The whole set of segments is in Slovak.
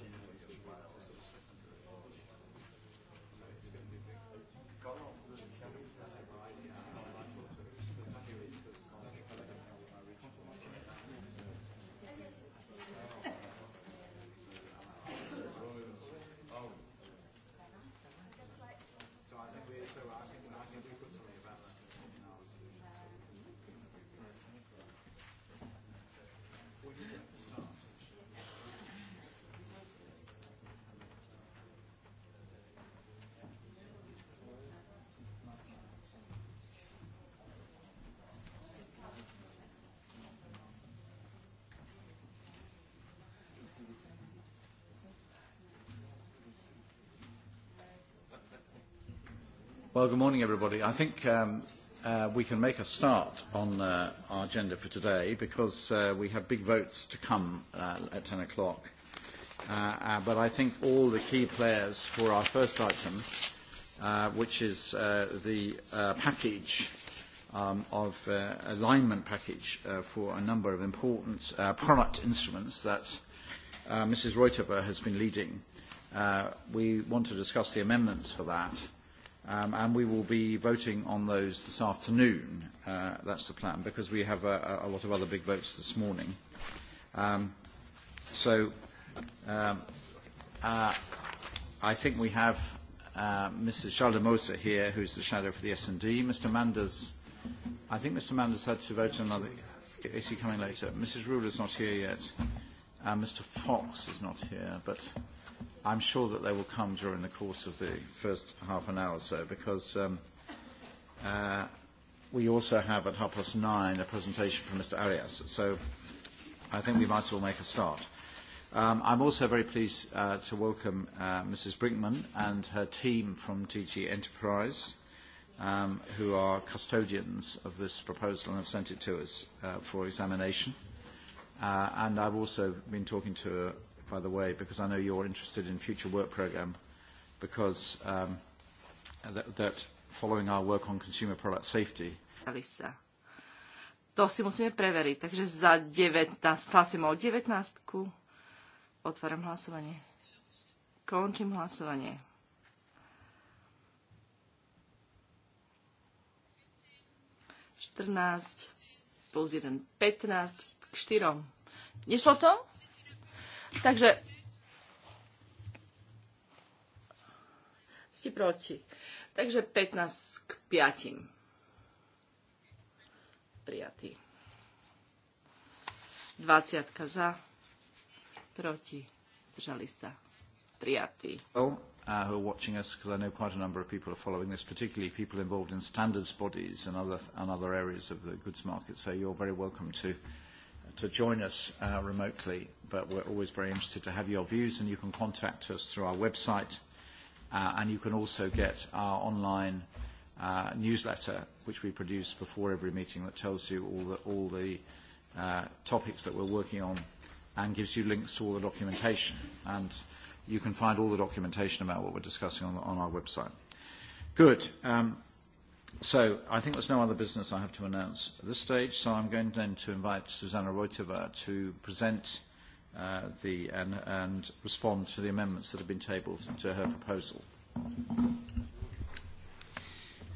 you. Well, good morning, everybody. I think um, uh, we can make a start on uh, our agenda for today because uh, we have big votes to come uh, at 10 o'clock. Uh, uh, but I think all the key players for our first item, uh, which is uh, the uh, package um, of uh, alignment package uh, for a number of important uh, product instruments that uh, Mrs. Reuterber has been leading. Uh, we want to discuss the amendments for that Um, and we will be voting on those this afternoon. Uh, that's the plan, because we have a, a lot of other big votes this morning. Um, so um, uh, I think we have uh, Mrs. Chaldemosa here, who's the shadow for the S&D. Mr. Manders, I think Mr. Manders had to vote on another. Is he coming later? Mrs. Ruler's not here yet. Uh, Mr. Fox is not here, but I'm sure that they will come during the course of the first half an hour or so, because um, uh, we also have at half past nine a presentation from Mr. Arias. So I think we might as well make a start. Um, I'm also very pleased uh, to welcome uh, Mrs. Brinkman and her team from DG Enterprise, um, who are custodians of this proposal and have sent it to us uh, for examination. Uh, and I've also been talking to a by the way, because I know you're interested in future work programme, because um, that, that following our work on consumer product safety. To si musíme preveriť. Takže za 19, hlasím o 19. Otváram hlasovanie. Končím hlasovanie. Štrnáct plus jeden, 15 k štyrom. Nešlo to? Takže ste proti. Takže 15 k 5. Prijatý. 20 za, proti, držali sa. Prijatý. Oh. Uh, who are watching us because I know quite a number of people are following this, particularly people involved in standards bodies and other, and other areas of the goods market. So you're very welcome to, to join us uh, remotely but we're always very interested to have your views, and you can contact us through our website, uh, and you can also get our online uh, newsletter, which we produce before every meeting, that tells you all the, all the uh, topics that we're working on and gives you links to all the documentation. And you can find all the documentation about what we're discussing on, the, on our website. Good. Um, So I think there's no other business I have to announce at this stage, so I'm going then to invite Susanna Reuteva to present Uh, the, and, and respond to the amendments that have been tabled to her proposal.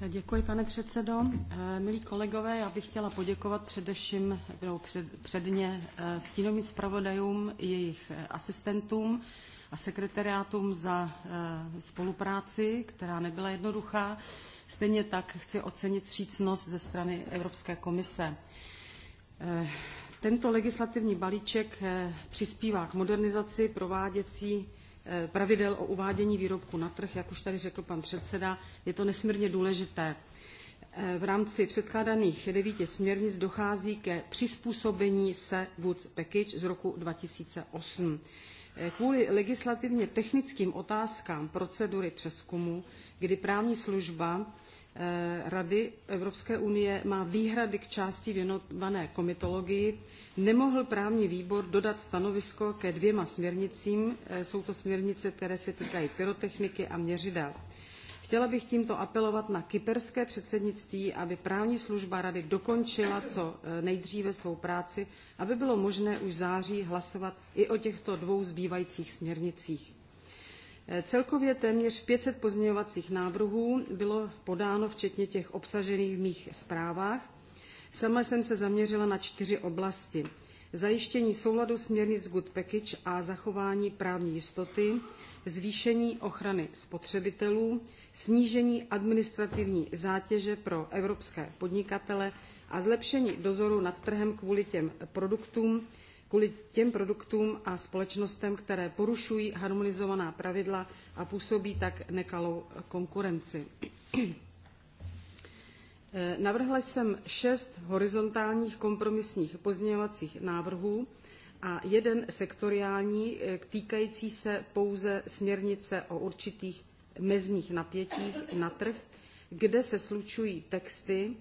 Děkuji, pane předsedo. Eh, milí kolegové, já bych chtěla poděkovat především no, před, předně eh, stínovým zpravodajům i jejich eh, asistentům a sekretariátům za spolupráci, která nebyla jednoduchá. Stejně tak chci ocenit vstřícnost ze strany Evropské komise. Tento legislativní balíček eh, přispívá k modernizaci prováděcí eh, pravidel o uvádění výrobku na trh, jak už tady řekl pan předseda, je to nesmírně důležité. Eh, v rámci předkládaných devíti směrnic dochází ke přizpůsobení se Woods Package z roku 2008. Kvůli legislativně technickým otázkám procedury přeskumu, kdy právní služba Eh, rady Evropské unie má výhrady k části věnované komitologii, nemohl právní výbor dodat stanovisko ke dvěma směrnicím. Eh, jsou to směrnice, které se týkají pyrotechniky a měřidel. Chtěla bych tímto apelovat na kyperské předsednictví, aby právní služba Rady dokončila co eh, nejdříve svou práci, aby bylo možné už v září hlasovat i o těchto dvou zbývajících směrnicích. Celkově téměř 500 pozměňovacích návrhů bylo podáno, včetně těch obsažených v mých zprávách. Sama jsem se zaměřila na čtyři oblasti. Zajištění souladu směrnic Good Package a zachování právní jistoty, zvýšení ochrany spotřebitelů, snížení administrativní zátěže pro evropské podnikatele a zlepšení dozoru nad trhem kvůli těm produktům, kvůli těm produktům a společnostem, které porušují harmonizovaná pravidla a působí tak nekalou konkurenci. Navrhla jsem šest horizontálních kompromisních pozměňovacích návrhů a jeden sektoriální eh, týkající se pouze směrnice o určitých mezních napětích na trh, kde se slučují texty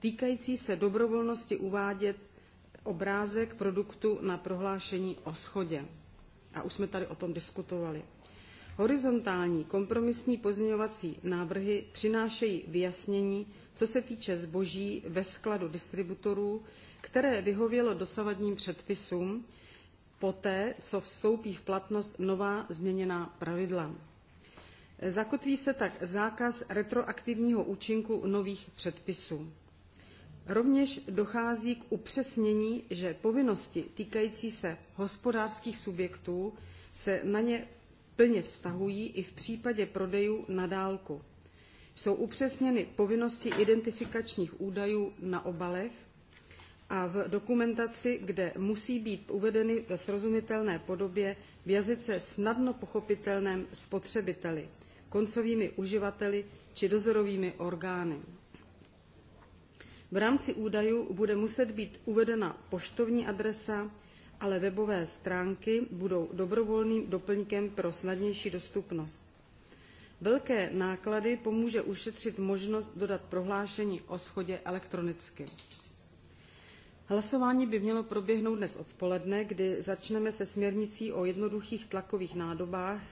týkající se dobrovolnosti uvádět obrázek produktu na prohlášení o schodě. A už jsme tady o tom diskutovali. Horizontální kompromisní pozměňovací návrhy přinášejí vyjasnění, co se týče zboží ve skladu distributorů, které vyhovělo dosavadním předpisům poté, co vstoupí v platnost nová změněná pravidla. Zakotví se tak zákaz retroaktivního účinku nových předpisů. Rovněž dochází k upřesnění, že povinnosti týkající se hospodářských subjektů se na ně plně vztahují i v případě prodejů na dálku. Jsou upřesněny povinnosti identifikačních údajů na obalech a v dokumentaci, kde musí být uvedeny ve srozumitelné podobě v jazyce snadno pochopitelném spotřebiteli, koncovými uživateli či dozorovými orgány. V rámci údajů bude muset být uvedena poštovní adresa, ale webové stránky budou dobrovolným doplňkem pro snadnější dostupnost. Velké náklady pomůže ušetřit možnost dodat prohlášení o schodě elektronicky. Hlasování by mělo proběhnout dnes odpoledne, kdy začneme se směrnicí o jednoduchých tlakových nádobách,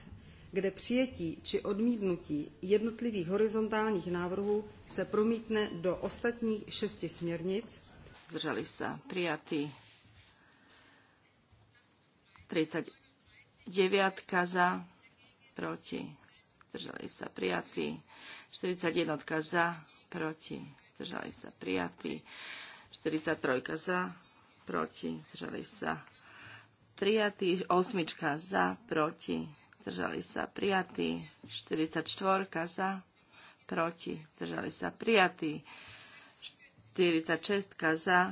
kde přijetí či odmítnutí jednotlivých horizontálních návrhů se promítne do ostatních šesti směrnic. Zdržali sa prijatí 39 za, proti. Zdržali sa prijatí 41 za, proti. Zdržali sa prijatí 43 za, proti. Zdržali sa prijatí 8 za, proti zdržali sa prijatí, 44 za, proti, zdržali sa prijatí, 46 za,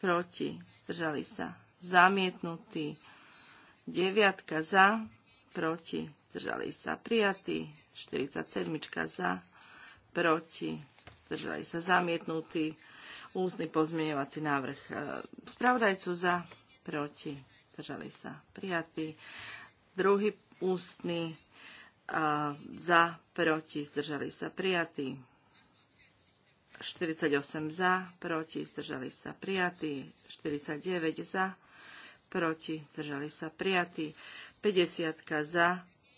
proti, zdržali sa zamietnutí, 9 za, proti, zdržali sa prijatí, 47 za, proti, zdržali sa zamietnutí, ústny pozmeňovací návrh e, spravodajcu za, proti, zdržali sa prijatí, Druhý ústny a za, proti, zdržali sa prijatí. 48 za, proti, zdržali sa prijatí. 49 za, proti, zdržali sa prijatí. 50 za,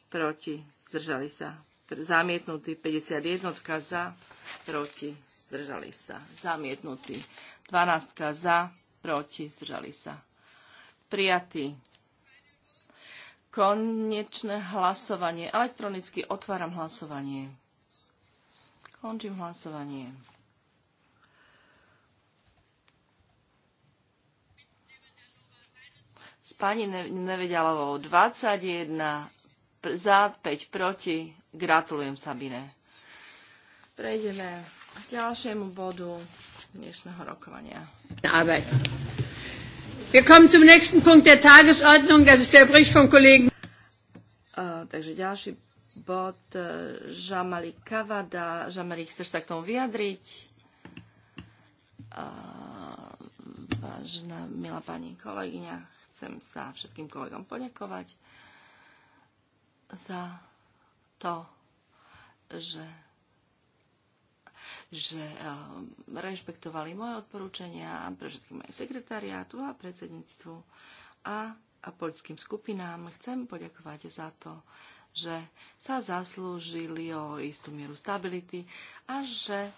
proti, zdržali sa zamietnutí. 51 za, proti, zdržali sa zamietnutí. 12 za, proti, zdržali sa prijatí konečné hlasovanie. Elektronicky otváram hlasovanie. Končím hlasovanie. S pani Nevedialovou 21 za, 5 proti. Gratulujem, Sabine. Prejdeme k ďalšiemu bodu dnešného rokovania. Arbeit. Wir kommen zum nächsten Punkt der Tagesordnung. Das ist der Bericht vom Kollegen. Uh, takže ďalší bod uh, äh, Žamali Kavada. Žamali, chceš sa k tomu vyjadriť? Uh, äh, vážená, milá pani kolegyňa, chcem sa všetkým kolegom poďakovať za to, že že ehm, rešpektovali moje odporúčania, pre všetkým aj sekretariátu a predsedníctvu a, a poľským skupinám. Chcem poďakovať za to, že sa zaslúžili o istú mieru stability a že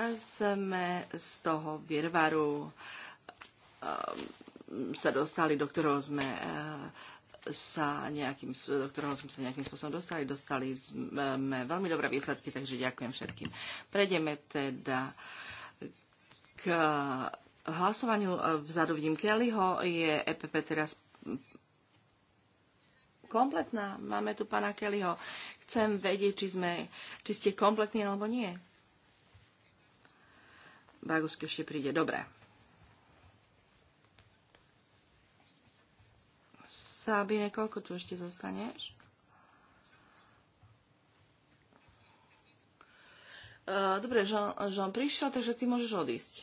e, sme z toho virvaru ehm, sa dostali, do ktorého sme e, sa nejakým, do ktorého sme sa nejakým spôsobom dostali. Dostali sme veľmi dobré výsledky, takže ďakujem všetkým. Prejdeme teda k hlasovaniu vzadu vidím Kellyho. Je EPP teraz kompletná. Máme tu pána Kellyho. Chcem vedieť, či, sme, či ste kompletní alebo nie. Bagus ešte príde. Dobre. Sabine, koľko tu ešte zostaneš? E, dobre, že on prišiel, takže ty môžeš odísť.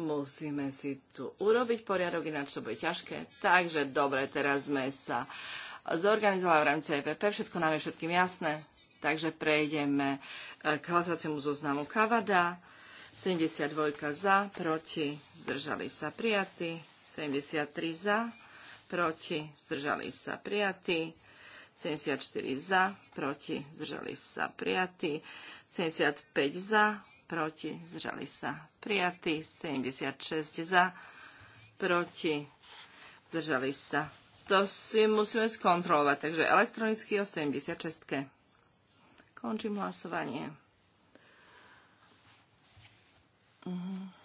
Musíme si tu urobiť poriadok, ináč to bude ťažké. Takže dobre, teraz sme sa zorganizovali v rámci EPP, všetko nám je všetkým jasné. Takže prejdeme e, k hlasovaciemu zoznamu Kavada. 72 za, proti, zdržali sa prijatí. 73 za, proti, zdržali sa prijatí. 74 za, proti, zdržali sa prijatí. 75 za, proti, zdržali sa prijatí. 76 za, proti, zdržali sa. To si musíme skontrolovať, takže elektronicky o 76. Končím hlasovanie. Mhm.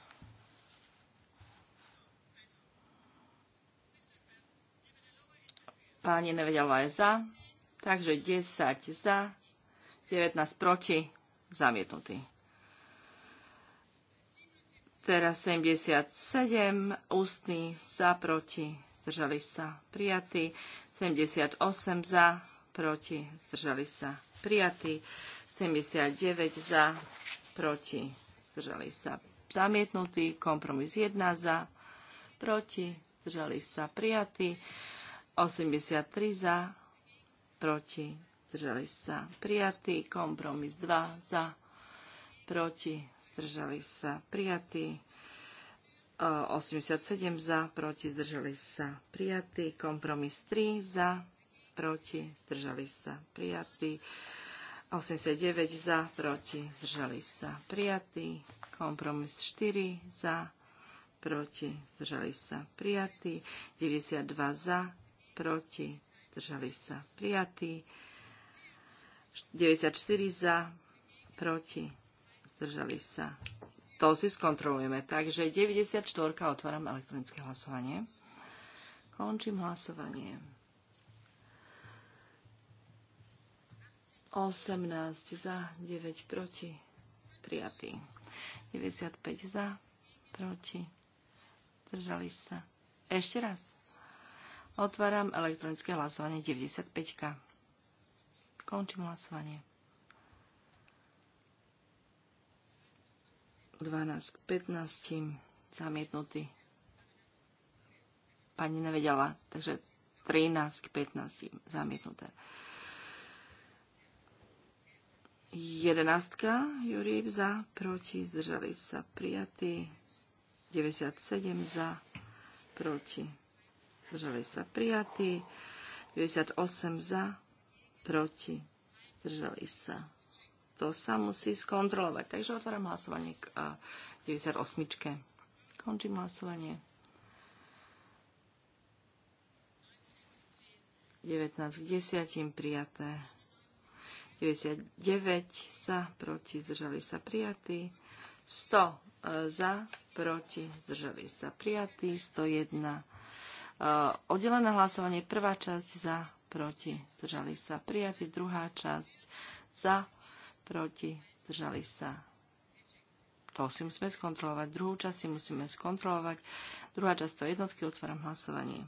Pani nevedela je za. Takže 10 za, 19 proti, zamietnutý. Teraz 77, ústny, za, proti, zdržali sa, prijatý. 78 za, proti, zdržali sa, prijatý. 79 za, proti, zdržali sa, zamietnutý. Kompromis 1 za, proti, zdržali sa, prijatý. 83 za, proti, zdržali sa prijatí. Kompromis 2 za, proti, zdržali sa prijatí. 87 za, proti, zdržali sa prijatí. Kompromis 3 za, proti, zdržali sa prijatí. 89 za, proti, zdržali sa prijatí. Kompromis 4 za, proti, zdržali sa prijatí. 92 za, proti, zdržali sa prijatí. 94 za, proti, zdržali sa. To si skontrolujeme. Takže 94. Otváram elektronické hlasovanie. Končím hlasovanie. 18 za, 9 proti, prijatý. 95 za, proti, zdržali sa. Ešte raz. Otváram elektronické hlasovanie 95. Končím hlasovanie. 12 k 15 zamietnutý. Pani nevedela, takže 13 k 15 zamietnuté. 11. Jurijev za, proti, zdržali sa prijatí. 97 za, proti zdržali sa prijatí, 98 za, proti, zdržali sa. To sa musí skontrolovať. Takže otváram hlasovanie k 98. Končím hlasovanie. 19 k 10 prijaté. 99 za, proti, zdržali sa prijatí. 100 e, za, proti, zdržali sa prijatí. 101 Oddelené hlasovanie, prvá časť za, proti, zdržali sa prijatí, druhá časť za, proti, zdržali sa. To si musíme skontrolovať. Druhú časť si musíme skontrolovať. Druhá časť to jednotky, otváram hlasovanie.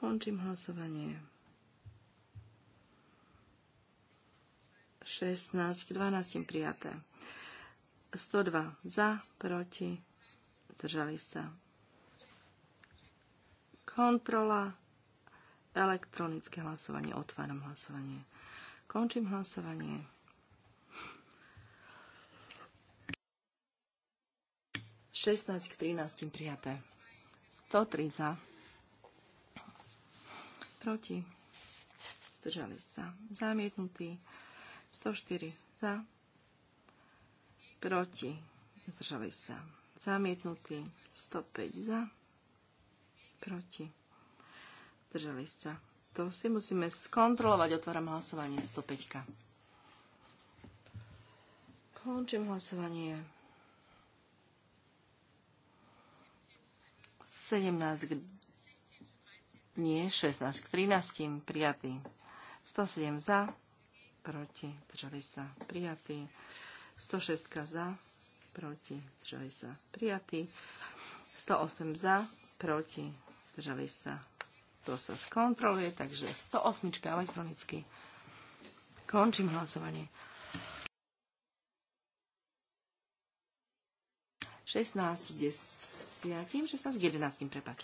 Končím hlasovanie. 16 12 prijaté. 102 za, proti, zdržali sa Kontrola. Elektronické hlasovanie. Otváram hlasovanie. Končím hlasovanie. Šestnáct k 13, prijaté. 103 za. Proti. Zdržali sa. zamietnutí. 104 za. Proti. Zdržali sa. zamietnutí 105 za proti. Zdržali sa. To si musíme skontrolovať. Otváram hlasovanie 105. Končím hlasovanie. 17 k... Nie, 16 k 13. Prijatý. 107 za. Proti. Držali sa. Prijatý. 106 za. Proti. Držali sa. Prijatý. 108 za. Proti zdržali sa. To sa skontroluje, takže 108 elektronicky. Končím hlasovanie. 16 10, 16 11, prepač.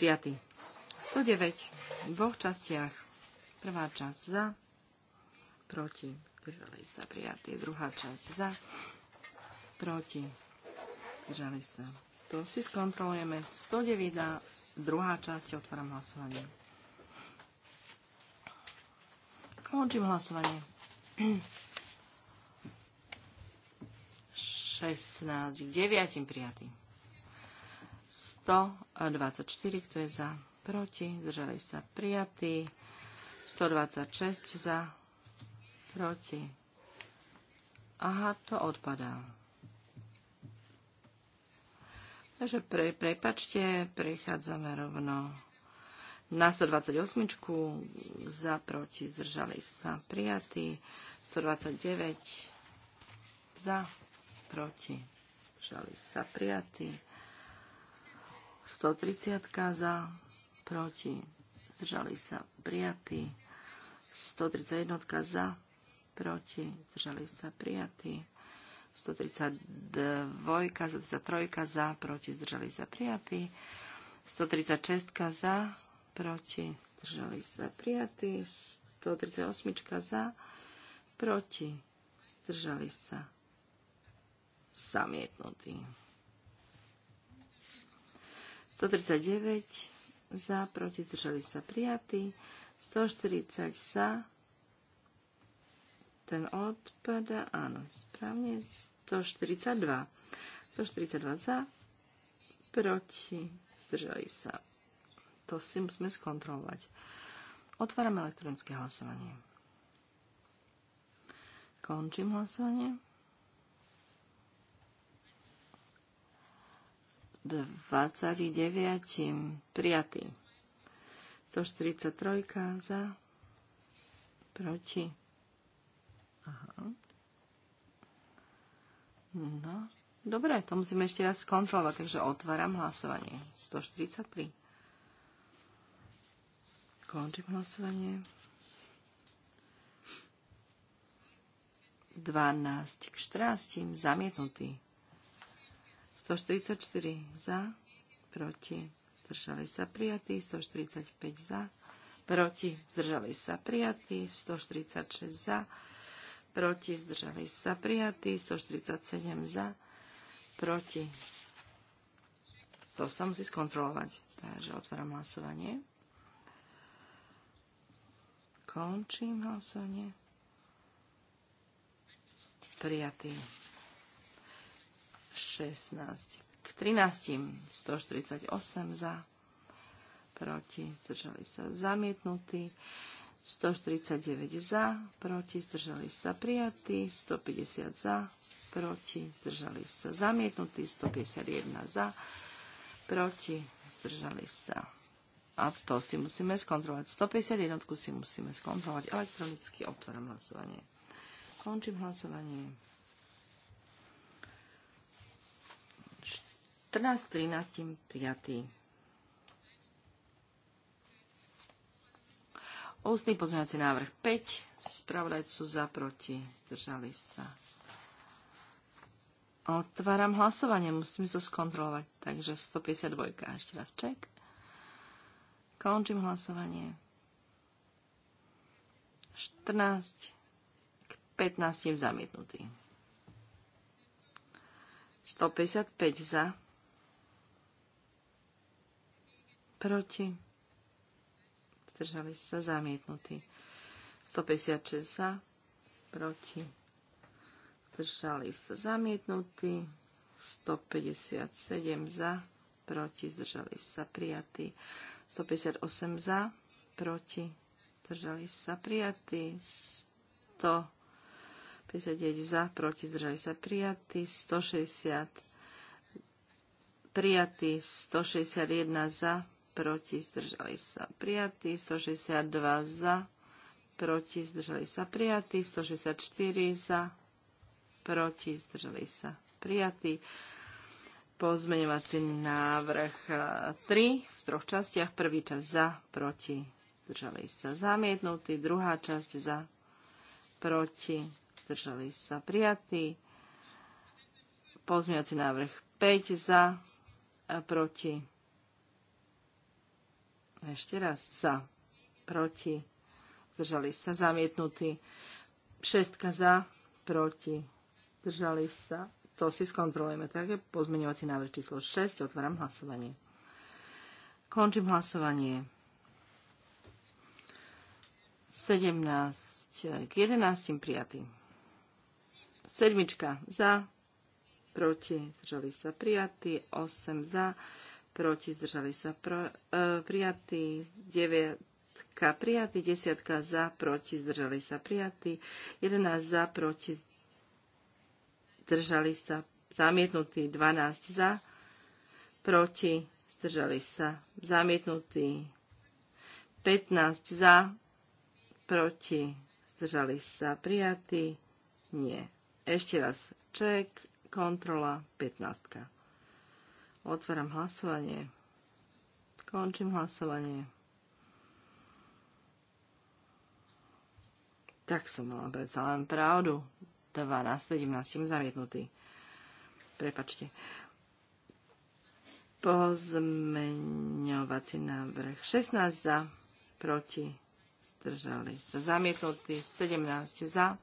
Prijatý. 109 v dvoch častiach. Prvá časť za, proti, zdržali sa prijatý. Druhá časť za, proti, zdržali sa tu si skontrolujeme. 109. a Druhá časť. Otváram hlasovanie. Končím hlasovanie. 16 k 9 prijatý. 124, kto je za, proti, zdržali sa prijatí. 126 za, proti. Aha, to odpadá. Takže pre, prepačte, prechádzame rovno na 128. Za, proti, zdržali sa prijatí. 129. Za, proti, zdržali sa prijatí. 130. Za, proti, zdržali sa prijatí. 131. Za, proti, zdržali sa prijatí. 132, 133 za, proti, zdržali sa prijatí. 136 za, proti, zdržali sa prijatí. 138 za, proti, zdržali sa zamietnutí. 139 za, proti, zdržali sa prijatí. 140 za, ten odpada, áno, správne, 142. 142 za, proti, zdržali sa. To si musíme skontrolovať. Otváram elektronické hlasovanie. Končím hlasovanie. 29. prijatý. 143 za, proti No, dobre, to musíme ešte raz skontrolovať, takže otváram hlasovanie. 143. Končím hlasovanie. 12 k 14, zamietnutý. 144 za, proti, zdržali sa prijatí, 145 za, proti, zdržali sa prijatí, 146 za, proti, zdržali sa prijatí, 147 za, proti. To sa musí skontrolovať, takže otváram hlasovanie. Končím hlasovanie. Prijatý. 16 k 13, 148 za, proti, zdržali sa zamietnutí. 149 za, proti, zdržali sa prijatí, 150 za, proti, zdržali sa zamietnutí, 151 za, proti, zdržali sa. A to si musíme skontrolovať. 151 si musíme skontrolovať. Elektronicky otváram hlasovanie. Končím hlasovanie. 14, 13 prijatý. Ústny pozmeňovací návrh 5. Spravodajcu za proti. Držali sa. Otváram hlasovanie. Musím to skontrolovať. Takže 152. Ešte raz ček. Končím hlasovanie. 14 k 15 zamietnutý. 155 za. Proti zdržali sa, zamietnutí. 156 za, proti, zdržali sa, zamietnutí. 157 za, proti, zdržali sa, prijatí. 158 za, proti, zdržali sa, prijatí. 159 za, proti, zdržali sa, prijatí. 160 prijatí, 161 za, proti, zdržali sa prijatí, 162 za, proti, zdržali sa prijatí, 164 za, proti, zdržali sa prijatí. Pozmeňovací návrh 3 e, v troch častiach. Prvý čas za, proti, zdržali sa zamietnutí. Druhá časť za, proti, zdržali sa prijatí. Pozmeňovací návrh 5 za, e, proti, ešte raz za, proti, držali sa, zamietnutí. Šestka za, proti, držali sa. To si skontrolujeme. také pozmeňovací návrh číslo 6, otváram hlasovanie. Končím hlasovanie. 17 k 11 prijatý. Sedmička za, proti, držali sa prijatý, 8 za, proti, zdržali sa pro, e, prijatí, 9 prijatí, 10 za, proti, zdržali sa prijatí, 11 za, proti, zdržali sa zamietnutí, 12 za, proti, zdržali sa zamietnutí, 15 za, proti, zdržali sa prijatí, nie. Ešte raz, ček, kontrola, 15. Otváram hlasovanie. Končím hlasovanie. Tak som mala predsa len pravdu. 12, 17 zamietnutý. Prepačte. Pozmeňovací návrh 16 za, proti, zdržali sa zamietnutí, 17 za,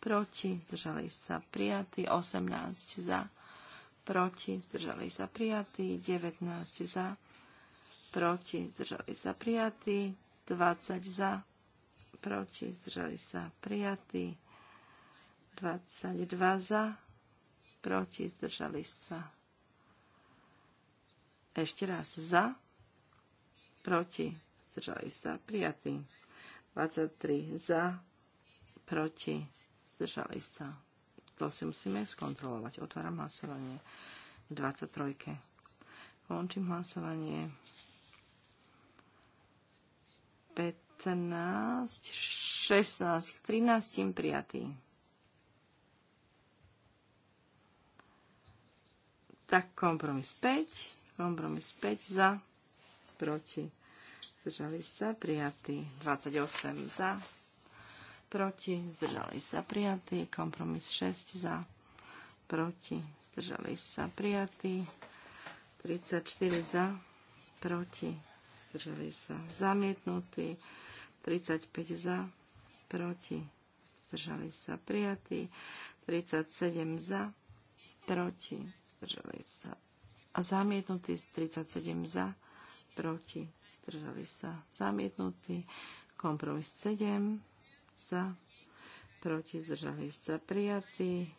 proti, zdržali sa prijatí, 18 za, proti, zdržali sa prijatí, 19 za, proti, zdržali sa prijatí, 20 za, proti, zdržali sa prijatí, 22 za, proti, zdržali sa. Ešte raz za, proti, zdržali sa prijatí, 23 za, proti, zdržali sa to si musíme skontrolovať. Otváram hlasovanie k 23. Končím hlasovanie. 15, 16, 13 prijatý. Tak kompromis 5, kompromis 5 za, proti. Zdržali sa, prijatý 28 za, proti, zdržali sa prijatí. Kompromis 6 za, proti, zdržali sa prijatí. 34 za, proti, zdržali sa zamietnutí. 35 za, proti, zdržali sa prijatí. 37 za, proti, zdržali sa a zamietnutý 37 za, proti, zdržali sa, zamietnutý, kompromis 7 za, proti, zdržali sa prijatí,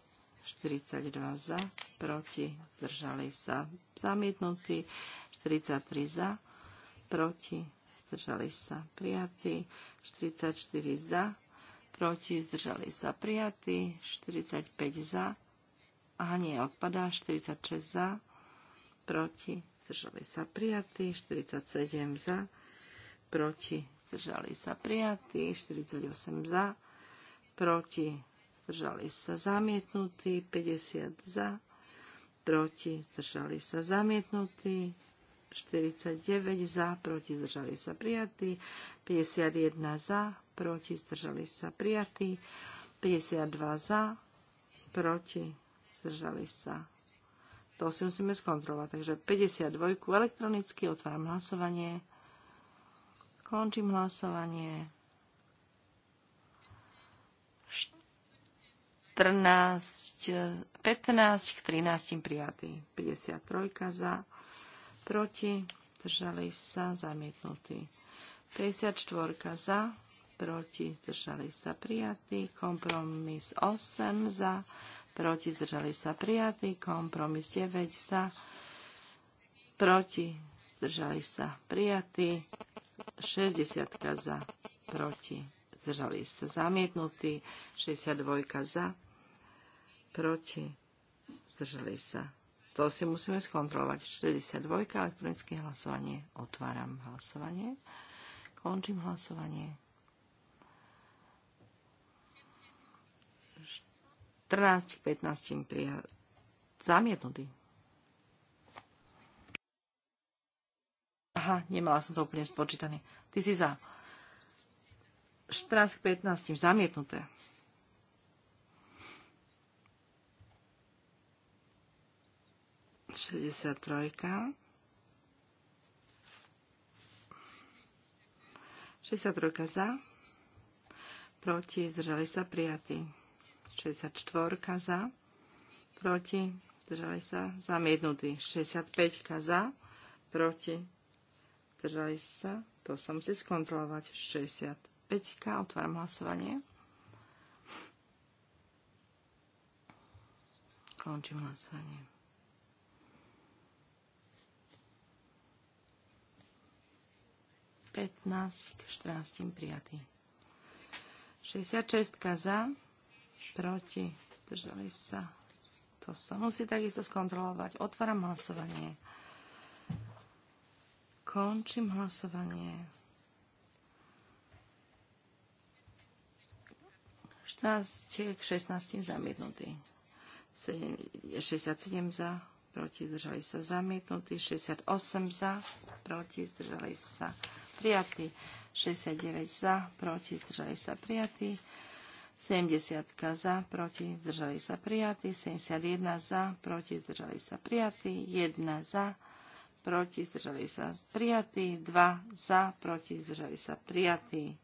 42 za, proti, zdržali sa zamietnutí, 43 za, proti, zdržali sa prijatí, 44 za, proti, zdržali sa prijatí, 45 za, a nie, odpadá, 46 za, proti, zdržali sa prijatí, 47 za, proti, zdržali sa prijatí, 48 za, proti, zdržali sa zamietnutí, 50 za, proti, zdržali sa zamietnutí, 49 za, proti, zdržali sa prijatí, 51 za, proti, zdržali sa prijatí, 52 za, proti, zdržali sa. To si musíme skontrolovať. Takže 52 elektronicky, otváram hlasovanie. Končím hlasovanie. 14, 15 k 13 prijatý. 53 za, proti, zdržali sa, zamietnutý. 54 za, proti, zdržali sa, prijatý. Kompromis 8 za, proti, zdržali sa, prijatý. Kompromis 9 za, proti, zdržali sa, prijatý. 60 za, proti, zdržali sa zamietnutí, 62 za, proti, zdržali sa. To si musíme skontrolovať. 42 elektronické hlasovanie. Otváram hlasovanie. Končím hlasovanie. 14 k 15 prijal. Zamietnutý. Aha, nemala som to úplne spočítané. Ty si za. 14 k 15 zamietnuté. Šesťdesiat trojka. 63 za, proti, zdržali sa prijatí. 64 za, proti, zdržali sa zamietnutí. 65 za, proti, zdržali sa, to sa musí skontrolovať. 65. Otváram hlasovanie. Končím hlasovanie. Petnáct k 14 prijatý. 66 za, proti, zdržali sa. To sa musí takisto skontrolovať. Otváram hlasovanie. Končím hlasovanie. 14 k 16 zamietnutý. 67 za, proti zdržali sa zamietnutí, 68 za, proti zdržali sa prijatí, 69 za, proti zdržali sa prijatí, 70 za, proti zdržali sa prijatí, 71 za, proti zdržali sa prijatí, 1 za, proti, zdržali sa prijatí, 2 za, proti, zdržali sa prijatí.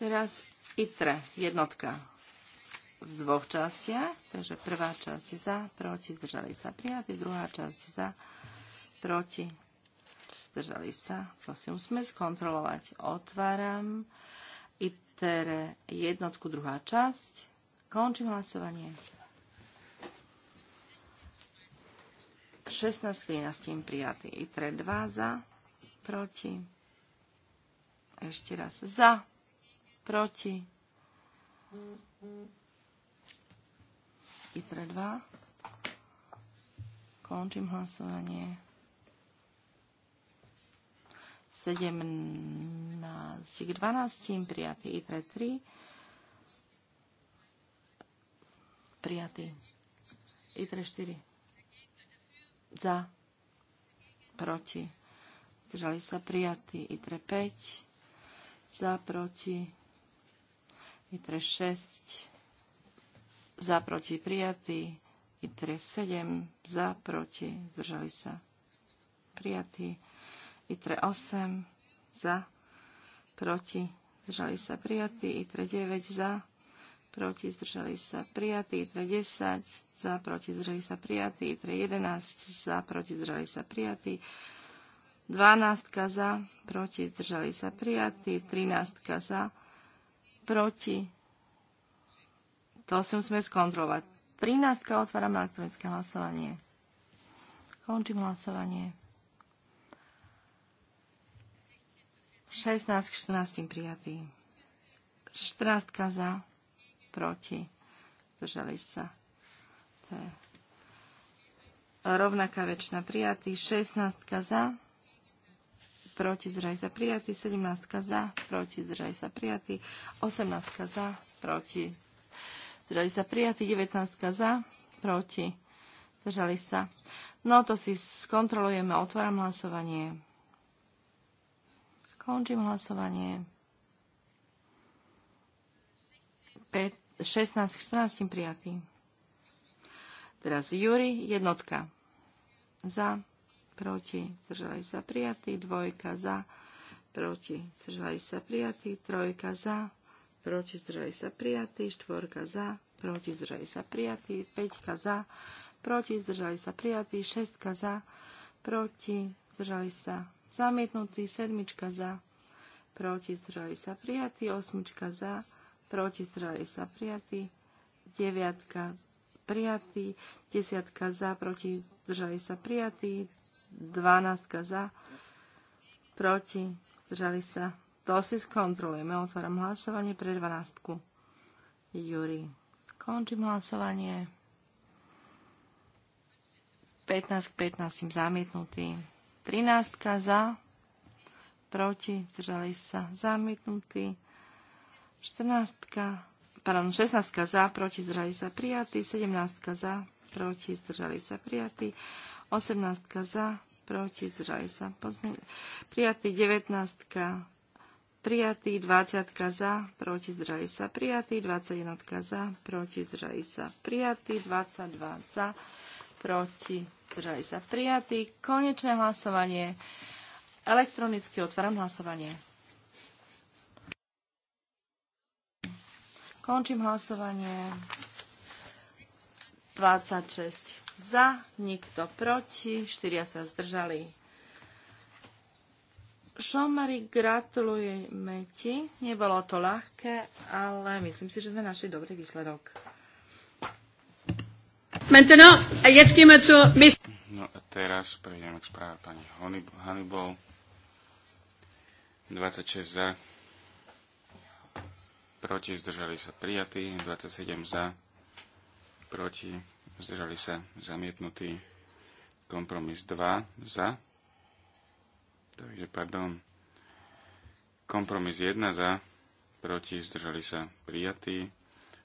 Teraz ITRE, jednotka v dvoch častiach, takže prvá časť za, proti, zdržali sa prijatí, druhá časť za, proti, zdržali sa. Prosím, musíme skontrolovať. Otváram ITRE jednotku, druhá časť. Končím hlasovanie. 16 13 prijatý. I tre dva za, proti. Ešte raz. Za, proti. I tre dva. Končím hlasovanie. 17 k 12 prijatý. I tre tri. prijatý. I tre štyri za, proti, zdržali sa prijatí. ITRE 5 za, proti, ITRE 6 za, proti, prijatí. ITRE 7 za, proti, zdržali sa prijatí. ITRE 8 za, proti, zdržali sa prijatí. ITRE 9 za, proti, zdržali sa prijatí, 10, za, proti, zdržali sa prijatí, 11, za, proti, zdržali sa prijatí, 12 za, proti, zdržali sa prijatí, 13 za, proti. To si musíme skontrolovať. 13 otváram elektronické hlasovanie. Končím hlasovanie. 16 k 14 prijatý. 14 za, proti, zdržali sa. To je rovnaká väčšina prijatý, 16 za, proti zdržaj sa prijatý, 17 za, proti zdržaj sa prijatý, 18 za, proti zdržali sa prijatý, 19 za, proti zdržali sa. No to si skontrolujeme, otváram hlasovanie. Končím hlasovanie. 5. 16 k 14 prijatý. Teraz Juri, jednotka. Za, proti, zdržali sa prijatý. dvojka za, proti, zdržali sa prijatý. trojka za, proti, zdržali sa prijatý. štvorka za, proti, zdržali sa prijatý. peťka za, proti, zdržali sa prijatý. šestka za, proti, zdržali sa zamietnutý. sedmička za, proti, zdržali sa prijatý. osmička za, proti zdržali sa prijatý, deviatka prijatí, desiatka za, proti zdržali sa prijatý, dvanáctka za, proti zdržali sa. To si skontrolujeme. Otváram hlasovanie pre dvanáctku. Juri. Končím hlasovanie. 15 k 15 zamietnutý. 13 za, proti, zdržali sa zamietnutý. 14, pardon, 16 za, proti zdržali sa prijatí, 17 za, proti zdržali sa prijatí, 18 za, proti zdržali sa prijatí, 19 prijatí, 20 za, proti zdržali sa prijatí, 21 za, proti zdržali sa prijatí, 22 za, proti zdržali sa prijatí. Konečné hlasovanie. Elektronicky otváram hlasovanie. Končím hlasovanie. 26 za, nikto proti, 4 sa zdržali. Šomari, gratulujeme ti. Nebolo to ľahké, ale myslím si, že sme našli dobrý výsledok. No a teraz prejdeme k správe pani Hannibal. 26 za, proti, zdržali sa prijatí, 27 za, proti, zdržali sa zamietnutí, kompromis 2 za, takže pardon, kompromis 1 za, proti, zdržali sa prijatí,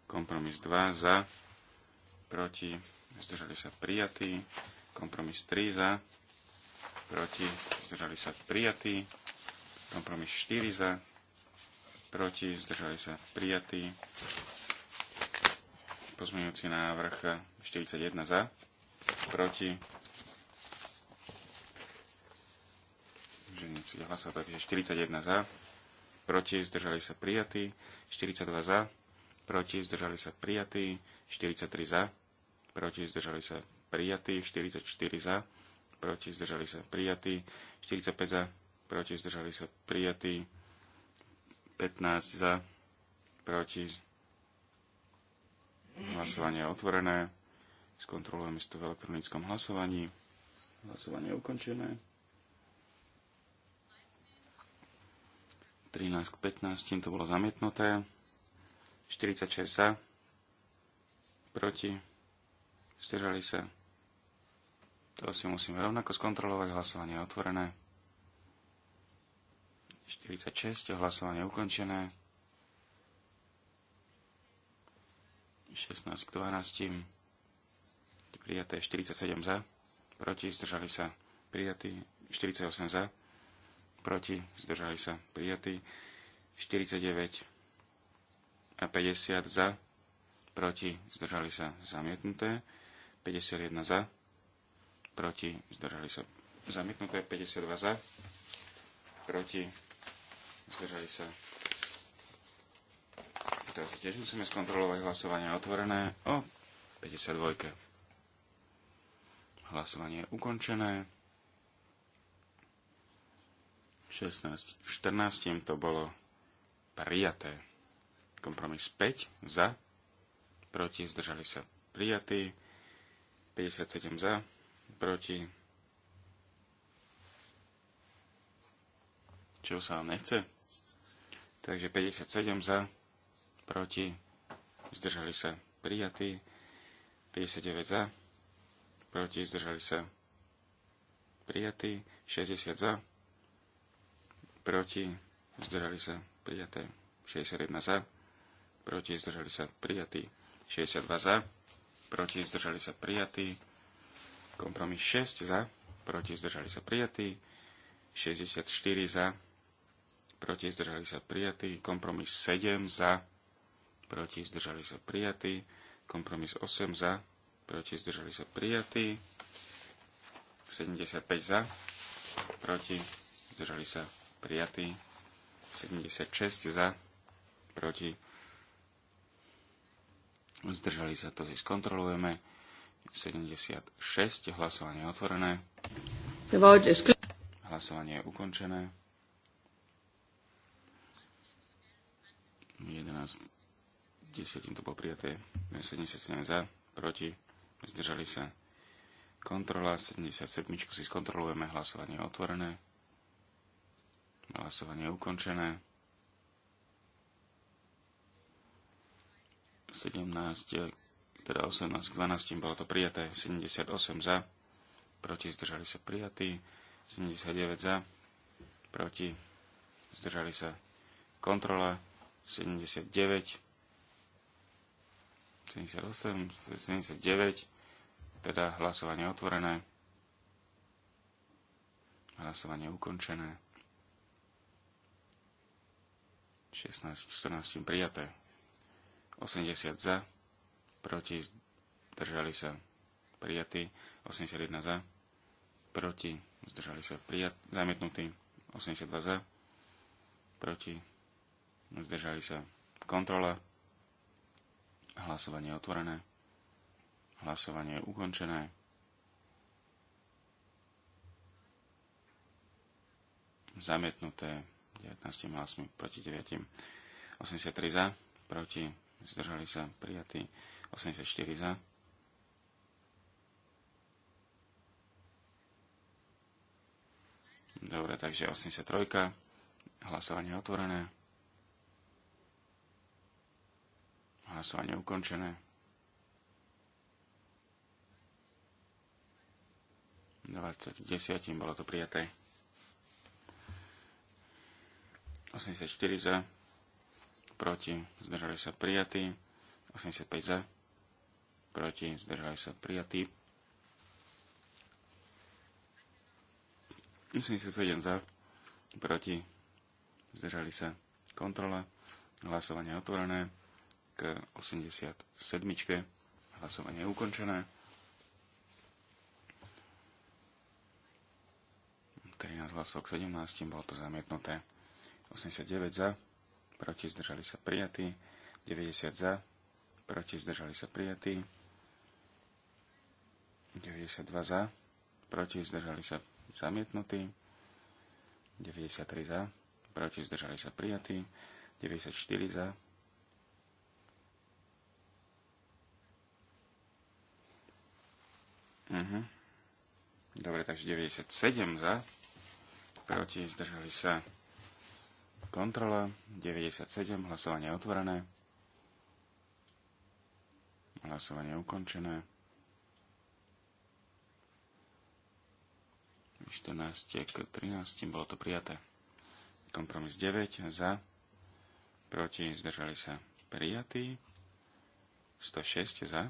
kompromis 2 za, proti, zdržali sa prijatí, kompromis 3 za, proti, zdržali sa prijatí, kompromis 4 za, proti, zdržali sa prijatí. Pozmeňujúci návrh 41 za, proti. Ženici nechcete takže 41 za, proti, zdržali sa prijatí. 42 za, proti, zdržali sa prijatí. 43 za, proti, zdržali sa prijatí. 44 za, proti, zdržali sa prijatí. 45 za, proti, zdržali sa prijatí. 15 za, proti. Hlasovanie je otvorené. Skontrolujeme si to v elektronickom hlasovaní. Hlasovanie je ukončené. 13 k 15, to bolo zamietnuté. 46 za, proti, zdržali sa. To si musíme rovnako skontrolovať, hlasovanie je otvorené. 46, hlasovanie ukončené. 16 k 12. Prijaté 47 za. Proti zdržali sa prijatí. 48 za. Proti zdržali sa prijatí. 49 a 50 za. Proti zdržali sa zamietnuté. 51 za. Proti zdržali sa zamietnuté. 52 za. Proti zdržali sa. Teraz si tiež musíme skontrolovať hlasovanie otvorené o 52. Hlasovanie je ukončené. 16, 14 to bolo prijaté. Kompromis 5 za, proti zdržali sa prijatí, 57 za, proti. Čo sa vám nechce? Takže 57 za, proti, zdržali sa prijatí. 59 za, proti, zdržali sa prijatí. 60 za, proti, zdržali sa prijaté. 61 za, proti, zdržali sa prijatí. 62 za, proti, zdržali sa prijatí. Kompromis 6 za, proti, zdržali sa prijatí. 64 za, proti, zdržali sa prijatí. Kompromis 7 za, proti, zdržali sa prijatí. Kompromis 8 za, proti, zdržali sa prijatí. 75 za, proti, zdržali sa prijatí. 76 za, proti, zdržali sa, to si skontrolujeme. 76, hlasovanie otvorené. Hlasovanie je ukončené. 11 10 to bolo prijaté, 77 za, proti, zdržali sa. Kontrola 77 si skontrolujeme, hlasovanie je otvorené, hlasovanie je ukončené. 17, teda 18 k 12 bolo to prijaté, 78 za, proti, zdržali sa prijatí, 79 za, proti, zdržali sa kontrola. 79, 78, 79, teda hlasovanie otvorené, hlasovanie ukončené, 16, 14 prijaté, 80 za, proti, zdržali sa prijatí, 81 za, proti, zdržali sa prijat, zamietnutí, 82 za, proti, Zdržali sa. Kontrola. Hlasovanie je otvorené. Hlasovanie je ukončené. Zamietnuté 19 hlasmi proti 9. 83 za, proti, zdržali sa, prijatí. 84 za. Dobre, takže 83. Hlasovanie otvorené. Hlasovanie ukončené. v desiatim bolo to prijaté. 84 za, proti, zdržali sa prijatí. 85 za, proti, zdržali sa prijatí. 87 za, proti, zdržali sa kontrola, hlasovanie otvorené. 87. Hlasovanie je ukončené. 13 hlasov k 17, bolo to zamietnuté. 89 za, proti zdržali sa prijatí. 90 za, proti zdržali sa prijatí. 92 za, proti zdržali sa zamietnutí. 93 za, proti zdržali sa prijatí. 94 za, Uh-huh. Dobre, takže 97 za. Proti zdržali sa kontrola. 97, hlasovanie otvorené. Hlasovanie ukončené. 14 k 13, bolo to prijaté. Kompromis 9 za, proti zdržali sa prijatí, 106 za,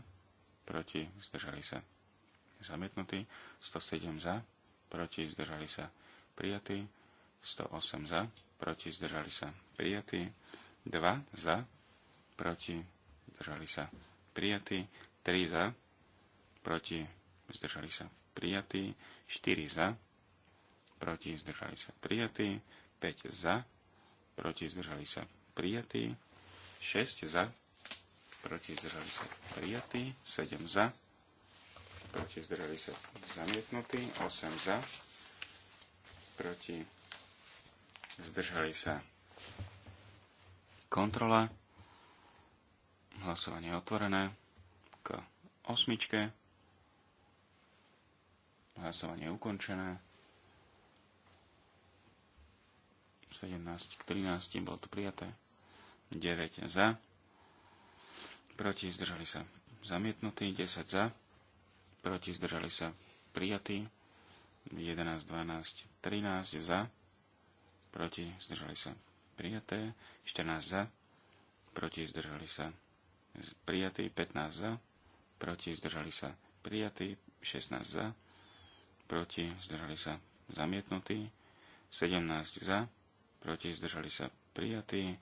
proti zdržali sa zamietnutý, 107 za, proti zdržali sa prijatí, 108 za, proti zdržali sa prijatí, 2 za, proti zdržali sa prijatí, 3 za, proti zdržali sa prijatí, 4 za, proti zdržali sa prijatí, 5 za, proti zdržali sa prijatí, 6 za, proti zdržali sa prijatí, 7 za, proti zdržali sa zamietnutí, 8 za, proti zdržali sa kontrola, hlasovanie otvorené k osmičke, hlasovanie ukončené, 17 k 13 bolo to prijaté, 9 za, proti zdržali sa zamietnutí, 10 za, proti, zdržali sa prijatí, 11, 12, 13 za, proti, zdržali sa prijaté, 14 za, proti, zdržali sa prijatí, 15 za, proti, zdržali sa prijatí, 16 za, proti, zdržali sa zamietnutí, 17 za, proti, zdržali sa prijatí,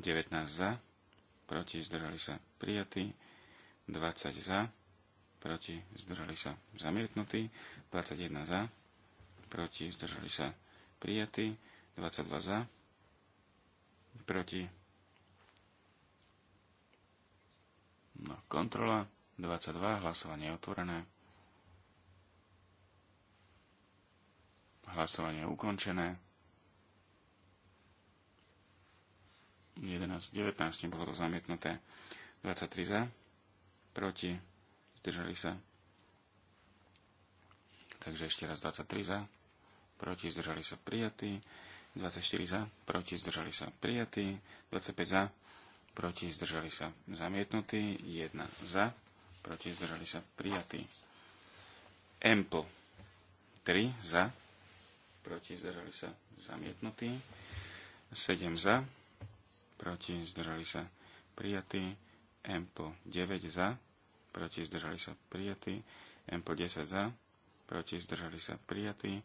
19 za, proti, zdržali sa prijatí, 20 za, proti, zdržali sa zamietnutí, 21 za, proti, zdržali sa prijatí, 22 za, proti, no, kontrola, 22, hlasovanie otvorené, hlasovanie ukončené, 11, 19 nebolo to zamietnuté, 23 za, proti, zdržali sa. Takže ešte raz 23 za, proti, zdržali sa prijatí, 24 za, proti, zdržali sa prijatí, 25 za, proti, zdržali sa zamietnutí, 1 za, proti, zdržali sa prijatí. Ample 3 za, proti, zdržali sa zamietnutí, 7 za, proti, zdržali sa prijatí, Ample 9 za, proti zdržali sa prijatí, MP10 za, proti zdržali sa prijatí,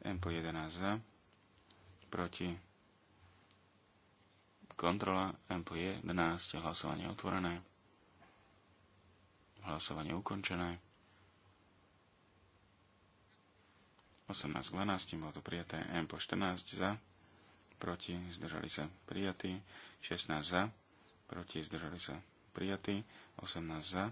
MP11 za, proti kontrola MP11, hlasovanie otvorené, hlasovanie ukončené. 18 k 12, bolo to prijaté MP14 za, proti zdržali sa prijatí, 16 za, proti zdržali sa prijatí, 18 za,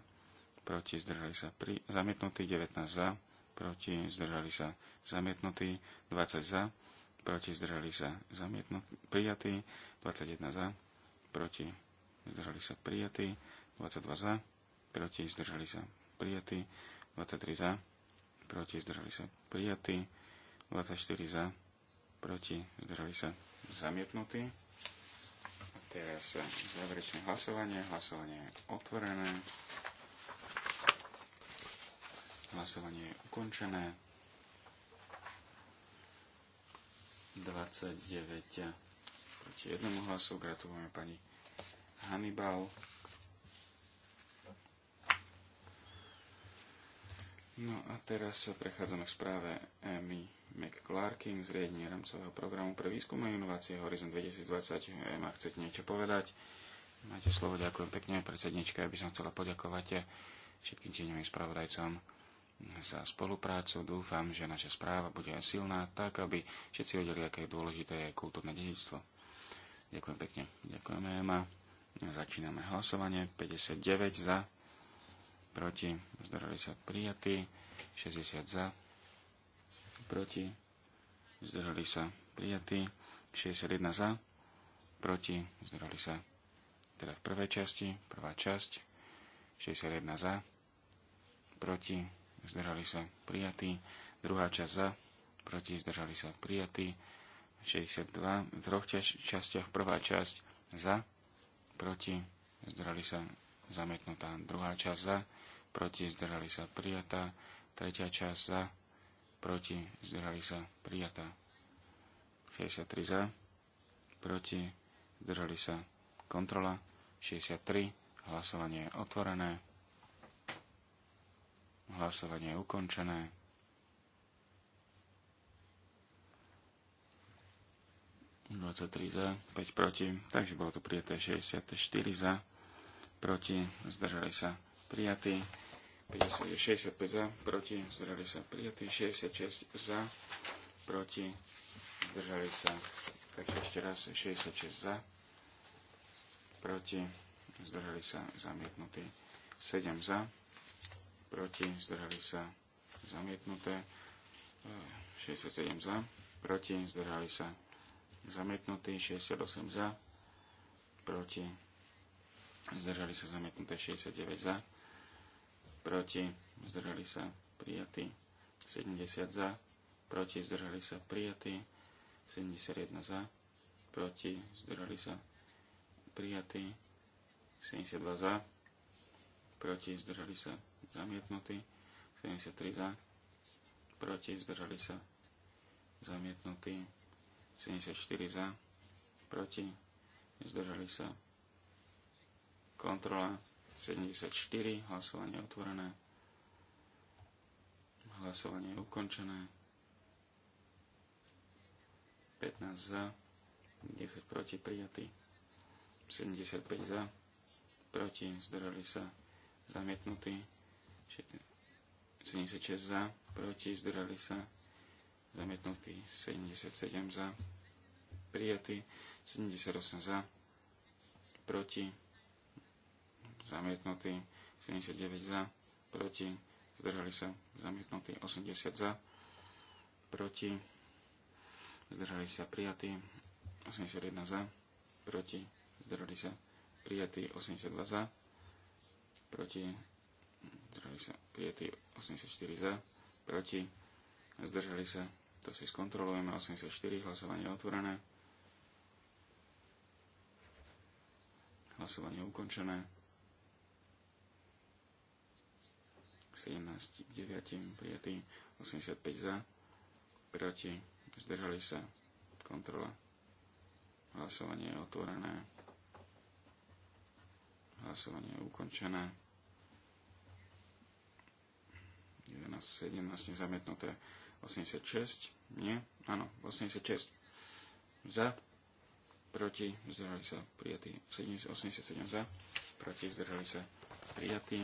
proti, zdržali sa pri, zamietnutí, 19 za, proti, zdržali sa zamietnutí, 20 za, proti, zdržali sa zamietnutí, prijatí, 21 za, proti, zdržali sa prijatí, 22 za, proti, zdržali sa prijatí, 23 za, proti, zdržali sa prijatí, 24 za, proti, zdržali sa zamietnutí. Teraz záverečné hlasovanie. Hlasovanie je otvorené. Hlasovanie je ukončené. 29 proti jednomu hlasu. Gratulujeme pani Hannibal. No a teraz sa prechádzame k správe Emmy McClarkin z riadenia rámcového programu pre výskum a inovácie Horizon 2020. Ema, chcete niečo povedať? Máte slovo, ďakujem pekne, predsednička. Ja by som chcela poďakovať všetkým tieňovým spravodajcom za spoluprácu. Dúfam, že naša správa bude aj silná, tak aby všetci vedeli, aké je dôležité je kultúrne dedičstvo. Ďakujem pekne. Ďakujeme, Ema. Začíname hlasovanie. 59 za, proti, zdržali sa prijatí. 60 za, proti, zdržali sa prijatí. 61 za, proti, zdržali sa. Teda v prvej časti, prvá časť, 61 za, proti, zdržali sa prijatí, druhá časť za, proti, zdržali sa prijatí, 62 v troch častiach, prvá časť za, proti, zdržali sa zamietnutá, druhá časť za, proti, zdržali sa prijatá, tretia časť za, proti, zdržali sa prijatá, 63 za, proti, zdržali sa kontrola, 63, hlasovanie je otvorené. Hlasovanie je ukončené. ...23 za, 5 proti, takže bolo to prijaté 64 za, proti, zdržali sa prijatí, 65 za, proti, zdržali sa prijatí, 66 za, proti, zdržali sa, takže ešte raz 66 za, proti, zdržali sa zamietnutí, 7 za, proti, zdrhali sa zamietnuté, 67 za, proti, zdrhali sa zamietnutí, 68 za, proti, zdržali sa zamietnuté 69 za, proti, zdržali sa prijatí 70 za, proti, zdržali sa prijatí 71 za, proti, zdržali sa prijatí 72 za, proti, zdržali sa zamietnutý, 73 za, proti, zdržali sa, zamietnutý, 74 za, proti, zdržali sa, kontrola, 74, hlasovanie otvorené, hlasovanie ukončené, 15 za, 10 proti, prijatý, 75 za, proti, zdržali sa, zamietnutý, 76 za, proti, zdrali sa, zamietnutý 77 za, prijatý 78 za, proti, zamietnutý 79 za, proti, zdržali sa, zamietnutý 80 za, proti, zdržali sa, prijatý 81 za, proti, zdržali sa, prijatý 82 za, proti, zdržali sa prijatí 84 za, proti, zdržali sa, to si skontrolujeme, 84, hlasovanie je otvorené, hlasovanie je ukončené, 17 9 prijatí, 85 za, proti, zdržali sa, kontrola, hlasovanie je otvorené, hlasovanie je ukončené, 11, 17 zamietnuté, 86, nie, áno, 86 za, proti, zdržali sa prijatí, 87 za, proti, zdržali sa prijatí,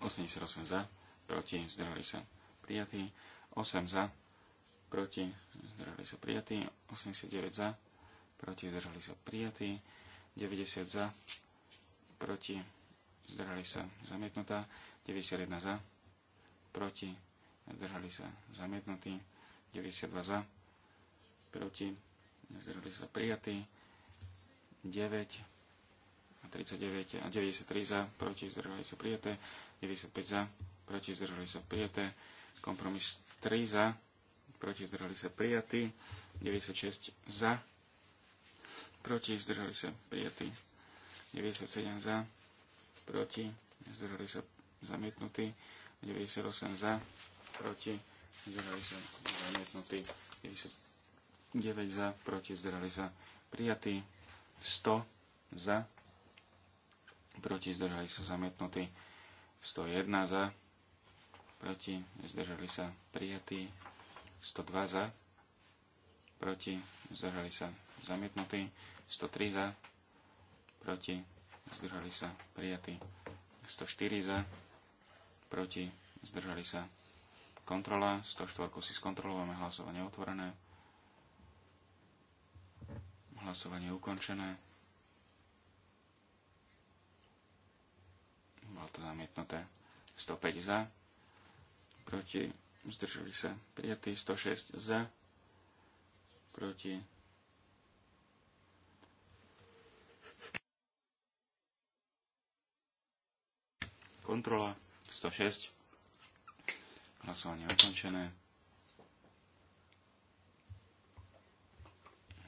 88 za, proti, zdržali sa prijatí, 8 za, proti, zdržali sa prijatí, 89 za, proti, zdržali sa prijatí, 90 za, proti, zdržali sa zamietnutá, 91 za, proti, zdržali sa zamietnutí, 92 za, proti, zdržali sa prijatí, 9 a 39 a 93 za, proti, zdržali sa prijaté, 95 za, proti, zdržali sa prijaté, kompromis 3 za, proti, zdržali sa prijatí, 96 za, proti, zdržali sa prijatí, 97 za, proti, zdržali sa zamietnutí, 98 za, proti, zdrali sa zamietnutí, 99 za, proti, zdržali sa prijatí, 100 za, proti, zdržali sa zamietnutí, 101 za, proti, zdržali sa prijatí, 102 za, proti, zdržali sa zamietnutí, 103 za, proti, zdržali sa prijatí, 104 za, proti, zdržali sa. Kontrola, 104 si skontrolujeme, hlasovanie otvorené. Hlasovanie ukončené. Bolo to zamietnuté. 105 za, proti, zdržali sa. Prijatý 106 za, proti, kontrola 106. Hlasovanie ukončené.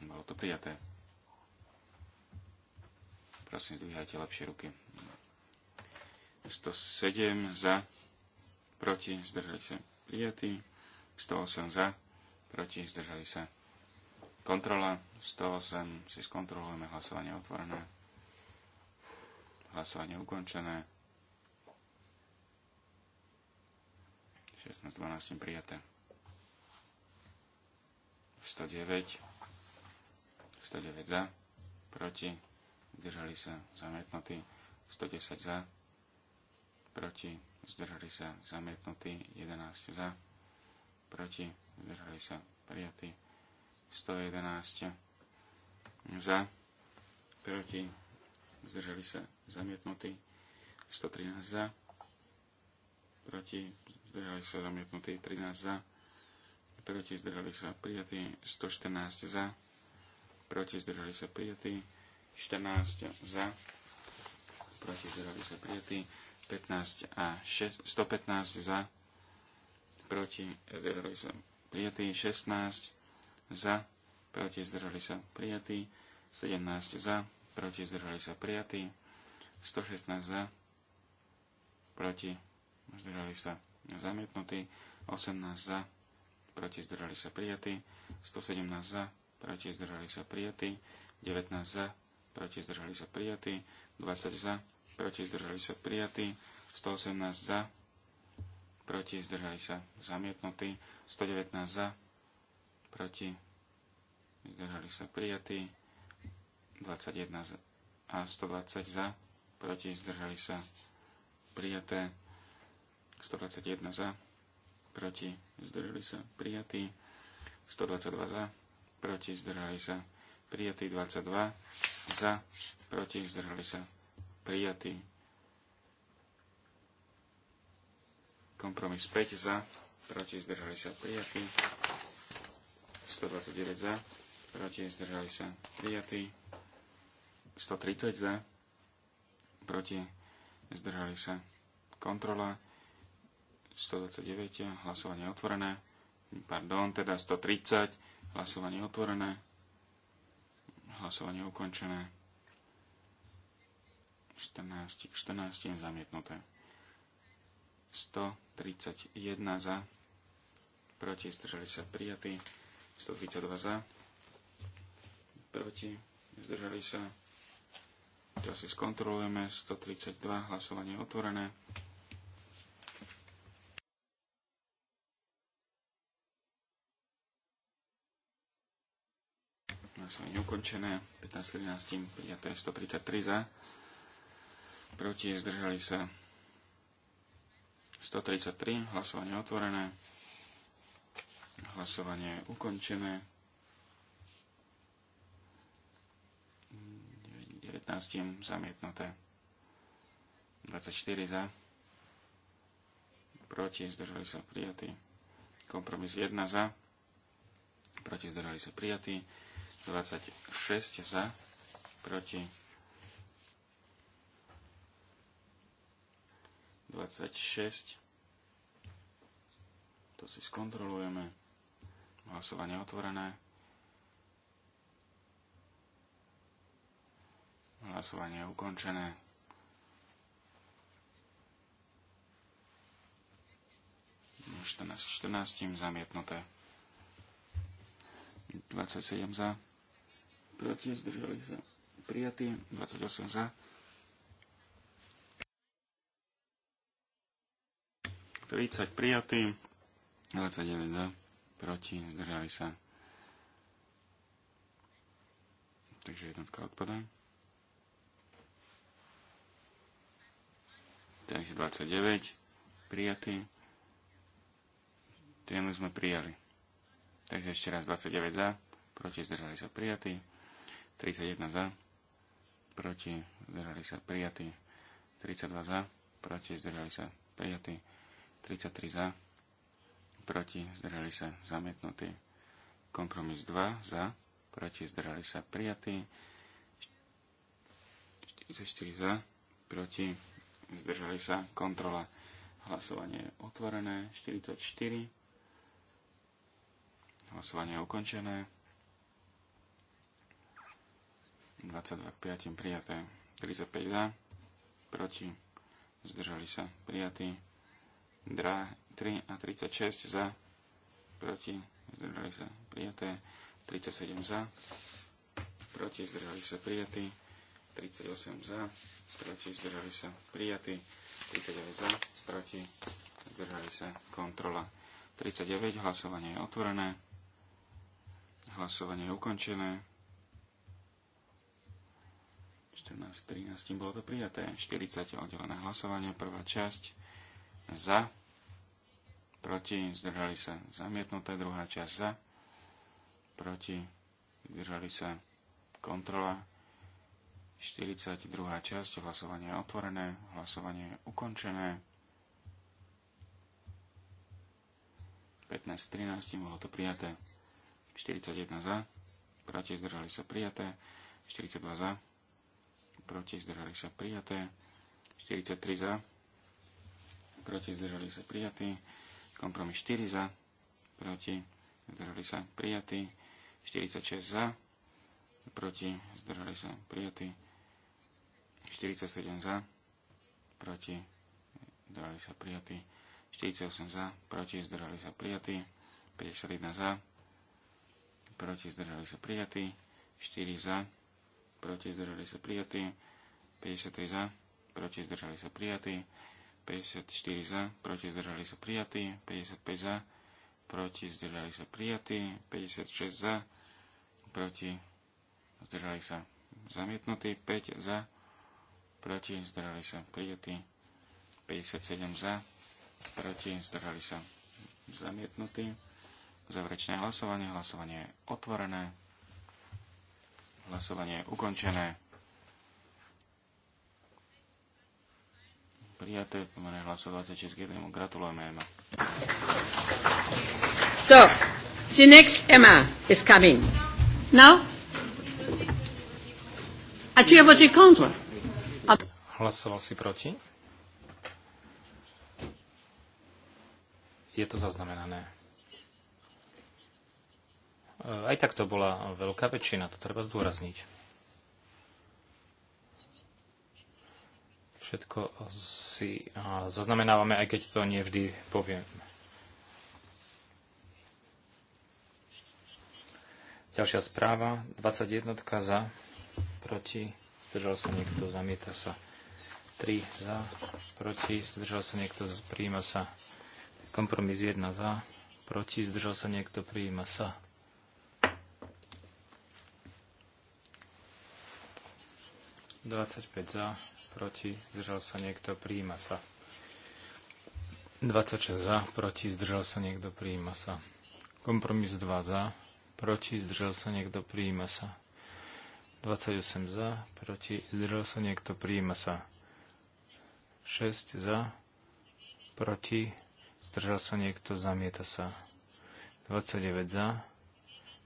Bolo to prijaté. Prosím, zdvíhajte lepšie ruky. 107 za, proti, zdržali sa prijatí. 108 za, proti, zdržali sa. Kontrola 108, si skontrolujeme hlasovanie otvorené. Hlasovanie ukončené. 16, 12 prijaté. 109, 109 za, proti, zdržali sa zamietnutí, 110 za, proti, zdržali sa zamietnutí, 11 za, proti, zdržali sa prijatí, 111 za, proti, zdržali sa zamietnutí, 113 za, proti, zdržali sa zamietnutí 13 za, proti zdržali sa prijatí 114 za, proti zdržali sa prijatí 14 za, proti zdržali sa prijatí 15 a 6, 115 za, proti zdržali sa prijatí 16 za, proti zdržali sa prijatí 17 za, proti zdržali sa prijatí 116 za, proti zdržali sa prijatí zamietnutý, 18 za, proti zdržali sa prijatí, 117 za, proti zdržali sa prijatí, 19 za, proti zdržali sa prijatí, 20 za, proti zdržali sa prijatí, 118 za, proti zdržali sa zamietnutí, 119 za, proti zdržali sa prijatí, 21 za, a 120 za, proti zdržali sa prijaté, 121 za, proti, zdržali sa, prijatí, 122 za, proti, zdržali sa, prijatí, 22 za, proti, zdržali sa, prijatí. Kompromis 5 za, proti, zdržali sa, prijatí, 129 za, proti, zdržali sa, prijatí, 130 za, proti, zdržali sa, kontrola, 129, hlasovanie otvorené. Pardon, teda 130, hlasovanie otvorené. Hlasovanie ukončené. 14 k 14 zamietnuté. 131 za, proti, zdržali sa prijatí. 132 za, proti, zdržali sa. Teraz si skontrolujeme. 132, hlasovanie otvorené. hlasovanie ukončené. 15 13 133 za. Proti zdržali sa 133. Hlasovanie otvorené. Hlasovanie ukončené. 19 zamietnuté. 24 za. Proti zdržali sa prijatí. Kompromis 1 za. Proti zdržali sa prijatí. 26 za, proti 26. To si skontrolujeme. Hlasovanie otvorené. Hlasovanie je ukončené. Na 14, 14 zamietnuté. 27 za proti, zdržali sa prijatí, 28 za. 30 prijatí, 29 za, proti, zdržali sa. Takže jednotka odpadá. Takže 29 prijatí. Tému sme prijali. Takže ešte raz 29 za, proti zdržali sa prijatí. 31 za, proti, zdržali sa prijatí, 32 za, proti, zdržali sa prijatí, 33 za, proti, zdržali sa zamietnutí, kompromis 2 za, proti, zdržali sa prijatí, 44 za, proti, zdržali sa, kontrola, hlasovanie je otvorené, 44, hlasovanie je ukončené, 22 k 5 prijaté, 35 za, proti, zdržali sa, prijatí, 3 a 36 za, proti, zdržali sa, prijaté, 37 za, proti, zdržali sa, prijatí, 38 za, proti, zdržali sa, prijatí, 39 za, proti, zdržali sa, kontrola. 39, hlasovanie je otvorené, hlasovanie je ukončené. 14, 13 bolo to prijaté. 40 oddelené hlasovanie, prvá časť za, proti, zdržali sa zamietnuté, druhá časť za, proti, zdržali sa kontrola. 42. časť, hlasovanie je otvorené, hlasovanie je ukončené. 15.13 bolo to prijaté. 41 za, proti, zdržali sa prijaté, 42 za, proti, zdržali sa prijaté. 43 za, proti, zdržali sa prijatí. Kompromis 4 za, proti, zdržali sa prijatí. 46 za, proti, zdržali sa prijatí. 47 za, proti, zdržali sa prijatí. 48 za, proti, zdržali sa prijatí. 51 za, proti, zdržali sa prijatí. 4 za, proti, zdržali sa prijatí, 53 za, proti, zdržali sa prijatí, 54 za, proti, zdržali sa prijatí, 55 za, proti, zdržali sa prijatí, 56 za, proti, zdržali sa zamietnutí, 5 za, proti, zdržali sa prijatí, 57 za, proti, zdržali sa zamietnutí. Záverečné hlasovanie, hlasovanie je otvorené. Hlasovanie je ukončené. Prijaté, pomerne hlasov 26 k 1. Gratulujeme, Emma. So, the next Emma is coming. Now? A tu je voči kontra. A... Hlasoval si proti? Je to zaznamenané. E, aj tak to bola veľká väčšina, to treba zdôrazniť. Všetko si e, zaznamenávame, aj keď to nie vždy poviem. Ďalšia správa, 21 za, proti, zdržal sa niekto, zamieta sa. 3 za, proti, zdržal sa niekto, prijíma sa. Kompromis 1 za, proti, zdržal sa niekto, prijíma sa. 25 za, proti, zdržal sa niekto, prijíma sa. 26 za, proti, zdržal sa niekto, prijíma sa. Kompromis 2 za, proti, zdržal sa niekto, prijíma sa. 28 za, proti, zdržal sa niekto, prijíma sa. 6 za, proti, zdržal sa niekto, zamieta sa. 29 za,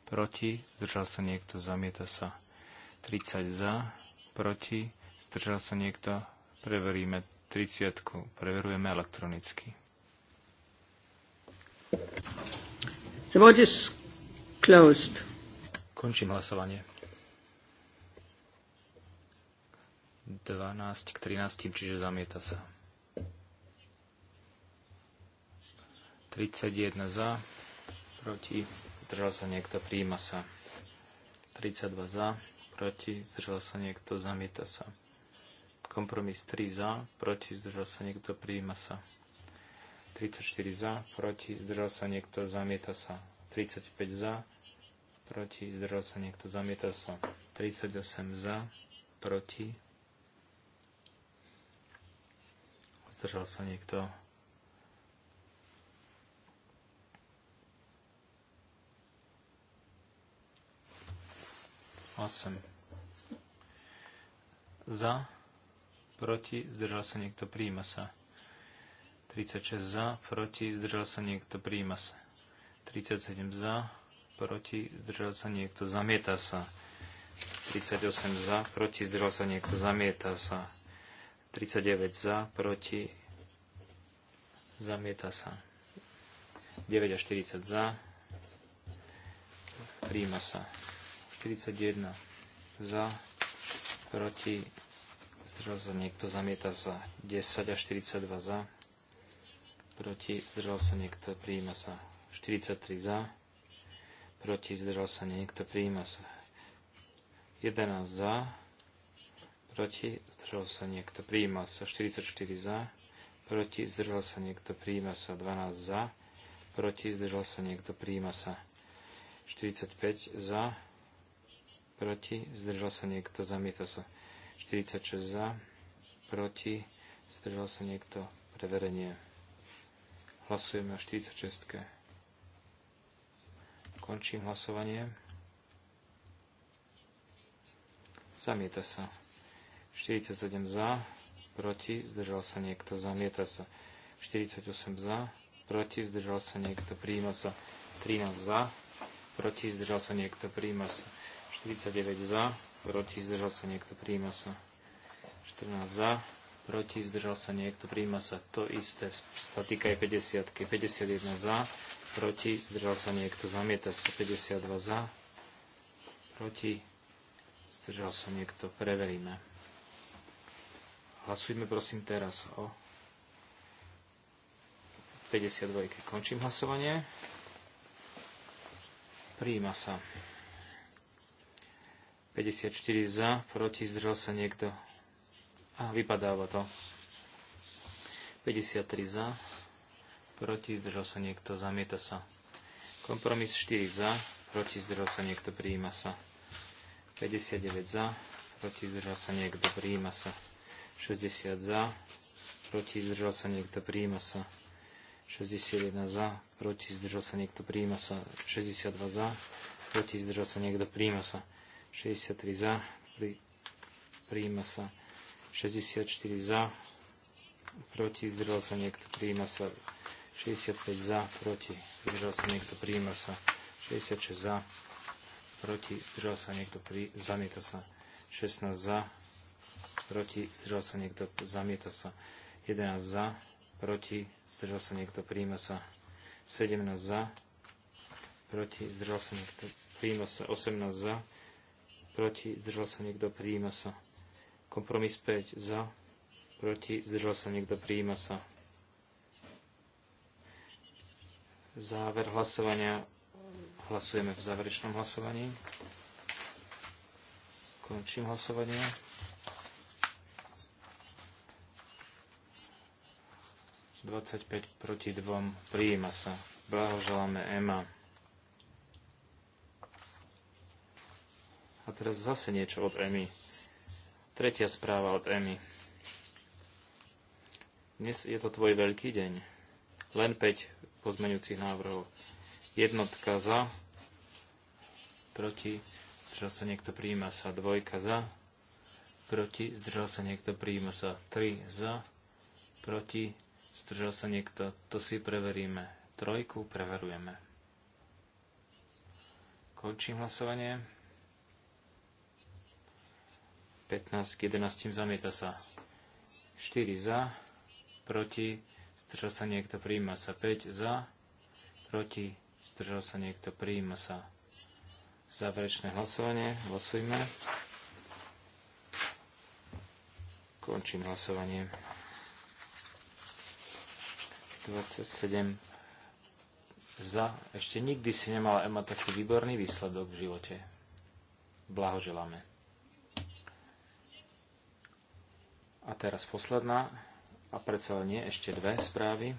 proti, zdržal sa niekto, zamieta sa. 30 za, proti, zdržal sa niekto, preveríme 30, preverujeme elektronicky. The vote is closed. Končím hlasovanie. 12 k 13, čiže zamieta sa. 31 za, proti, zdržal sa niekto, príjima sa. 32 za, proti, zdržal sa niekto, zamieta sa. Kompromis 3 za, proti, zdržal sa niekto, prijíma sa. 34 za, proti, zdržal sa niekto, zamieta sa. 35 za, proti, zdržal sa niekto, zamieta sa. 38 za, proti, zdržal sa niekto, 8. Za, proti, zdržal sa niekto, príjma sa. 36 za, proti, zdržal sa niekto, príjma sa. 37 za, proti, zdržal sa niekto, zamieta sa. 38 za, proti, zdržal sa niekto, zamieta sa. 39 za, proti, zamieta sa. 9 a 40 za, príjma sa. 41 za, proti, zdržal sa niekto, zamieta za, 10 a 42 za, proti, zdržal sa niekto, prijíma sa 43 za, proti, zdržal sa niekto, prijíma sa 11 za, proti, zdržal sa niekto, prijíma sa 44 za, proti, zdržal sa niekto, prijíma sa 12 za, proti, zdržal sa niekto, prijíma sa 45 za, proti, zdržal sa niekto, zamieta sa. 46 za, proti, zdržal sa niekto, preverenie. Hlasujeme o 46. Končím hlasovanie. Zamieta sa. 47 za, proti, zdržal sa niekto, zamieta sa. 48 za, proti, zdržal sa niekto, príjma sa. 13 za, proti, zdržal sa niekto, príjma sa. 49 za, proti, zdržal sa niekto, príjma sa. 14 za, proti, zdržal sa niekto, príjma sa. To isté, sa týka aj 50 51 za, proti, zdržal sa niekto, zamieta sa. 52 za, proti, zdržal sa niekto, preveríme. Hlasujme prosím teraz o 52. Končím hlasovanie. Príjima sa. 54 za, proti, zdržal sa niekto. A vypadáva to. 53 za, proti, zdržal sa niekto, zamieta sa. Kompromis 4 za, proti, zdržal sa niekto, prijíma sa. 59 za, proti, zdržal sa niekto, prijíma sa. 60 za, proti, zdržal sa niekto, prijíma sa. 61 za, proti, zdržal sa niekto, prijíma sa. 62 za, proti, zdržal sa niekto, prijíma sa. 63 za, pri, prijíma sa 64 za, proti, zdržal sa niekto, prijíma sa 65 za, proti, zdržal sa niekto, prijíma sa 66 za, proti, zdržal sa niekto, pri, zamieta sa 16 za, proti, zdržal sa niekto, zamieta sa 11 za, proti, zdržal sa niekto, prijíma sa 17 za, proti, zdržal sa niekto, prijíma sa 18 za, proti, zdržal sa niekto, prijíma sa. Kompromis 5 za, proti, zdržal sa niekto, prijíma sa. Záver hlasovania. Hlasujeme v záverečnom hlasovaní. Končím hlasovanie. Dvadsaťpäť proti dvom. Prijíma sa. Blahoželáme Ema. A teraz zase niečo od EMI. Tretia správa od EMI. Dnes je to tvoj veľký deň. Len 5 pozmeňujúcich návrhov. Jednotka za, proti, zdržal sa niekto, príjima sa. Dvojka za, proti, zdržal sa niekto, príjima sa. Tri za, proti, zdržal sa niekto, to si preveríme. Trojku preverujeme. Končím hlasovanie. 15 k 11 zamieta sa. 4 za, proti, zdržal sa niekto, prijíma sa. 5 za, proti, zdržal sa niekto, prijíma sa. Záverečné hlasovanie, hlasujme. Končím hlasovanie. 27 za. Ešte nikdy si nemala Ema taký výborný výsledok v živote. Blahoželáme. A teraz posledná, a predsa nie, ešte dve správy.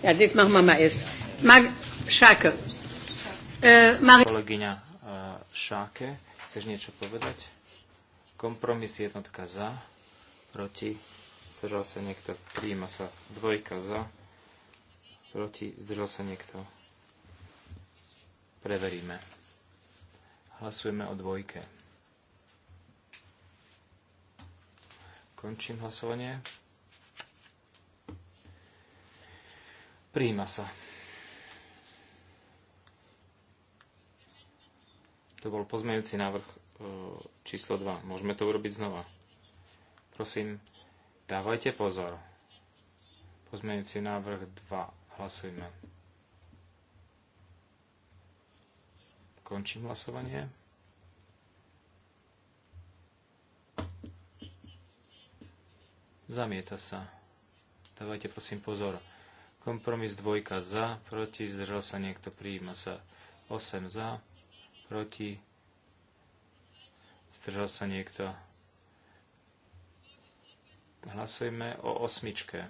Ja, dnes mám mama S. Mag Šáke. Uh, Kolegyňa uh, Šáke, chceš niečo povedať? Kompromis jednotka za, proti, zdržal sa niekto, príjma sa dvojka za, proti, zdržal sa niekto Preveríme. Hlasujeme o dvojke. Končím hlasovanie. Príjima sa. To bol pozmejúci návrh e, číslo 2. Môžeme to urobiť znova. Prosím, dávajte pozor. Pozmejúci návrh 2. Hlasujme. Končím hlasovanie. Zamieta sa. Dávajte prosím pozor. Kompromis dvojka za, proti, zdržal sa niekto, prijíma sa 8 za, proti, zdržal sa niekto. Hlasujme o osmičke.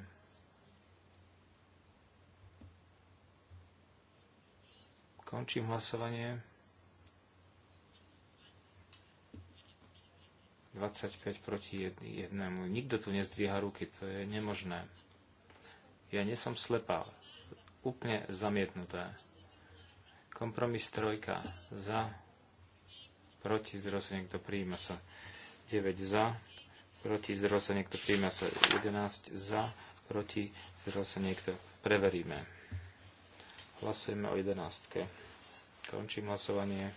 Končím hlasovanie. 25 proti jednému. Nikto tu nezdvíha ruky, to je nemožné. Ja nesom slepá. Úplne zamietnuté. Kompromis trojka. Za. Proti zdroze, sa niekto príjma sa. 9 za. Proti zdroze, sa niekto príjma sa. 11 za. Proti zdroze, sa niekto. Preveríme. Hlasujeme o 11. Končím hlasovanie.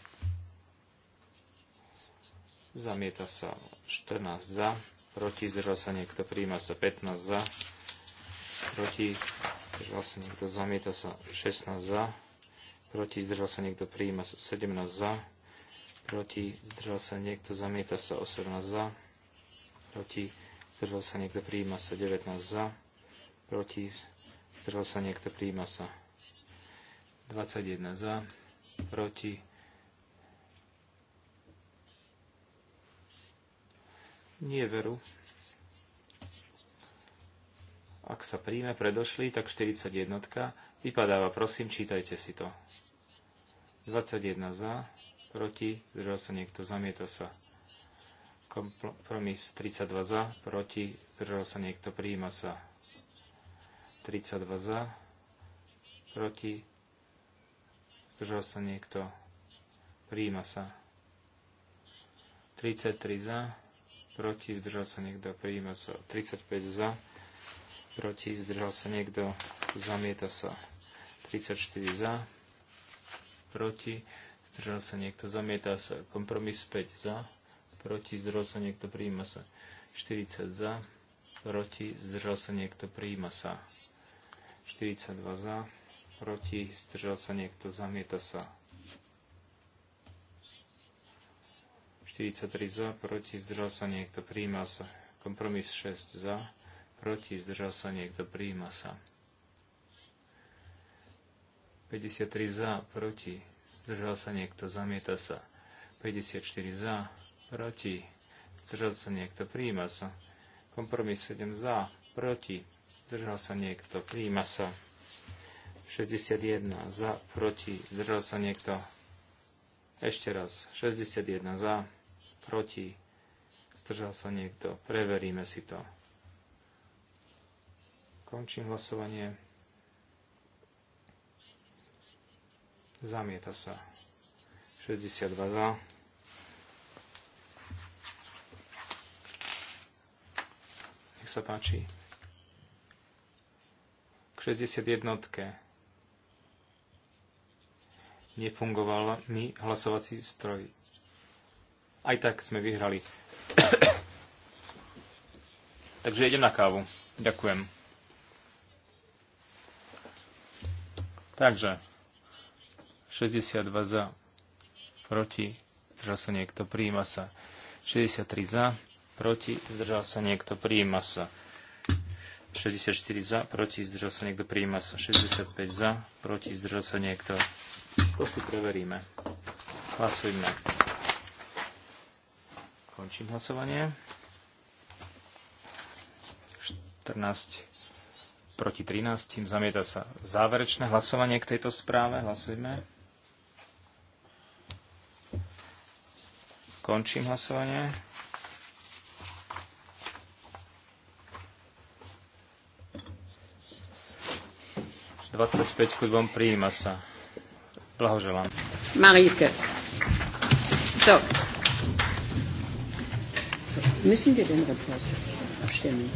Zamieta sa 14 za. Proti zdržal sa niekto. Príjma sa 15 za. Proti zdržal sa niekto. Zamieta sa 16 za. Proti zdržal sa niekto. Príjma sa 17 za. Proti zdržal sa niekto. Zamieta sa 18 za. Proti zdržal sa niekto. Príjma sa 19 za. Proti zdržal sa niekto. Príjma sa 21 za. Proti nie veru. Ak sa príjme predošli, tak 41 vypadáva. Prosím, čítajte si to. 21 za, proti, zdržal sa niekto, zamieta sa. Kompromis 32 za, proti, zdržal sa niekto, príjma sa. 32 za, proti, zdržal sa niekto, príjma sa. 33 za, proti, zdržal sa niekto, prijíma sa 35 za, proti, zdržal sa niekto, zamieta sa 34 za, proti, zdržal sa niekto, zamieta sa, kompromis 5 za, proti, zdržal sa niekto, prijíma sa 40 za, proti, zdržal sa niekto, prijíma sa 42 za, proti, zdržal sa niekto, zamieta sa 43 za, proti, zdržal sa niekto, príjma sa. Kompromis 6 za, proti, zdržal sa niekto, príjma sa. 53 za, proti, zdržal sa niekto, zamieta sa. 54 za, proti, zdržal sa niekto, príjma sa. Kompromis 7 za, proti, zdržal sa niekto, príjma sa. 61 za, proti, zdržal sa niekto, ešte raz, 61 za, proti, zdržal sa niekto, preveríme si to. Končím hlasovanie. Zamieta sa. 62 za. Nech sa páči. K 61. Nefungoval mi hlasovací stroj. Aj tak sme vyhrali. Takže idem na kávu. Ďakujem. Takže 62 za, proti, zdržal sa niekto, prijíma sa. 63 za, proti, zdržal sa niekto, prijíma sa. 64 za, proti, zdržal sa niekto, prijíma sa. 65 za, proti, zdržal sa niekto. To si preveríme. Hlasujme. Končím hlasovanie. 14 proti 13, zamieta sa záverečné hlasovanie k tejto správe. Hlasujme. Končím hlasovanie. 25 ku dvom prijíma sa. Blahoželám. Maríke. So. Müssen wir den Report abstimmen?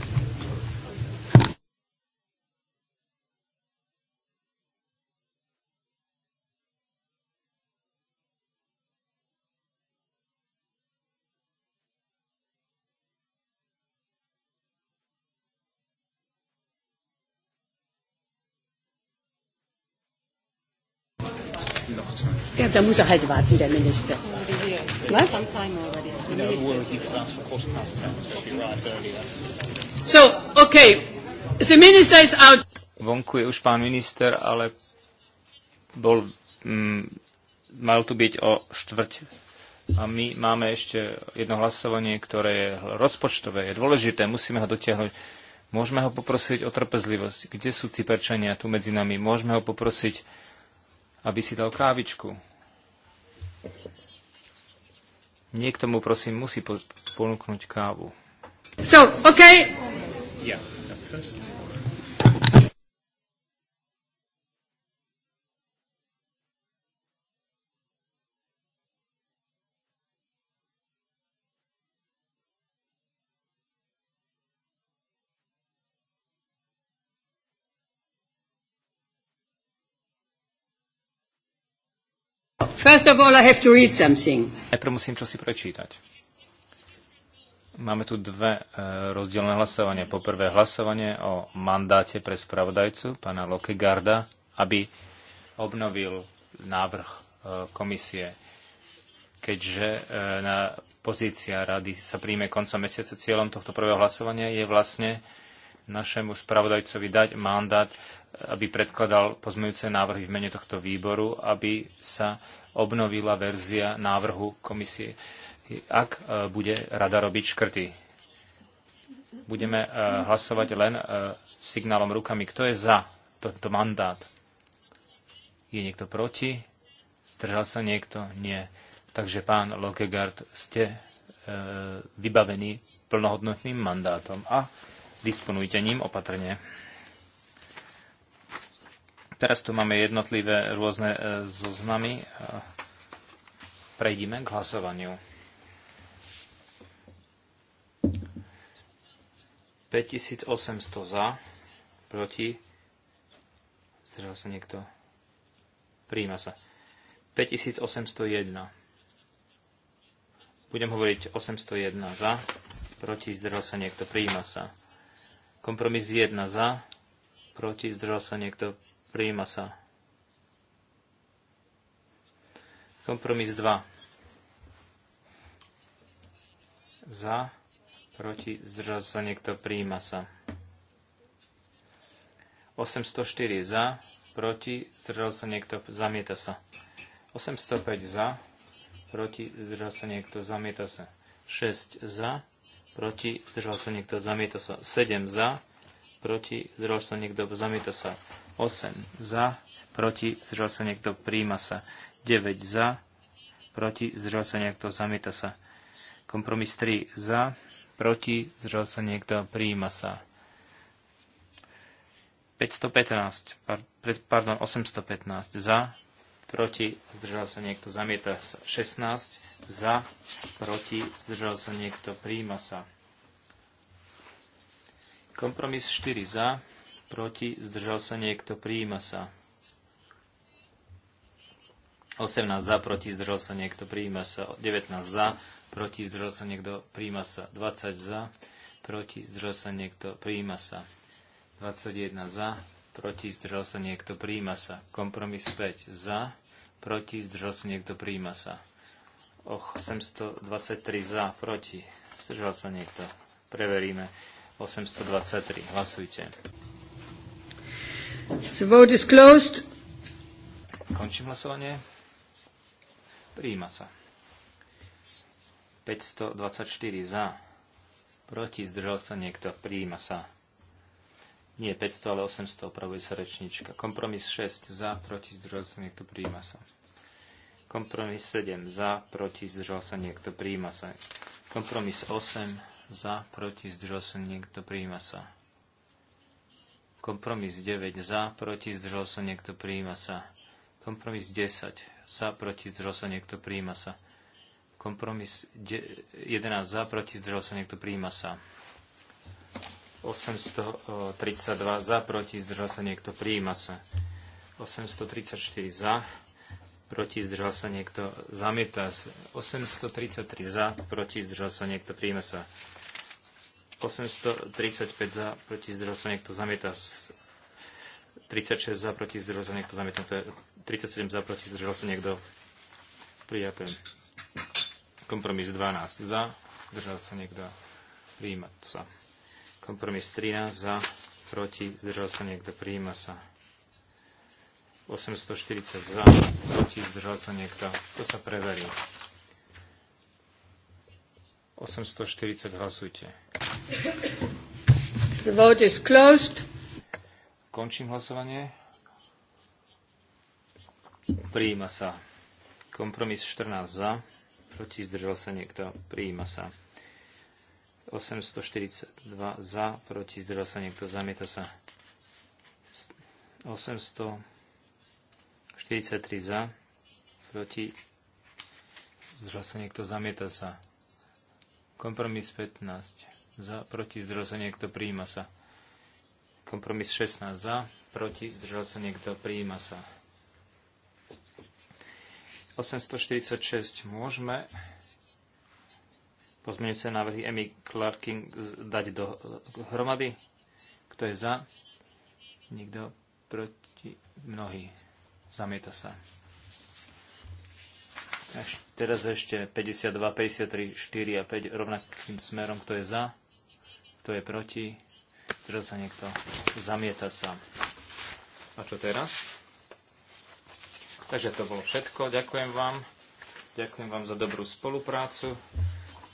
Ja, da muss er halt warten, der Minister. What? So okay, the minister is out. Vonku je už pán minister, ale bol, mm, mal tu byť o štvrť. A my máme ešte jedno hlasovanie, ktoré je rozpočtové, je dôležité, musíme ho dotiahnuť. Môžeme ho poprosiť o trpezlivosť. Kde sú ciperčania tu medzi nami? Môžeme ho poprosiť, aby si dal kávičku. Niekto mu prosím musí ponúknuť kávu. So, okay. Yeah, first. First of all, I have to read something. Najprv musím čosi prečítať. Máme tu dve e, rozdielne hlasovanie. Poprvé hlasovanie o mandáte pre spravodajcu, pána Lokegarda, aby obnovil návrh e, komisie, keďže e, na pozícia rady sa príjme koncom mesiaca. Cieľom tohto prvého hlasovania je vlastne našemu spravodajcovi dať mandát, aby predkladal pozmejúce návrhy v mene tohto výboru, aby sa obnovila verzia návrhu komisie, ak e, bude rada robiť škrty. Budeme e, hlasovať len e, signálom rukami, kto je za tento mandát. Je niekto proti? Zdržal sa niekto? Nie. Takže pán Lokegard, ste vybavení plnohodnotným mandátom a disponujte ním opatrne. Teraz tu máme jednotlivé rôzne e, zoznamy. E, prejdime k hlasovaniu. 5800 za, proti, zdržal sa niekto, príjma sa. 5801. Budem hovoriť 801 za, proti, zdržal sa niekto, príjma sa. Kompromis 1 za, proti, zdržal sa niekto, Prijíma sa. Kompromis 2. Za, proti, zdržal sa niekto, prijíma sa. 804 za, proti, zdržal sa niekto, zamieta sa. 805 za, proti, zdržal sa niekto, zamieta sa. 6 za, proti, zdržal sa niekto, zamieta sa. 7 za, proti, zdržal sa niekto, zamieta sa. 8 za, proti, zdržal sa niekto, príjma sa. 9 za, proti, zdržal sa niekto, zamieta sa. Kompromis 3 za, proti, zdržal sa niekto, príjma sa. 515, pardon, 815 za, proti, zdržal sa niekto, zamieta sa. 16 za, proti, zdržal sa niekto, príjma sa. Kompromis 4 za, proti, zdržal sa niekto, prijíma sa. 18 za, proti, zdržal sa niekto, prijíma sa. 19 za, proti, zdržal sa niekto, prijíma sa. 20 za, proti, zdržal sa niekto, prijíma sa. 21 za, proti, zdržal sa niekto, prijíma sa. Kompromis 5 za, proti, zdržal sa niekto, prijíma sa. 823 za, proti, zdržal sa niekto. Preveríme. 823. Hlasujte. The vote is closed. Končím hlasovanie. Prijíma sa. 524 za. Proti zdržal sa niekto. Prijíma sa. Nie 500, ale 800, opravuje sa rečnička. Kompromis 6 za, proti zdržal sa niekto. Prijíma sa. Kompromis 7 za, proti zdržal sa niekto. Prijíma sa. Kompromis 8 za, proti zdržal sa niekto. Prijíma sa. Kompromis 9 za, proti, zdržal sa niekto, prijíma sa. Kompromis 10 za, proti, zdržal sa niekto, prijíma sa. Kompromis 11 za, proti, zdržal sa niekto, prijíma sa. 832 za, proti, zdržal sa niekto, prijíma sa. 834 za, proti, zdržal sa niekto, zamieta sa. 833 za, proti, zdržal sa niekto, prijíma sa. 835 za, proti zdržal sa niekto, zamieta. 36 za, proti zdržal sa niekto, zamietnuté. 37 za, proti zdržal sa niekto, prijaté. Kompromis 12 za, zdržal sa niekto, prijímať sa. Kompromis 13 za, proti zdržal sa niekto, prijíma sa. 840 za, proti zdržal sa niekto, to sa preverí. 840 hlasujte. The vote is closed. Končím hlasovanie. Prijíma sa. Kompromis 14 za. Proti zdržal sa niekto. Prijíma sa. 842 za. Proti zdržal sa niekto. Zamieta sa. 843 za. Proti zdržal sa niekto. Zamieta sa. Kompromis 15 za, proti, zdržal sa niekto, príjima sa. Kompromis 16 za, proti, zdržal sa niekto, príjima sa. 846 môžeme pozmeňujúce návrhy Emmy Clarkin dať do hromady. Kto je za? Nikto proti mnohí. Zamieta sa. Teraz ešte 52, 53, 4 a 5 rovnakým smerom, kto je za, kto je proti. Teraz sa niekto. Zamieta sa. A čo teraz? Takže to bolo všetko. Ďakujem vám. Ďakujem vám za dobrú spoluprácu.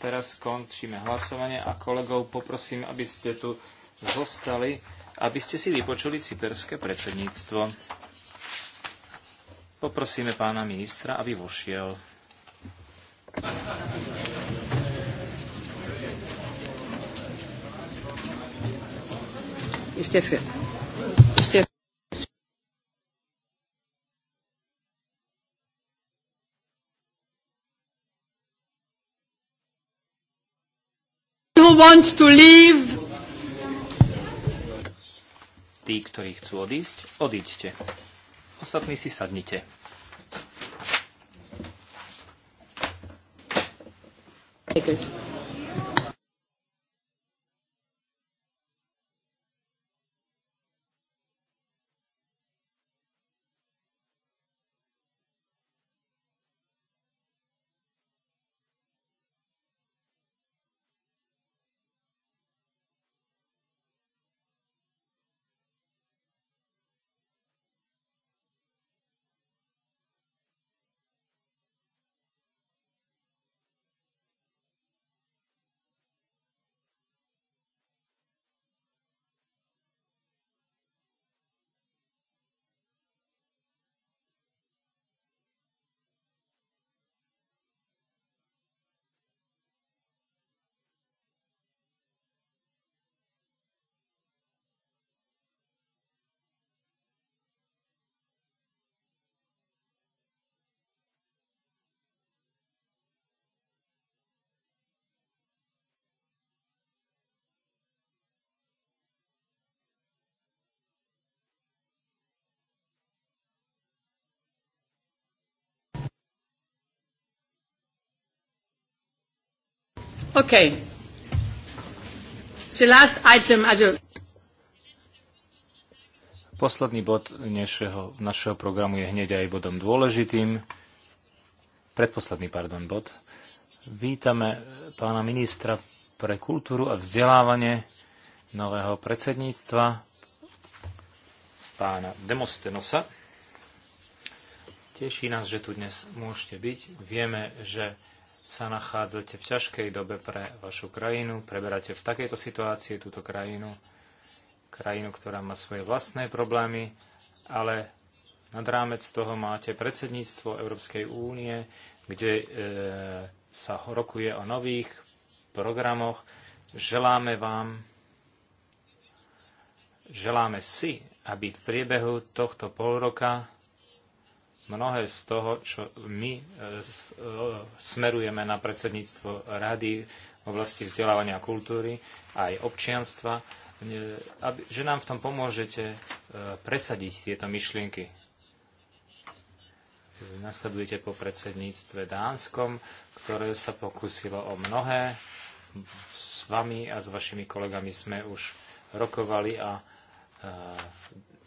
Teraz končíme hlasovanie a kolegov poprosím, aby ste tu zostali, aby ste si vypočuli cyperské predsedníctvo. Poprosíme pána ministra, aby vošiel. Ist wants to leave. Tí, ktorí chcú odísť, odíďte. Ostatní si sadnite. Baker. Okay. The last item, also... Posledný bod dnešného, našeho programu je hneď aj bodom dôležitým. Predposledný, pardon, bod. Vítame pána ministra pre kultúru a vzdelávanie nového predsedníctva, pána Demostenosa. Teší nás, že tu dnes môžete byť. Vieme, že sa nachádzate v ťažkej dobe pre vašu krajinu, preberáte v takejto situácii túto krajinu, krajinu, ktorá má svoje vlastné problémy, ale nad rámec toho máte predsedníctvo Európskej únie, kde e, sa rokuje o nových programoch. Želáme vám, želáme si, aby v priebehu tohto pol roka mnohé z toho, čo my e, e, smerujeme na predsedníctvo rady v oblasti vzdelávania kultúry a aj občianstva, e, že nám v tom pomôžete presadiť tieto myšlienky. Nasledujete po predsedníctve Dánskom, ktoré sa pokusilo o mnohé. S vami a s vašimi kolegami sme už rokovali a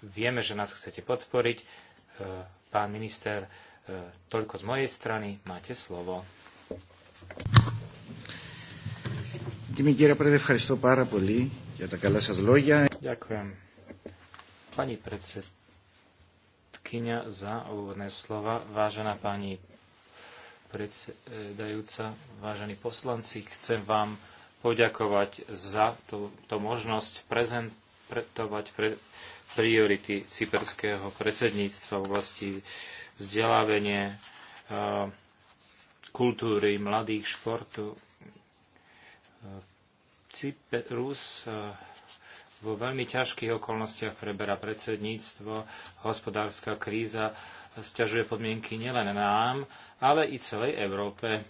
vieme, že nás chcete podporiť Pán minister, e, toľko z mojej strany. Máte slovo. Ďakujem. Pani predsedkynia za úvodné slova. Vážená pani predsedajúca, vážení poslanci, chcem vám poďakovať za tú, tú možnosť prezentovať pre, priority cyperského predsedníctva v oblasti vzdelávania, eh, kultúry, mladých, športu. Eh, Cyperus eh, vo veľmi ťažkých okolnostiach preberá predsedníctvo, hospodárska kríza sťažuje podmienky nielen nám, ale i celej Európe.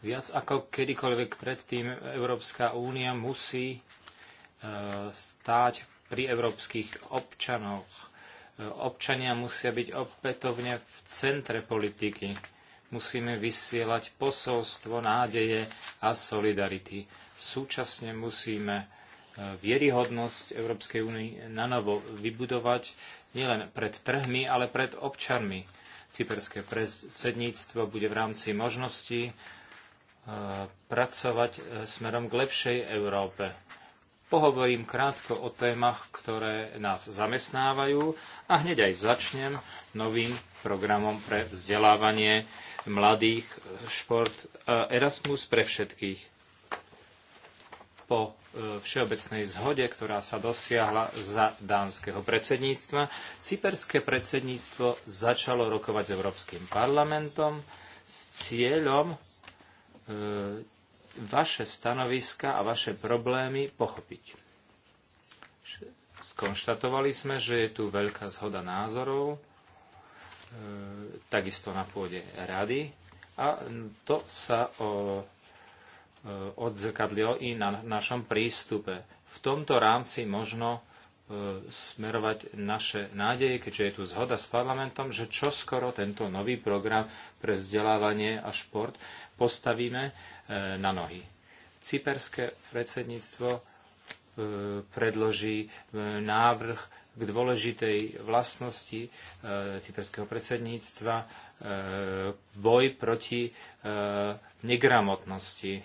Viac ako kedykoľvek predtým Európska únia musí stáť pri európskych občanoch. Občania musia byť opätovne v centre politiky. Musíme vysielať posolstvo nádeje a solidarity. Súčasne musíme e, vieryhodnosť Európskej únie na novo vybudovať nielen pred trhmi, ale pred občanmi. Cyperské predsedníctvo bude v rámci možností e, pracovať e, smerom k lepšej Európe Pohovorím krátko o témach, ktoré nás zamestnávajú a hneď aj začnem novým programom pre vzdelávanie mladých, šport e, Erasmus pre všetkých. Po e, všeobecnej zhode, ktorá sa dosiahla za dánskeho predsedníctva, cyperské predsedníctvo začalo rokovať s Európskym parlamentom s cieľom e, vaše stanoviska a vaše problémy pochopiť. Skonštatovali sme, že je tu veľká zhoda názorov, e, takisto na pôde rady a to sa e, odzrkadlilo i na našom prístupe. V tomto rámci možno e, smerovať naše nádeje, keďže je tu zhoda s parlamentom, že čoskoro tento nový program pre vzdelávanie a šport postavíme E, na nohy. Cyperské predsedníctvo e, predloží e, návrh k dôležitej vlastnosti cyperského predsedníctva boj proti negramotnosti.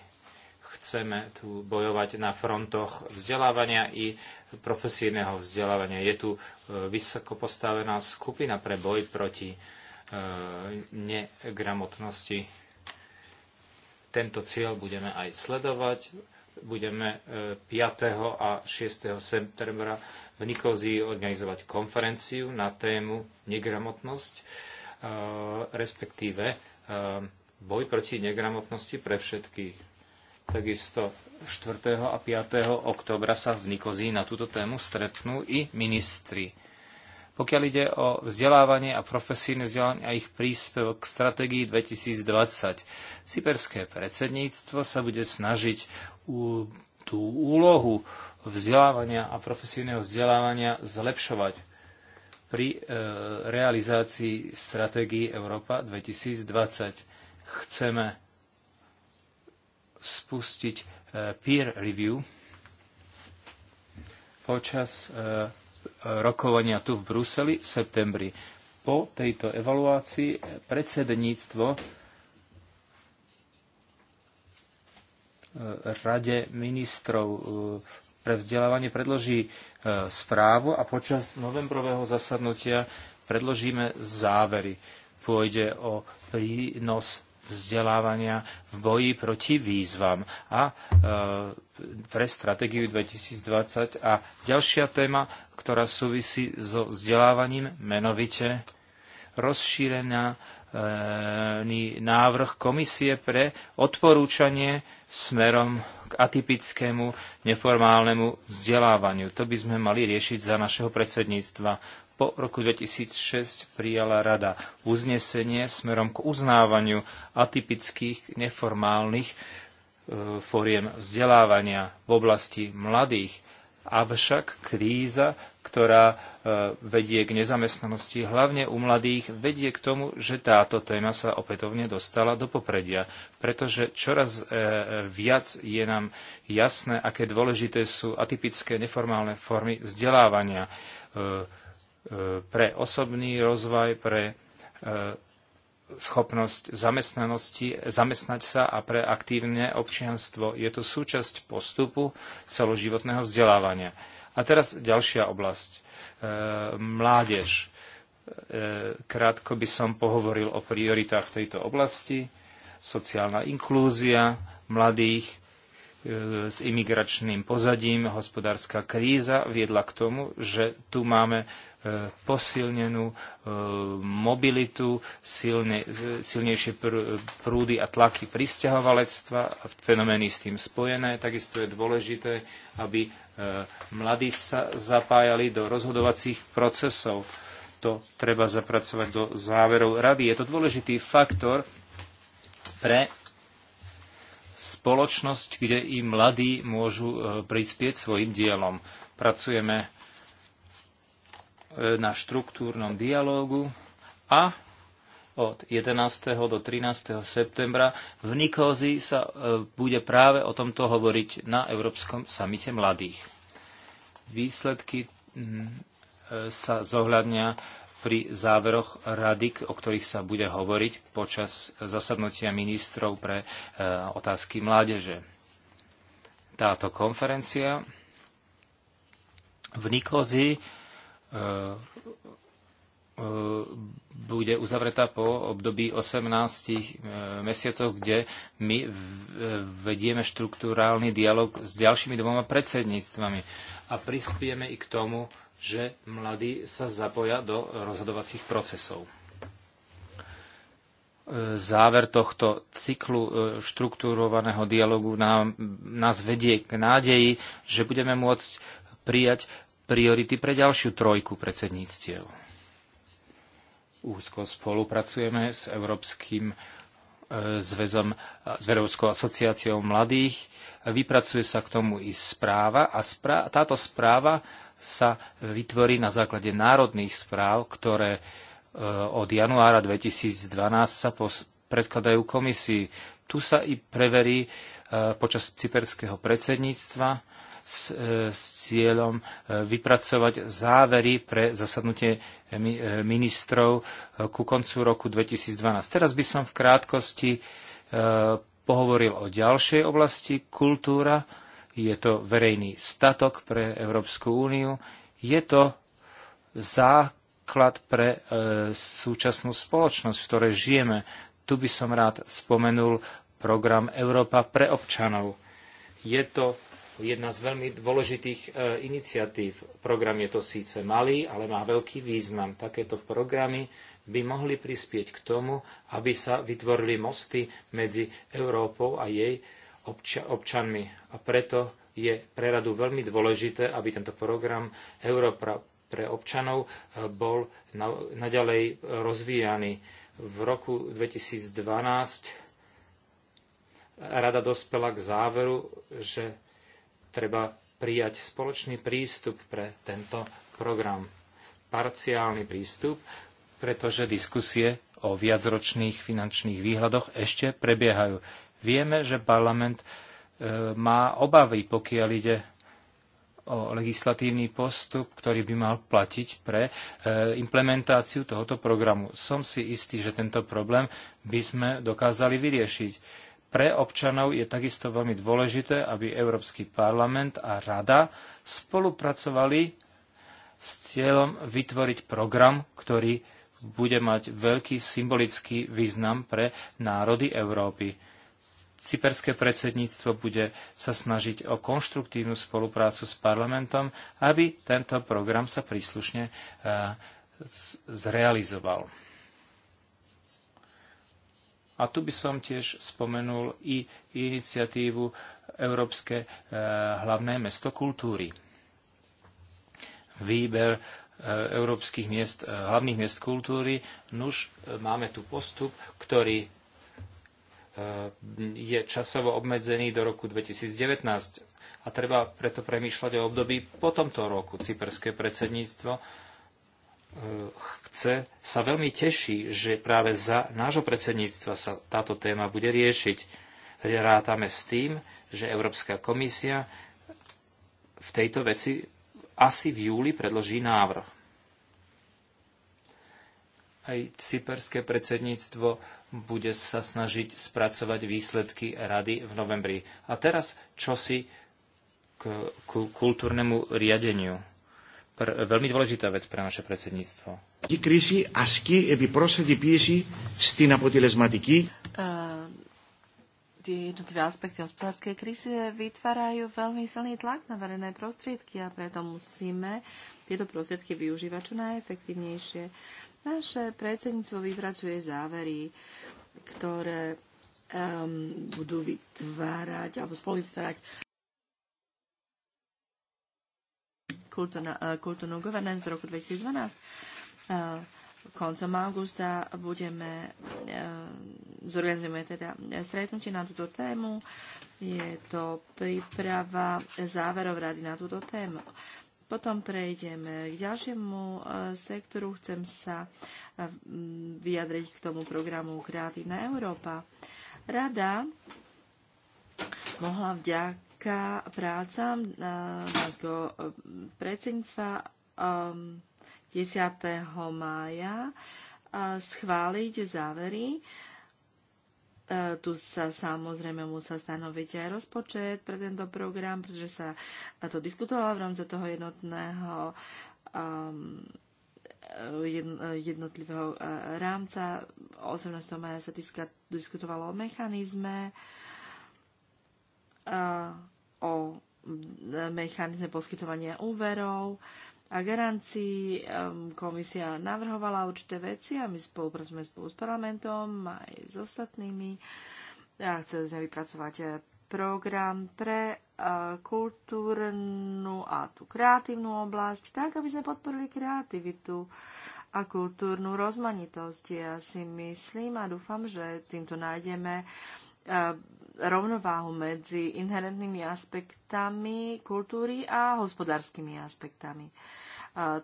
Chceme tu bojovať na frontoch vzdelávania i profesijného vzdelávania. Je tu vysoko postavená skupina pre boj proti negramotnosti tento cieľ budeme aj sledovať. Budeme 5. E, a 6. septembra v Nikozii organizovať konferenciu na tému negramotnosť, e, respektíve e, boj proti negramotnosti pre všetkých. Takisto 4. a 5. oktobra sa v Nikozii na túto tému stretnú i ministri pokiaľ ide o vzdelávanie a profesijné vzdelávanie a ich príspevok k stratégii 2020, cyperské predsedníctvo sa bude snažiť tú úlohu vzdelávania a profesijného vzdelávania zlepšovať pri e, realizácii stratégii Európa 2020. Chceme spustiť e, peer review počas e, rokovania tu v Bruseli v septembri. Po tejto evaluácii predsedníctvo e, Rade ministrov e, pre vzdelávanie predloží e, správu a počas novembrového zasadnutia predložíme závery. Pôjde o prínos vzdelávania v boji proti výzvam a e, pre stratégiu 2020. A ďalšia téma, ktorá súvisí so vzdelávaním, menovite rozšírená e, návrh komisie pre odporúčanie smerom k atypickému neformálnemu vzdelávaniu. To by sme mali riešiť za našeho predsedníctva po roku 2006 prijala Rada uznesenie smerom k uznávaniu atypických neformálnych e, fóriem vzdelávania v oblasti mladých. Avšak kríza, ktorá e, vedie k nezamestnanosti hlavne u mladých, vedie k tomu, že táto téma sa opätovne dostala do popredia, pretože čoraz e, viac je nám jasné, aké dôležité sú atypické neformálne formy vzdelávania E, pre osobný rozvoj, pre e, schopnosť zamestnanosti, zamestnať sa a pre aktívne občianstvo. Je to súčasť postupu celoživotného vzdelávania. A teraz ďalšia oblasť. E, mládež. Krátko by som pohovoril o prioritách v tejto oblasti. Sociálna inklúzia mladých s imigračným pozadím, hospodárska kríza viedla k tomu, že tu máme E, posilnenú e, mobilitu, silne, e, silnejšie prúdy a tlaky pristahovalectva a fenomény s tým spojené. Takisto je dôležité, aby mladí sa zapájali do rozhodovacích procesov. To treba zapracovať do záverov rady. Je to dôležitý faktor pre spoločnosť, kde i mladí môžu prispieť svojim dielom. Pracujeme E, na štruktúrnom dialógu a od 11. do 13. septembra v Nikózi sa e, bude práve o tomto hovoriť na Európskom samite mladých. Výsledky mm, e, sa zohľadnia pri záveroch rady, o ktorých sa bude hovoriť počas zasadnutia ministrov pre otázky mládeže. Táto konferencia v Nikozii E, e, bude uzavretá po období 18 e, mesiacov, kde my vedieme štruktúrálny dialog s ďalšími dvoma predsedníctvami a prispieme i k tomu, že mladí sa zapoja do rozhodovacích procesov. Záver tohto cyklu štruktúrovaného dialogu nám, nás vedie k nádeji, že budeme môcť prijať priority pre ďalšiu trojku predsedníctiev. Úzko spolupracujeme s Európskym e, zväzom, s Verovskou asociáciou mladých. Vypracuje sa k tomu i správa a správa, táto správa sa vytvorí na základe národných správ, ktoré e, od januára 2012 sa predkladajú komisii. Tu sa i preverí e, počas cyperského predsedníctva, s, e, s cieľom e, vypracovať závery pre zasadnutie e, ministrov ku koncu roku 2012. Teraz by som v krátkosti pohovoril o ďalšej oblasti kultúra. Je to verejný statok pre Európsku úniu. Je to základ pre e, súčasnú spoločnosť, v ktorej žijeme. Tu by som rád spomenul program Európa pre občanov. Je to jedna z veľmi dôležitých e, iniciatív. Program je to síce malý, ale má veľký význam. Takéto programy by mohli prispieť k tomu, aby sa vytvorili mosty medzi Európou a jej občanmi. A preto je pre radu veľmi dôležité, aby tento program Európa pre občanov e, bol naďalej rozvíjaný. V roku 2012 rada dospela k záveru, že treba prijať spoločný prístup pre tento program. Parciálny prístup, pretože diskusie o viacročných finančných výhľadoch ešte prebiehajú. Vieme, že parlament e, má obavy, pokiaľ ide o legislatívny postup, ktorý by mal platiť pre e, implementáciu tohoto programu. Som si istý, že tento problém by sme dokázali vyriešiť pre občanov je takisto veľmi dôležité, aby Európsky parlament a Rada spolupracovali s cieľom vytvoriť program, ktorý bude mať veľký symbolický význam pre národy Európy. Cyperské predsedníctvo bude sa snažiť o konštruktívnu spoluprácu s parlamentom, aby tento program sa príslušne eh, zrealizoval. A tu by som tiež spomenul i iniciatívu Európske eh, hlavné mesto kultúry. Výber eh, európskych miest, eh, hlavných miest kultúry. Nuž, máme tu postup, ktorý je časovo obmedzený do roku 2019 a treba preto premýšľať o období po tomto roku. Cyperské predsedníctvo chce, sa veľmi teší, že práve za nášho predsedníctva sa táto téma bude riešiť. Rátame s tým, že Európska komisia v tejto veci asi v júli predloží návrh. Aj cyperské predsedníctvo bude sa snažiť spracovať výsledky rady v novembri. A teraz čosi k, k kultúrnemu riadeniu pr- veľmi dôležitá vec pre naše predsedníctvo. Η κρίση ασκεί επιπρόσθετη πίεση στην αποτελεσματική. Tie jednotlivé aspekty hospodárskej krízy vytvárajú veľmi silný tlak na verejné prostriedky a preto musíme tieto prostriedky využívať čo najefektívnejšie. Naše predsedníctvo vypracuje závery, ktoré ehm, budú vytvárať alebo spolu vytvárať kultúrnu e, governance z roku 2012 e, koncom augusta budeme, e, zorganizujeme teda stretnutie na túto tému. Je to príprava záverov rady na túto tému. Potom prejdeme k ďalšiemu sektoru. Chcem sa vyjadriť k tomu programu Kreatívna Európa. Rada mohla vďak vďaka prácam dánskeho eh, predsedníctva 10. Ehm, mája eh, schváliť závery. Eh, tu sa samozrejme musel stanoviť aj rozpočet pre tento program, pretože sa to diskutovalo v rámci toho jednotného ehm, jednotlivého rámca. 18. maja sa diskutovalo o mechanizme o mechanizme poskytovania úverov a garancií. Komisia navrhovala určité veci a my spolupracujeme spolu s parlamentom aj s ostatnými. A chceli sme vypracovať eh, program pre eh, kultúrnu a tú kreatívnu oblasť, tak aby sme podporili kreativitu a kultúrnu rozmanitosť. Ja si myslím a dúfam, že týmto nájdeme eh, rovnováhu medzi inherentnými aspektami kultúry a hospodárskymi aspektami.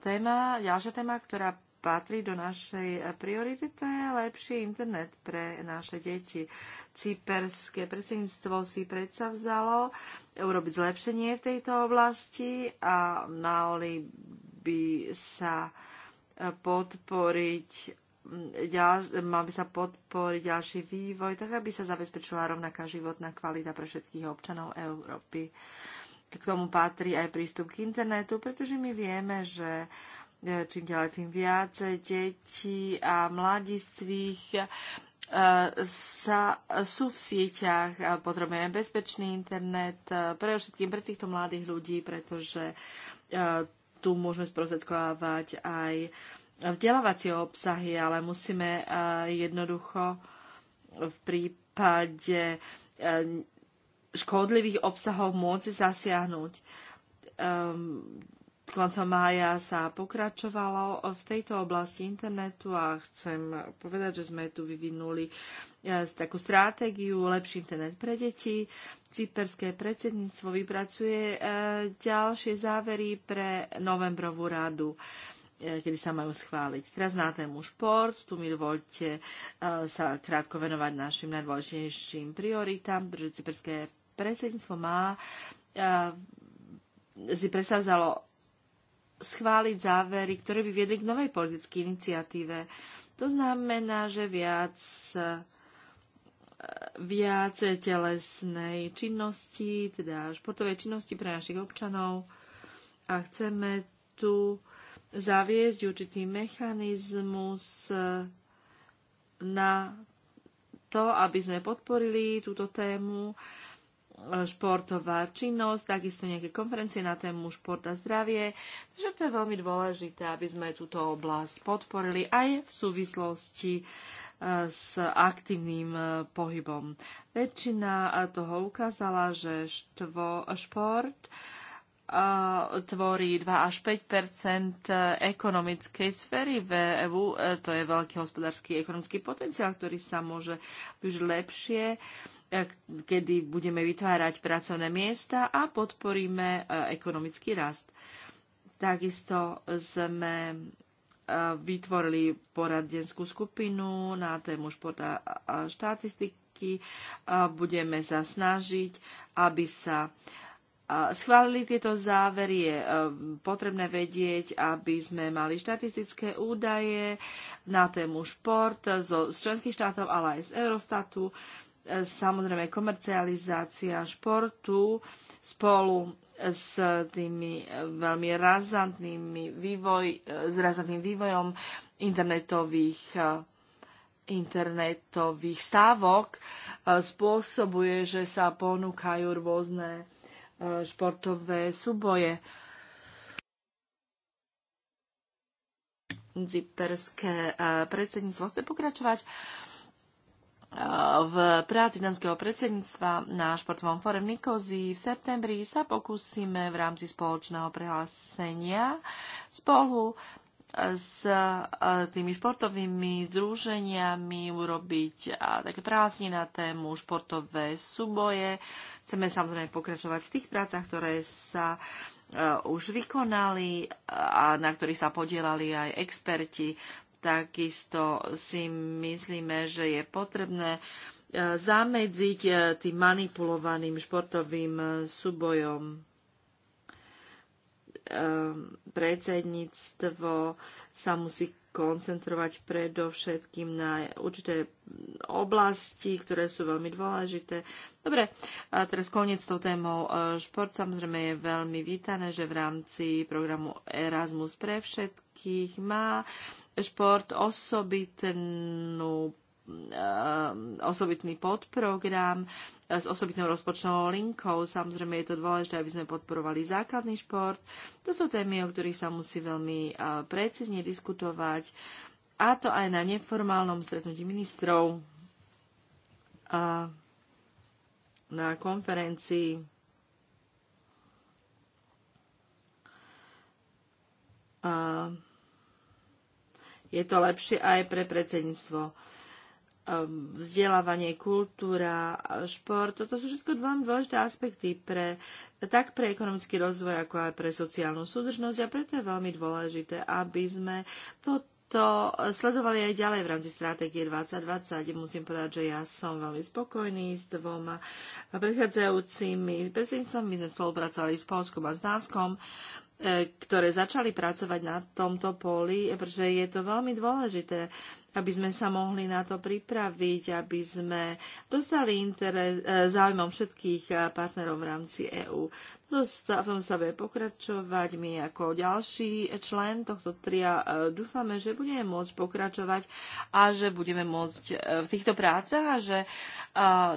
Téma, ďalšia téma, ktorá patrí do našej priority, to je lepší internet pre naše deti. Cyperské predsedníctvo si predsa vzalo urobiť zlepšenie v tejto oblasti a mali by sa podporiť mal by sa podporiť ďalší vývoj, tak aby sa zabezpečila rovnaká životná kvalita pre všetkých občanov Európy. K tomu patrí aj prístup k internetu, pretože my vieme, že e, čím ďalej tým viac detí a mladistvých e, sa, sú v sieťach, potrebujeme bezpečný internet, e, pre všetkým pre týchto mladých ľudí, pretože tu môžeme sprostredkovávať aj uh, vzdelávacie obsahy, ale musíme eh, jednoducho v prípade eh, škodlivých obsahov môcť zasiahnuť. Ehm, koncom mája sa pokračovalo v tejto oblasti internetu a chcem povedať, že sme tu vyvinuli eh, takú stratégiu Lepší internet pre deti. Cyperské predsedníctvo vypracuje ďalšie závery pre novembrovú radu. E, kedy sa majú schváliť. Teraz na tému šport. Tu mi dovolte e, sa krátko venovať našim najdôležitejším prioritám, pretože cyperské predsedníctvo má e, si presadzalo schváliť závery, ktoré by viedli k novej politickej iniciatíve. To znamená, že viac viac telesnej činnosti, teda športovej činnosti pre našich občanov a chceme tu zaviesť určitý mechanizmus e, na to, aby sme podporili túto tému e, športová činnosť, takisto nejaké konferencie na tému šport a zdravie. Takže to je veľmi dôležité, aby sme túto oblasť podporili aj v súvislosti e, s aktívnym pohybom. Väčšina toho ukázala, že štvo, šport tvorí 2 až 5 e, ekonomickej sféry v EU. E, to je veľký hospodársky ekonomický potenciál, ktorý sa môže už lepšie e, kedy budeme vytvárať pracovné miesta a podporíme ekonomický rast. Takisto sme vytvorili poradenskú skupinu na tému športa a štatistiky. Budeme sa snažiť, aby sa schválili tieto závery, je e, potrebné vedieť, aby sme mali štatistické údaje na tému šport zo, z členských štátov, ale aj z Eurostatu. E, samozrejme, komercializácia športu spolu s tými e, veľmi razantnými vývoj, s razantným vývojom internetových internetových stávok spôsobuje, že sa ponúkajú rôzne športové súboje. Cyperské e, predsedníctvo chce pokračovať e, v práci danského predsedníctva na športovom fóre v Nikozi. v septembri sa pokúsime v rámci spoločného prehlásenia spolu s e, tými športovými združeniami urobiť e, také prázdni na tému športové súboje. Chceme samozrejme pokračovať v tých prácach, ktoré sa e, už vykonali a na ktorých sa podielali aj experti. Takisto si myslíme, že je potrebné zamedziť tým manipulovaným športovým súbojom Ehm, predsedníctvo sa musí koncentrovať predovšetkým na určité oblasti, ktoré sú veľmi dôležité. Dobre, a teraz koniec s tou témou. Ehm, šport samozrejme je veľmi vítané, že v rámci programu Erasmus pre všetkých má šport osobitnú Um, osobitný podprogram s osobitnou rozpočtovou linkou. Samozrejme je to dôležité, aby sme podporovali základný šport. To sú témy, o ktorých sa musí veľmi uh, precízne diskutovať a to aj na neformálnom stretnutí ministrov a na konferencii a je to lepšie aj pre predsedníctvo Um, vzdelávanie, kultúra, šport, toto sú všetko veľmi dôležité aspekty pre, tak pre ekonomický rozvoj, ako aj pre sociálnu súdržnosť a preto je veľmi dôležité, aby sme to to sledovali aj ďalej v rámci stratégie 2020. Musím povedať, že ja som veľmi spokojný s dvoma predchádzajúcimi predsedníctvami. My sme spolupracovali s Polskom a s Dánskom e, ktoré začali pracovať na tomto poli, pretože je to veľmi dôležité aby sme sa mohli na to pripraviť, aby sme dostali interes, záujmom všetkých e, partnerov v rámci EÚ. V tom sa bude pokračovať. My ako ďalší člen tohto tria e, dúfame, že budeme môcť pokračovať a že budeme môcť e, v týchto prácach a že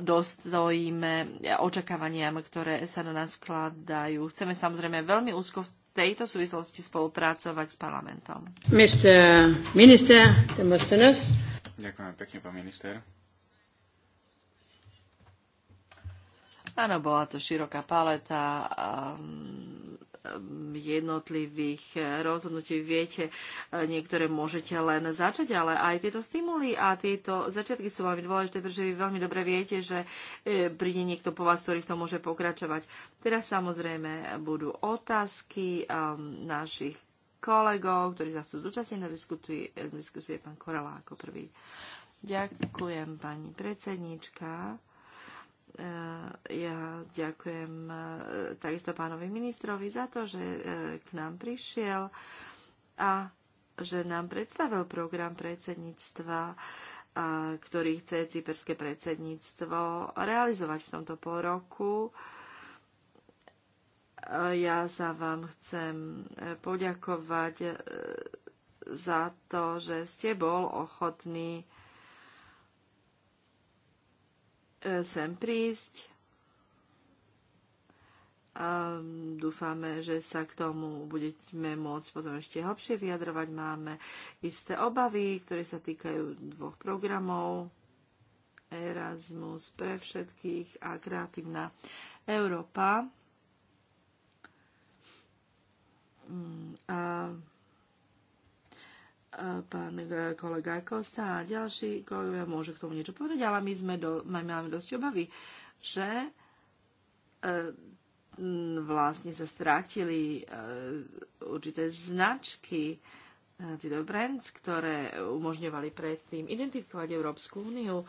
dostojíme očakávaniam, ktoré sa do nás vkladajú. Chceme samozrejme veľmi úzko v tejto súvislosti spolupracovať s parlamentom. Mr. Minister Demostenes. Ďakujem pekne, pán minister. Áno, bola to široká paleta um, jednotlivých eh, rozhodnutí. Viete, eh, niektoré môžete len začať, ale aj tieto stimuly a tieto začiatky sú veľmi dôležité, pretože vy veľmi dobre viete, že eh, príde niekto po vás, ktorý v tom môže pokračovať. Teraz samozrejme budú otázky ehm, našich kolegov, ktorí sa chcú zúčastniť na diskusie pán Korela ako prvý. Ďakujem, pani predsedníčka. Eh, ja ďakujem eh, takisto pánovi ministrovi za to, že eh, k nám prišiel a že nám predstavil program predsedníctva, ktorý chce cyperské predsedníctvo realizovať v tomto pol roku. Ja sa vám chcem poďakovať za to, že ste bol ochotný sem prísť. A dúfame, že sa k tomu budeme môcť potom ešte hlbšie vyjadrovať. Máme isté obavy, ktoré sa týkajú dvoch programov. Erasmus pre všetkých a kreatívna Európa. Mm, a pán e, kolega Kosta a ďalší kolegovia môžu k tomu niečo povedať, ale my sme do, my máme dosť obavy, že e, vlastne sa strátili e, určité značky, tieto brands, ktoré umožňovali predtým identifikovať Európsku úniu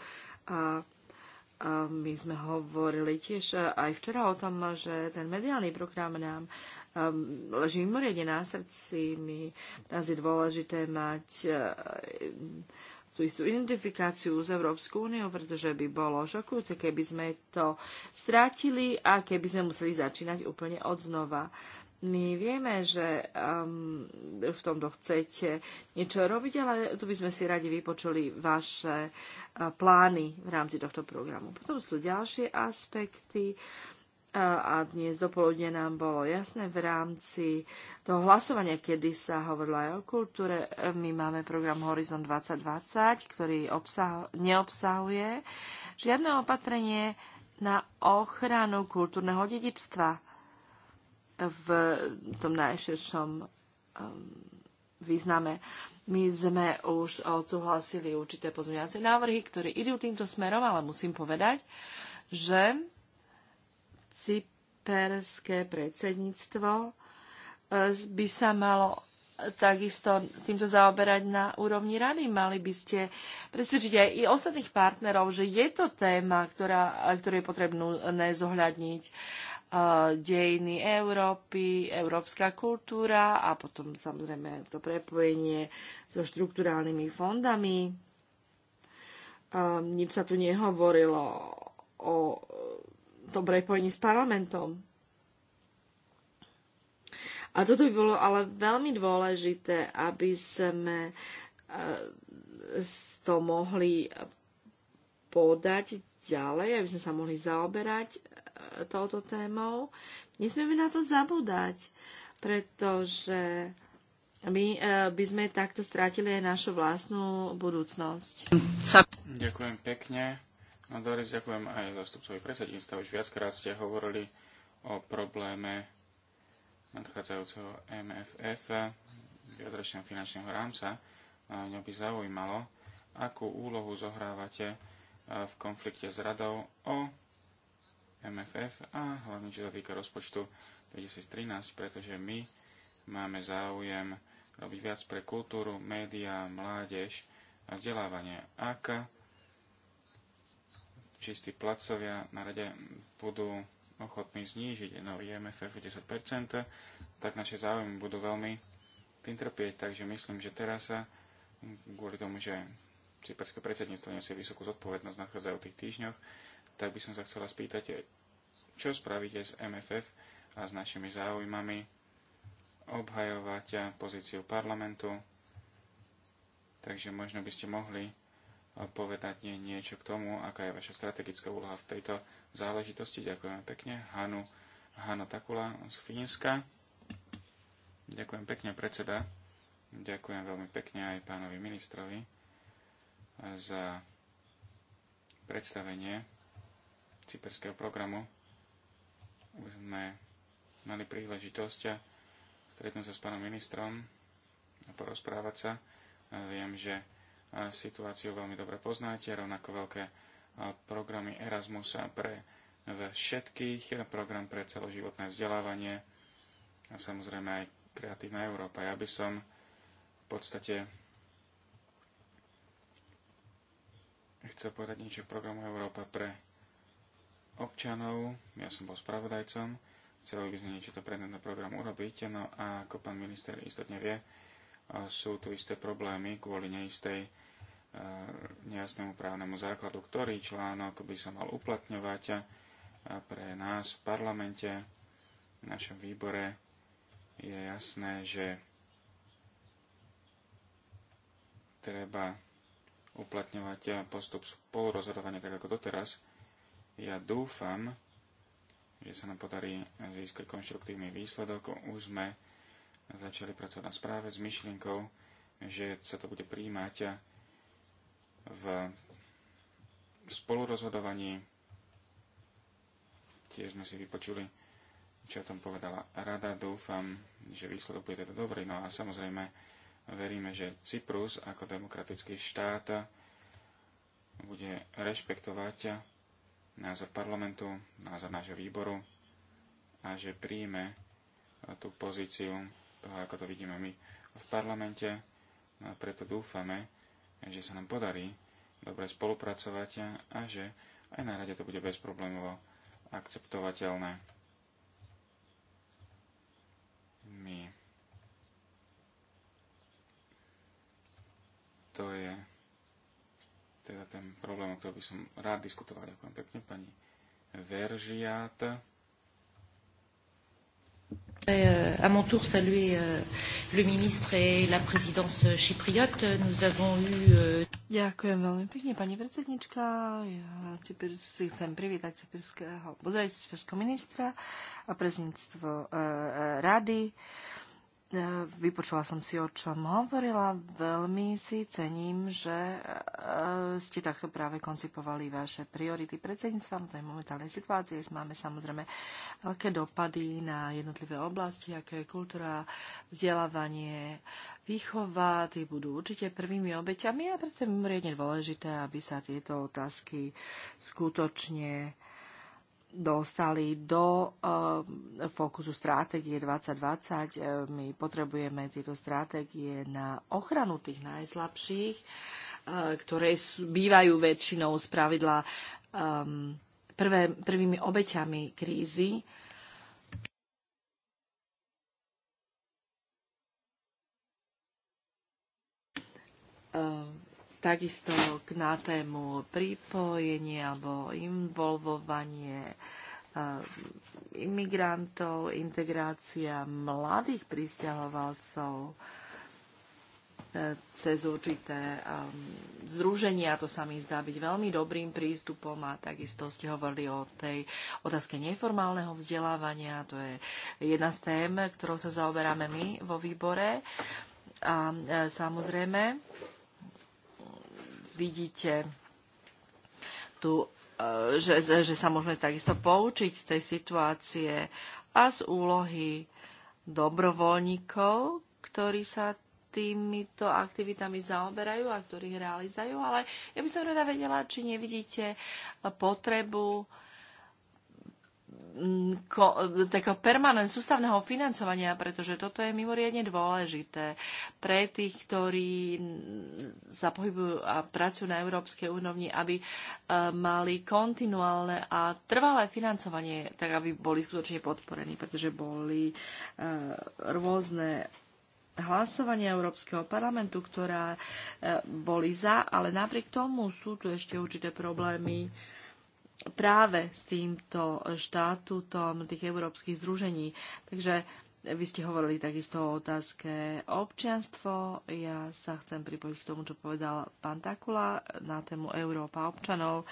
a my sme hovorili tiež e, aj včera o tom, že ten mediálny program nám um, leží mimoriadne na srdci. My, nás je dôležité mať e, tú istú identifikáciu s Európskou úniou, pretože by bolo šokujúce, keby sme to strátili a keby sme museli začínať úplne od znova my vieme, že um, v tomto chcete niečo robiť, ale tu by sme si radi vypočuli vaše uh, plány v rámci tohto programu. Potom sú ďalšie aspekty uh, a dnes dopoludne nám bolo jasné v rámci toho hlasovania, kedy sa hovorilo aj o kultúre. My máme program Horizon 2020, ktorý obsah- neobsahuje žiadne opatrenie na ochranu kultúrneho dedičstva v tom najširšom um, význame. My sme už odsúhlasili určité pozmeňovacie návrhy, ktoré idú týmto smerom, ale musím povedať, že cyperské predsedníctvo uh, by sa malo takisto týmto zaoberať na úrovni rady. Mali by ste presvedčiť aj i ostatných partnerov, že je to téma, ktorá, ktorú je potrebné zohľadniť dejiny Európy, európska kultúra a potom samozrejme to prepojenie so štruktúrálnymi fondami. Nič sa tu nehovorilo o tom prepojení s parlamentom. A toto by bolo ale veľmi dôležité, aby sme to mohli podať ďalej, aby sme sa mohli zaoberať touto témou. Nesmieme na to zabúdať, pretože my e, by sme takto strátili aj našu vlastnú budúcnosť. Ďakujem pekne. No Doris, ďakujem aj zastupcovi predsedníctva. Už viackrát ste hovorili o probléme nadchádzajúceho MFF, viacročného finančného rámca. A mňa by zaujímalo, akú úlohu zohrávate e, v konflikte s radou o MFF a hlavne čo sa týka rozpočtu 2013, pretože my máme záujem robiť viac pre kultúru, médiá, mládež a vzdelávanie. Ak čistí placovia na rade budú ochotní znížiť nový MFF o 10%, tak naše záujmy budú veľmi tým trpieť. Takže myslím, že teraz sa kvôli tomu, že cyperské predsedníctvo nesie vysokú zodpovednosť v nadchádzajúcich týždňoch, tak by som sa chcela spýtať, čo spravíte s MFF a s našimi záujmami, obhajovať pozíciu parlamentu, takže možno by ste mohli povedať nie, niečo k tomu, aká je vaša strategická úloha v tejto záležitosti. Ďakujem pekne. Hanu, Hano Takula z Fínska. Ďakujem pekne, predseda. Ďakujem veľmi pekne aj pánovi ministrovi za predstavenie cyperského programu už sme mali príležitosť stretnúť sa s pánom ministrom a porozprávať sa. Viem, že situáciu veľmi dobre poznáte, rovnako veľké programy Erasmusa pre všetkých, program pre celoživotné vzdelávanie a samozrejme aj Kreatívna Európa. Ja by som v podstate chcel povedať niečo programu Európa pre občanov, ja som bol spravodajcom, chceli by sme niečo to pre tento program urobiť, no a ako pán minister istotne vie, sú tu isté problémy kvôli neistej e, nejasnému právnemu základu, ktorý článok by sa mal uplatňovať pre nás v parlamente, v našom výbore. Je jasné, že treba uplatňovať postup spolurozhodovania tak ako doteraz, ja dúfam, že sa nám podarí získať konštruktívny výsledok. Už sme začali pracovať na správe s myšlienkou, že sa to bude príjmať v spolurozhodovaní. Tiež sme si vypočuli, čo o tom povedala rada. Dúfam, že výsledok bude teda dobrý. No a samozrejme veríme, že Cyprus ako demokratický štát bude rešpektovať názor parlamentu, názor nášho výboru a že príjme eh, tú pozíciu toho, ako to vidíme my v parlamente. No a preto dúfame, že sa nám podarí dobre spolupracovať a že aj na rade to bude bezproblémovo akceptovateľné. My to je teda ten problém, o ktorom by som rád diskutoval. Ďakujem pekne, pani Veržiat. Euh, à mon tour, saluer euh, le ministre et la présidence chypriote. Nous avons eu... Euh, Ďakujem veľmi pekne, pani predsednička. Ja si chcem privítať cyperského, pozdraviť cyperského ministra a prezidentstvo e, rady. E, E, vypočula som si, o čom hovorila. Veľmi si cením, že e, ste takto práve koncipovali vaše priority predsedníctva v tej momentálnej situácii. Máme samozrejme veľké dopady na jednotlivé oblasti, ako je kultúra, vzdelávanie, výchova. Tí budú určite prvými obeťami a preto je mimoriadne dôležité, aby sa tieto otázky skutočne dostali do eh, fokusu stratégie 2020. Eh, my potrebujeme tieto stratégie na ochranu tých najslabších, eh, ktoré bývajú väčšinou z pravidla ehm, prvými obeťami krízy takisto na tému pripojenie alebo involvovanie e, imigrantov, integrácia mladých pristahovalcov e, cez určité e, združenia. To sa mi zdá byť veľmi dobrým prístupom a takisto ste hovorili o tej otázke neformálneho vzdelávania. To je jedna z tém, ktorou sa zaoberáme my vo výbore. A samozrejme, vidíte tu, e, že, že sa môžeme takisto poučiť z tej situácie a z úlohy dobrovoľníkov, ktorí sa týmito aktivitami zaoberajú a ktorých realizajú, ale ja by som rada vedela, či nevidíte potrebu takého permanent sústavného financovania, pretože toto je mimoriadne dôležité pre tých, ktorí sa pohybujú a pracujú na európskej úrovni, aby e, mali kontinuálne a trvalé financovanie, tak aby boli skutočne podporení, pretože boli e, rôzne hlasovania Európskeho parlamentu, ktorá e, boli za, ale napriek tomu sú tu ešte určité problémy práve s týmto štatútom tých európskych združení. Takže vy ste hovorili takisto o otázke občianstvo. Ja sa chcem pripojiť k tomu, čo povedal pán Takula na tému Európa občanov.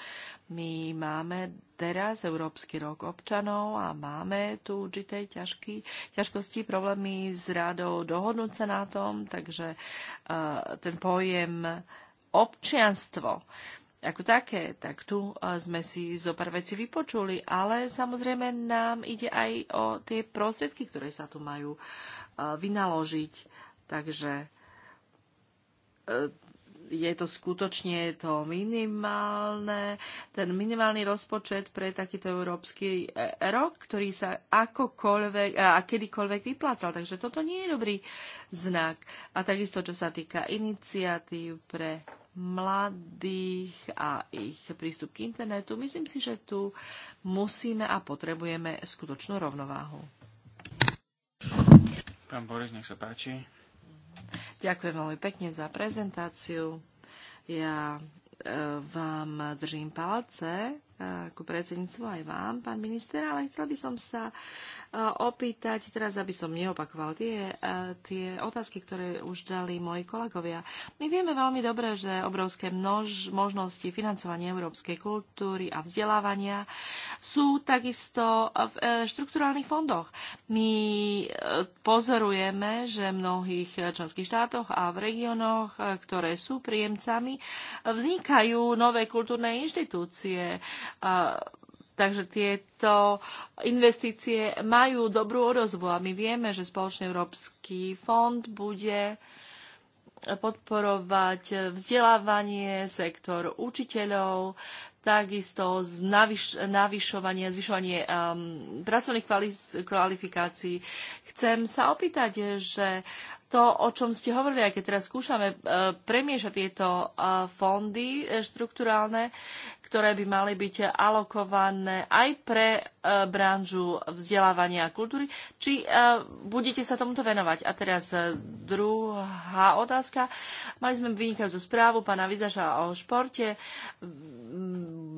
My máme teraz Európsky rok občanov a máme tu určité ťažky, ťažkosti, problémy s rádou dohodnúť sa na tom, takže uh, ten pojem občianstvo uh, ako také, tak tu sme si zo pár veci vypočuli, ale samozrejme nám ide aj o tie prostriedky, ktoré sa tu majú vynaložiť. Takže e, je to skutočne to minimálne, ten minimálny rozpočet pre takýto európsky e, rok, ktorý sa akokoľvek a kedykoľvek vyplácal. Takže toto nie je dobrý znak. A takisto, čo sa týka iniciatív pre mladých a ich prístup k internetu. Myslím si, že tu musíme a potrebujeme skutočnú rovnováhu. Pán Boris, nech sa páči. Ďakujem veľmi pekne za prezentáciu. Ja e, vám držím palce ku predsedníctvu aj vám, pán minister, ale chcela by som sa e, opýtať, teraz aby som neopakoval tie, e, tie otázky, ktoré už dali moji kolegovia. My vieme veľmi dobre, že obrovské množ možnosti financovania európskej kultúry a vzdelávania sú takisto v e, štrukturálnych fondoch. My pozorujeme, že v mnohých členských štátoch a v regiónoch, ktoré sú príjemcami, vznikajú nové kultúrne inštitúcie, Takže tieto investície majú dobrú odozvu a my vieme, že spoločný európsky fond bude podporovať vzdelávanie, sektor učiteľov, takisto navyš, navyšovanie, zvyšovanie um, pracovných kvalifikácií. Chcem sa opýtať, že to, o čom ste hovorili, aj keď teraz skúšame e, premiešať tieto e, fondy e, štruktúrálne, ktoré by mali byť alokované aj pre branžu vzdelávania a kultúry. Či budete sa tomuto venovať? A teraz druhá otázka. Mali sme vynikajúcu správu pána Vizaša o športe.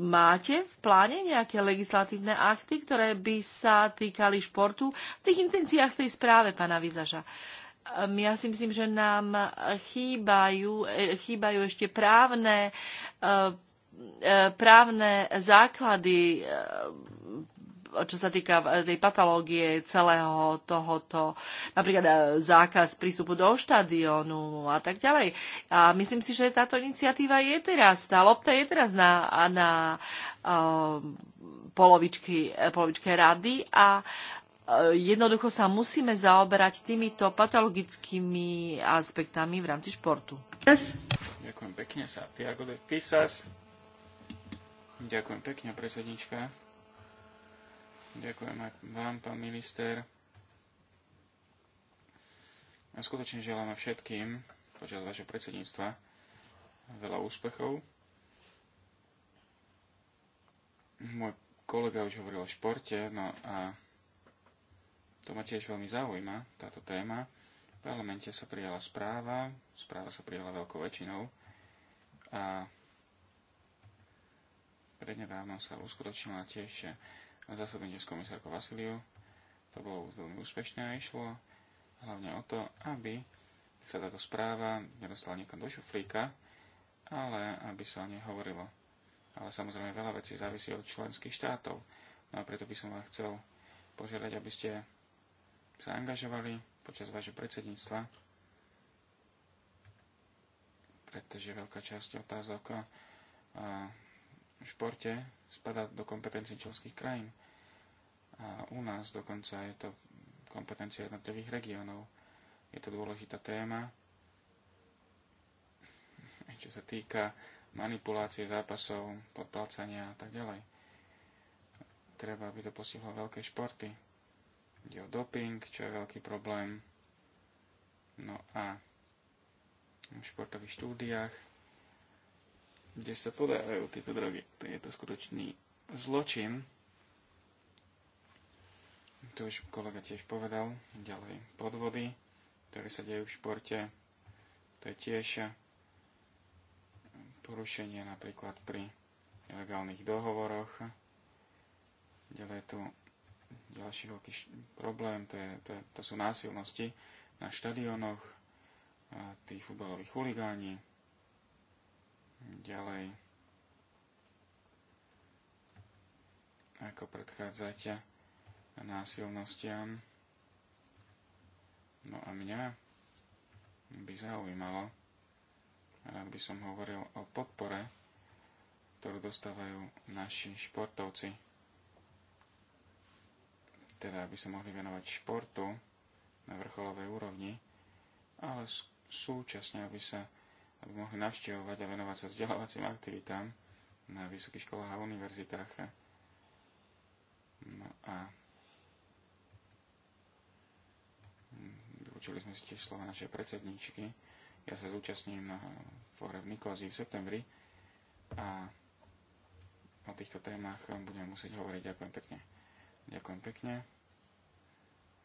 Máte v pláne nejaké legislatívne akty, ktoré by sa týkali športu v tých intenciách tej správe pána Vizaša? ja si myslím, že nám chýbajú, eh, chýbajú ešte právne, eh, eh, právne základy, čo sa týka tej patológie celého tohoto, napríklad zákaz prístupu do štadionu a tak ďalej. A myslím si, že táto iniciatíva je teraz, tá lopta je teraz na, na polovičky, polovičke rady a E, jednoducho sa musíme zaoberať týmito patologickými aspektami v rámci športu. Yes. Ďakujem pekne, Santiago de Pisas. Ďakujem pekne, predsednička. Ďakujem aj vám, pán minister. A skutočne želáme všetkým počas vašho predsedníctva veľa úspechov. Môj kolega už hovoril o športe, no a to ma tiež veľmi zaujíma, táto téma. V parlamente sa prijala správa, správa sa prijala veľkou väčšinou a prednedávno sa uskutočnila tiež zasadnutie s komisárkou Vasiliu. To bolo veľmi úspešné a išlo hlavne o to, aby sa táto správa nedostala niekam do šuflíka, ale aby sa o nej hovorilo. Ale samozrejme veľa vecí závisí od členských štátov. No a preto by som vás chcel požiadať, aby ste sa angažovali počas vášho predsedníctva, pretože veľká časť otázok v športe spadá do kompetencií členských krajín. A u nás dokonca je to kompetencia jednotlivých regiónov. Je to dôležitá téma, čo sa týka manipulácie zápasov, podplácania a tak ďalej. Treba, aby to postihlo veľké športy ide o doping, čo je veľký problém. No a v športových štúdiách, kde sa podávajú tieto drogy, to je to skutočný zločin. To už kolega tiež povedal, ďalej podvody, ktoré sa dejú v športe, to je tiež porušenie napríklad pri ilegálnych dohovoroch. Ďalej tu ďalší veľký problém, to, je, to, to sú násilnosti na štadionoch, tí futbaloví chuligáni, ďalej ako predchádzať násilnostiam. No a mňa by zaujímalo, ak by som hovoril o podpore, ktorú dostávajú naši športovci teda aby sa mohli venovať športu na vrcholovej úrovni, ale súčasne, aby sa aby mohli navštevovať a venovať sa vzdelávacím aktivitám na vysokých školách a univerzitách. No a vyučili sme si tiež slova našej predsedničky. Ja sa zúčastním na fóre v Nikozii v septembri a o týchto témach budeme musieť hovoriť. Ďakujem pekne. Ďakujem pekne.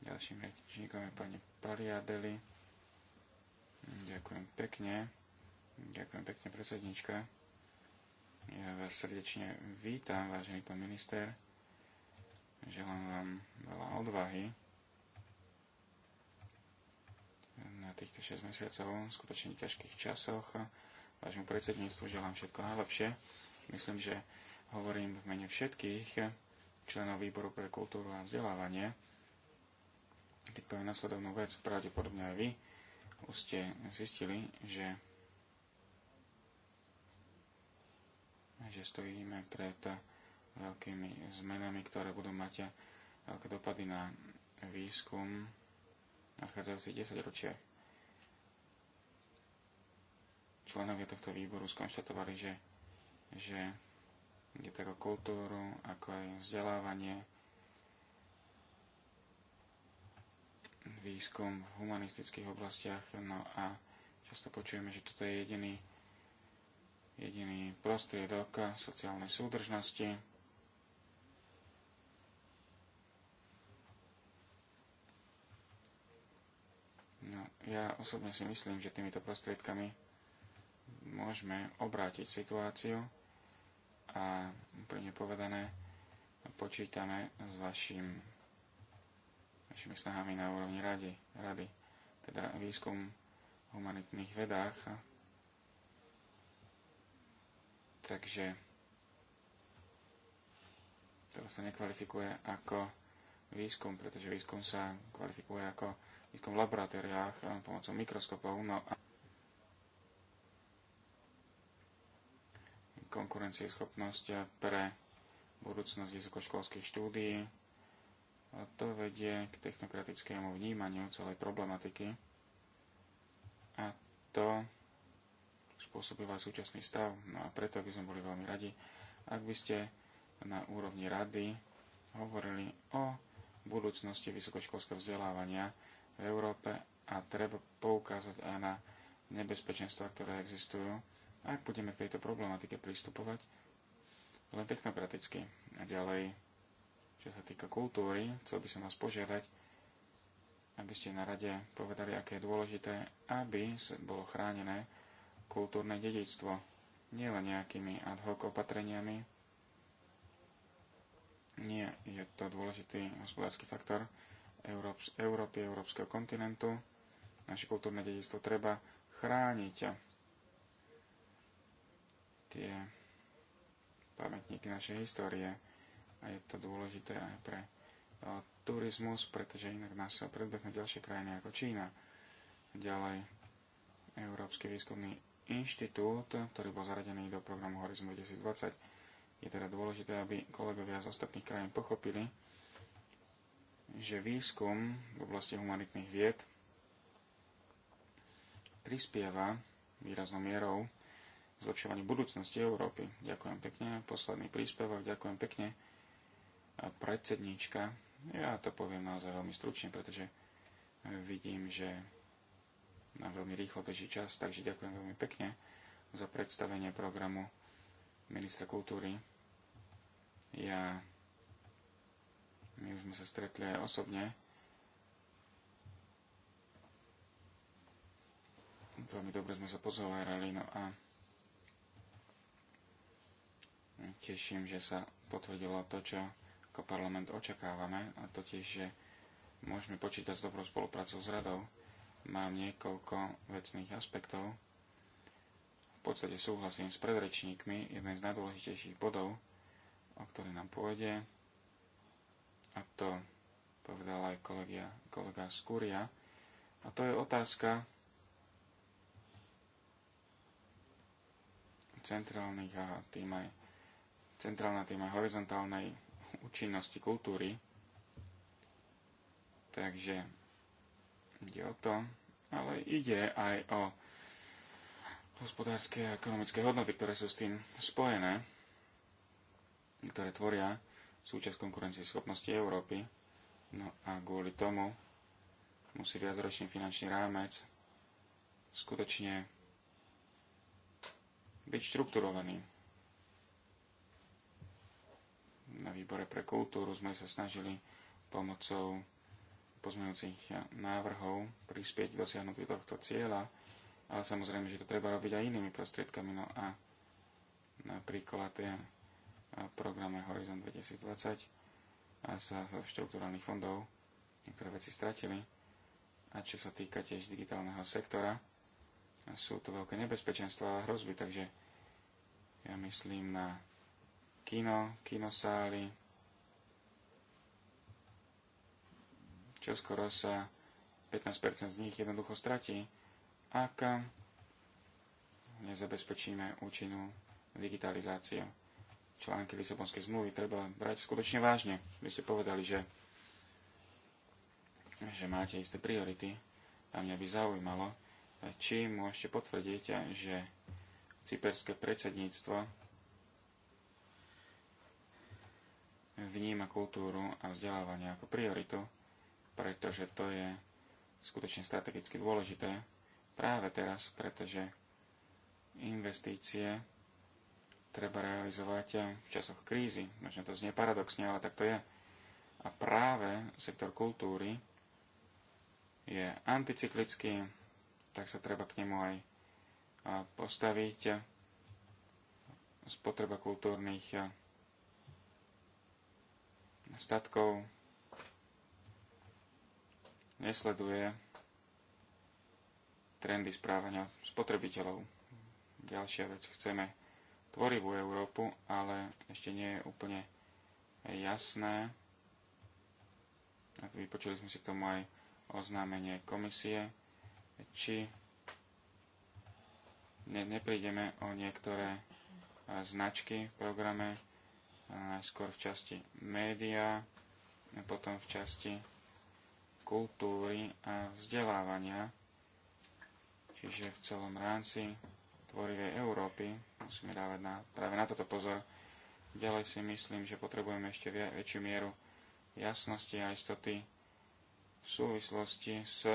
Ďalším rečníkom je pani Paliadeli. Ďakujem pekne. Ďakujem pekne, predsednička. Ja vás srdečne vítam, vážený pán minister. Želám vám veľa odvahy na týchto 6 mesiacov, skutočne ťažkých časoch. Vášmu predsedníctvu želám všetko najlepšie. Myslím, že hovorím v mene všetkých členov výboru pre kultúru a vzdelávanie, keď poviem nasledovnú vec, pravdepodobne aj vy, už ste zistili, že, že stojíme pred veľkými zmenami, ktoré budú mať veľké dopady na výskum v nadchádzajúcich 10 ročiach. Členovia tohto výboru skonštatovali, že, že ide tak o kultúru, ako aj vzdelávanie, výskum v humanistických oblastiach. No a často počujeme, že toto je jediný, jediný prostriedok sociálnej súdržnosti. No, ja osobne si myslím, že týmito prostriedkami môžeme obrátiť situáciu, a úplne povedané počítame s vašim, vašimi snahami na úrovni rady, rady teda výskum v humanitných vedách. Takže to sa nekvalifikuje ako výskum, pretože výskum sa kvalifikuje ako výskum v laboratóriách pomocou mikroskopov. No a konkurencieschopnosť pre budúcnosť vysokoškolských štúdií. A to vedie k technokratickému vnímaniu celej problematiky. A to spôsobila súčasný stav. No a preto by sme boli veľmi radi, ak by ste na úrovni rady hovorili o budúcnosti vysokoškolského vzdelávania v Európe a treba poukázať aj na nebezpečenstva, ktoré existujú ak budeme k tejto problematike pristupovať len technokraticky. A ďalej, čo sa týka kultúry, chcel by som vás požiadať, aby ste na rade povedali, aké je dôležité, aby bolo chránené kultúrne dedičstvo nielen nejakými ad hoc opatreniami. Nie, je to dôležitý hospodársky faktor Európy, európskeho kontinentu. Naše kultúrne dedičstvo treba chrániť tie pamätníky našej histórie a je to dôležité aj pre o, e, turizmus, pretože inak nás sa predbehnú ďalšie krajiny ako Čína. Ďalej Európsky výskumný inštitút, ktorý bol zaradený do programu Horizon 2020. Je teda dôležité, aby kolegovia z ostatných krajín pochopili, že výskum v oblasti humanitných vied prispieva výraznou mierou zlepšovaní budúcnosti Európy. Ďakujem pekne. Posledný príspevok. Ďakujem pekne. A predsedníčka. Ja to poviem naozaj veľmi stručne, pretože vidím, že nám veľmi rýchlo beží čas, takže ďakujem veľmi pekne za predstavenie programu ministra kultúry. Ja, my už sme sa stretli aj osobne. Veľmi dobre sme sa pozhovárali, no a Teším, že sa potvrdilo to, čo ako parlament očakávame, a totiž, že môžeme počítať s dobrou spoluprácou s radou. Mám niekoľko vecných aspektov. V podstate súhlasím s predrečníkmi. Jeden z najdôležitejších bodov, o ktorý nám pôjde, a to povedal aj kolegia, kolega Skúria, a to je otázka centrálnych a tým aj centrálna téma horizontálnej účinnosti kultúry. Takže ide o to, ale ide aj o hospodárske a ekonomické hodnoty, ktoré sú s tým spojené, ktoré tvoria súčasť konkurencieschopnosti Európy. No a kvôli tomu musí viacročný finančný rámec skutočne byť štrukturovaný na výbore pre kultúru sme sa snažili pomocou pozmeňujúcich návrhov prispieť k dosiahnutiu tohto cieľa, ale samozrejme, že to treba robiť aj inými prostriedkami. No a napríklad eh, programe Horizon 2020 a eh, sa zo štruktúrálnych fondov niektoré veci stratili. A čo sa týka tiež digitálneho sektora, eh, sú to veľké nebezpečenstvá a hrozby, takže ja myslím na kino, kinosály. Čoskoro sa 15% z nich jednoducho stratí, ak nezabezpečíme účinnú digitalizáciu. Články Lisabonskej zmluvy treba brať skutočne vážne. Vy ste povedali, že, že máte isté priority a mňa by zaujímalo, či môžete potvrdiť, že cyperské predsedníctvo vníma kultúru a vzdelávanie ako prioritu, pretože to je skutočne strategicky dôležité práve teraz, pretože investície treba realizovať v časoch krízy. Možno to znie paradoxne, ale tak to je. A práve sektor kultúry je anticyklický, tak sa treba k nemu aj postaviť. Spotreba kultúrnych statkov nesleduje trendy správania spotrebiteľov. Ďalšia vec, chceme tvorivú Európu, ale ešte nie je úplne jasné. A vypočuli sme si k tomu aj oznámenie komisie, či neprídeme o niektoré e, značky v programe, najskôr v časti média, a potom v časti kultúry a vzdelávania, čiže v celom rámci tvorivej Európy. Musíme dávať na, práve na toto pozor. Ďalej si myslím, že potrebujeme ešte väčšiu mieru jasnosti a istoty v súvislosti s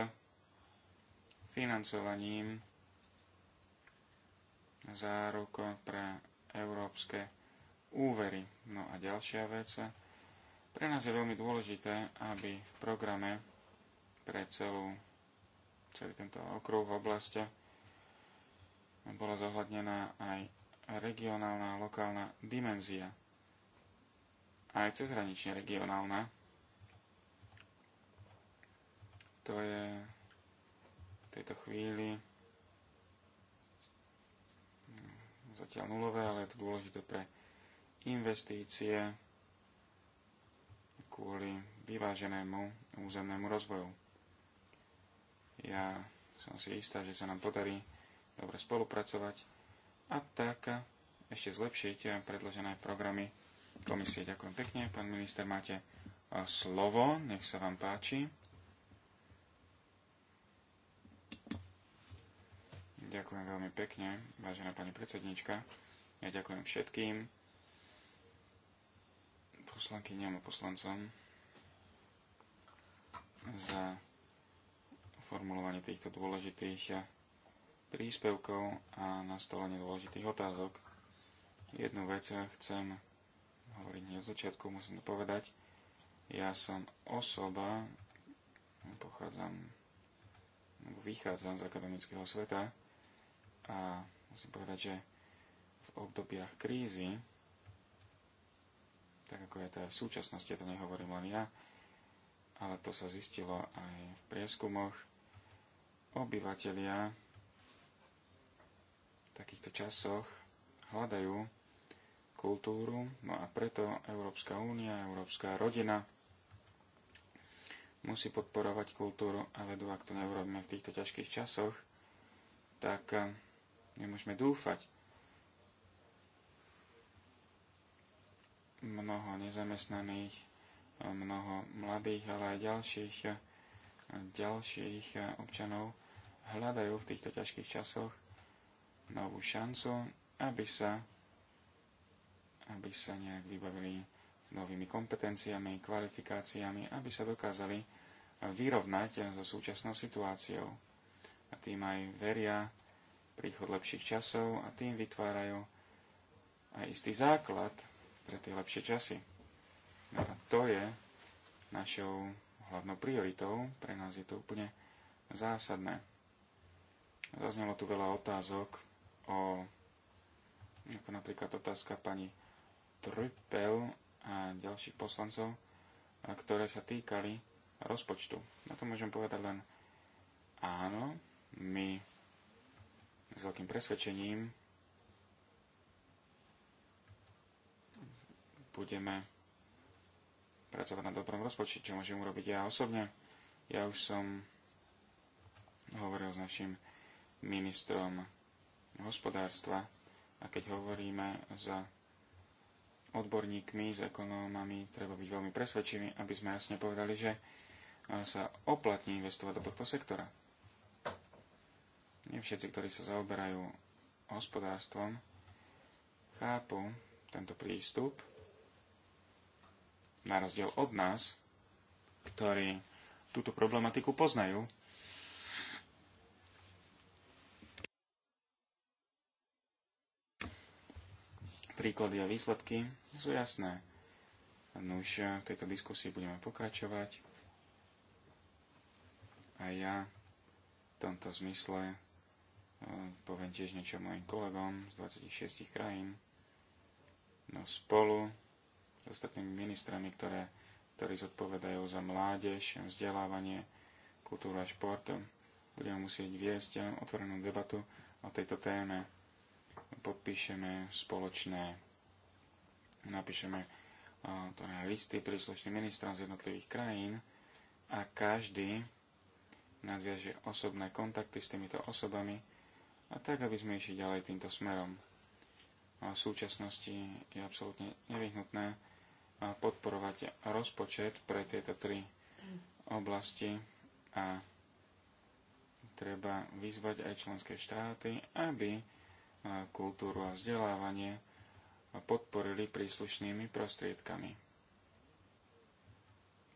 financovaním záruk pre európske úvery. No a ďalšia vec. Pre nás je veľmi dôležité, aby v programe pre celú, celý tento okruh oblasti bola zohľadnená aj regionálna a lokálna dimenzia. Aj cezhranične regionálna. To je v tejto chvíli zatiaľ nulové, ale je to dôležité pre investície kvôli vyváženému územnému rozvoju. Ja som si istá, že sa nám podarí dobre spolupracovať a tak ešte zlepšiť predložené programy komisie. Ďakujem pekne. Pán minister, máte e, slovo. Nech sa vám páči. Ďakujem veľmi pekne, vážená pani predsednička. Ja ďakujem všetkým poslankyňam a poslancom za formulovanie týchto dôležitých príspevkov a nastolenie dôležitých otázok. Jednu vec chcem hovoriť hneď z začiatku, musím to povedať. Ja som osoba, pochádzam, alebo vychádzam z akademického sveta a musím povedať, že v obdobiach krízy tak ako je to aj v súčasnosti, to nehovorím len ja, ale to sa zistilo aj v prieskumoch, Obyvatelia v takýchto časoch hľadajú kultúru, no a preto Európska únia, Európska rodina musí podporovať kultúru, a vedú, ak to neurobíme v týchto ťažkých časoch, tak eh, nemôžeme dúfať, mnoho nezamestnaných, mnoho mladých, ale aj ďalších, ďalších občanov hľadajú v týchto ťažkých časoch novú šancu, aby sa, aby sa nejak vybavili novými kompetenciami, kvalifikáciami, aby sa dokázali vyrovnať so súčasnou situáciou. A tým aj veria príchod lepších časov a tým vytvárajú aj istý základ pre tie lepšie časy. No a to je našou hlavnou prioritou, pre nás je to úplne zásadné. Zaznelo tu veľa otázok o, ako napríklad otázka pani Trypel a ďalších poslancov, ktoré sa týkali rozpočtu. Na to môžem povedať len áno, my s veľkým presvedčením budeme pracovať na dobrom rozpočte, čo môžem urobiť ja osobne. Ja už som hovoril s našim ministrom hospodárstva a keď hovoríme s odborníkmi, s ekonómami, treba byť veľmi presvedčení, aby sme jasne povedali, že sa oplatní investovať do tohto sektora. Nie všetci, ktorí sa zaoberajú hospodárstvom, chápu tento prístup, na rozdiel od nás, ktorí túto problematiku poznajú. Príklady a výsledky sú jasné. Nuž, v tejto diskusii budeme pokračovať. A ja v tomto zmysle e, poviem tiež niečo mojim kolegom z 26 krajín. No spolu s ostatnými ministrami, ktoré, ktorí zodpovedajú za mládež, vzdelávanie, kultúru a šport. Budeme musieť viesť otvorenú debatu o tejto téme. Podpíšeme spoločné, napíšeme to na listy príslušným ministrom z jednotlivých krajín a každý nadviaže osobné kontakty s týmito osobami a tak, aby sme išli ďalej týmto smerom. A v súčasnosti je absolútne nevyhnutné, podporovať rozpočet pre tieto tri oblasti a treba vyzvať aj členské štáty, aby e, kultúru a vzdelávanie podporili príslušnými prostriedkami.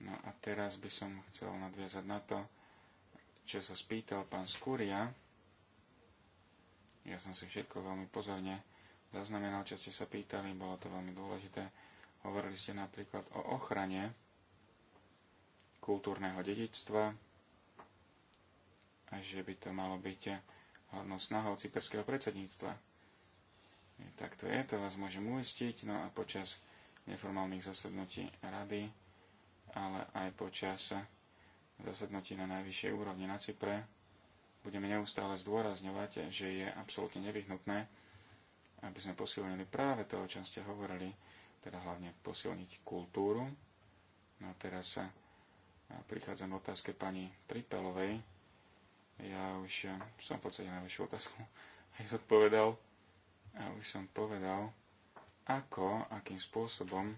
No a teraz by som chcel nadviazať na to, čo sa spýtal pán Skúria. Ja som si všetko veľmi pozorne zaznamenal, čo ste sa pýtali, bolo to veľmi dôležité Hovorili ste napríklad o ochrane kultúrneho dedičstva a že by to malo byť hlavnou snahou cyperského predsedníctva. Tak to je, to vás môžem uistiť. No a počas neformálnych zasadnutí rady, ale aj počas zasadnutí na najvyššej úrovni na Cypre, budeme neustále zdôrazňovať, že je absolútne nevyhnutné, aby sme posilnili práve to, o čom ste hovorili, teda hlavne posilniť kultúru. No a teraz sa prichádzam k otázke pani Tripelovej. Ja už e, som v podstate na vašu otázku aj zodpovedal. A už som povedal, ako, akým spôsobom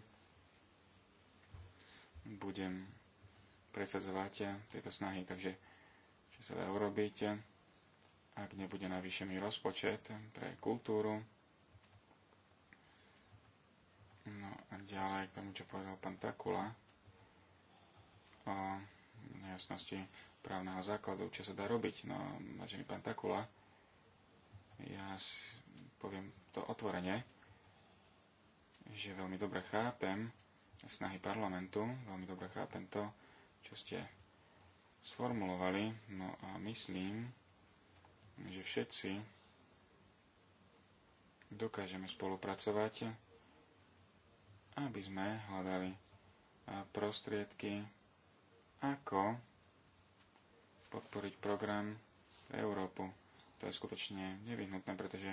budem presadzovať e, tieto snahy. Takže, čo sa dá urobiť, e, ak nebude navýšený rozpočet pre kultúru, No a ďalej k tomu, čo povedal pán Takula o nejasnosti právneho základu, čo sa dá robiť. No, vážený pán Takula, ja poviem to otvorene, že veľmi dobre chápem snahy parlamentu, veľmi dobre chápem to, čo ste sformulovali. No a myslím, že všetci dokážeme spolupracovať aby sme hľadali prostriedky, ako podporiť program Európu. To je skutočne nevyhnutné, pretože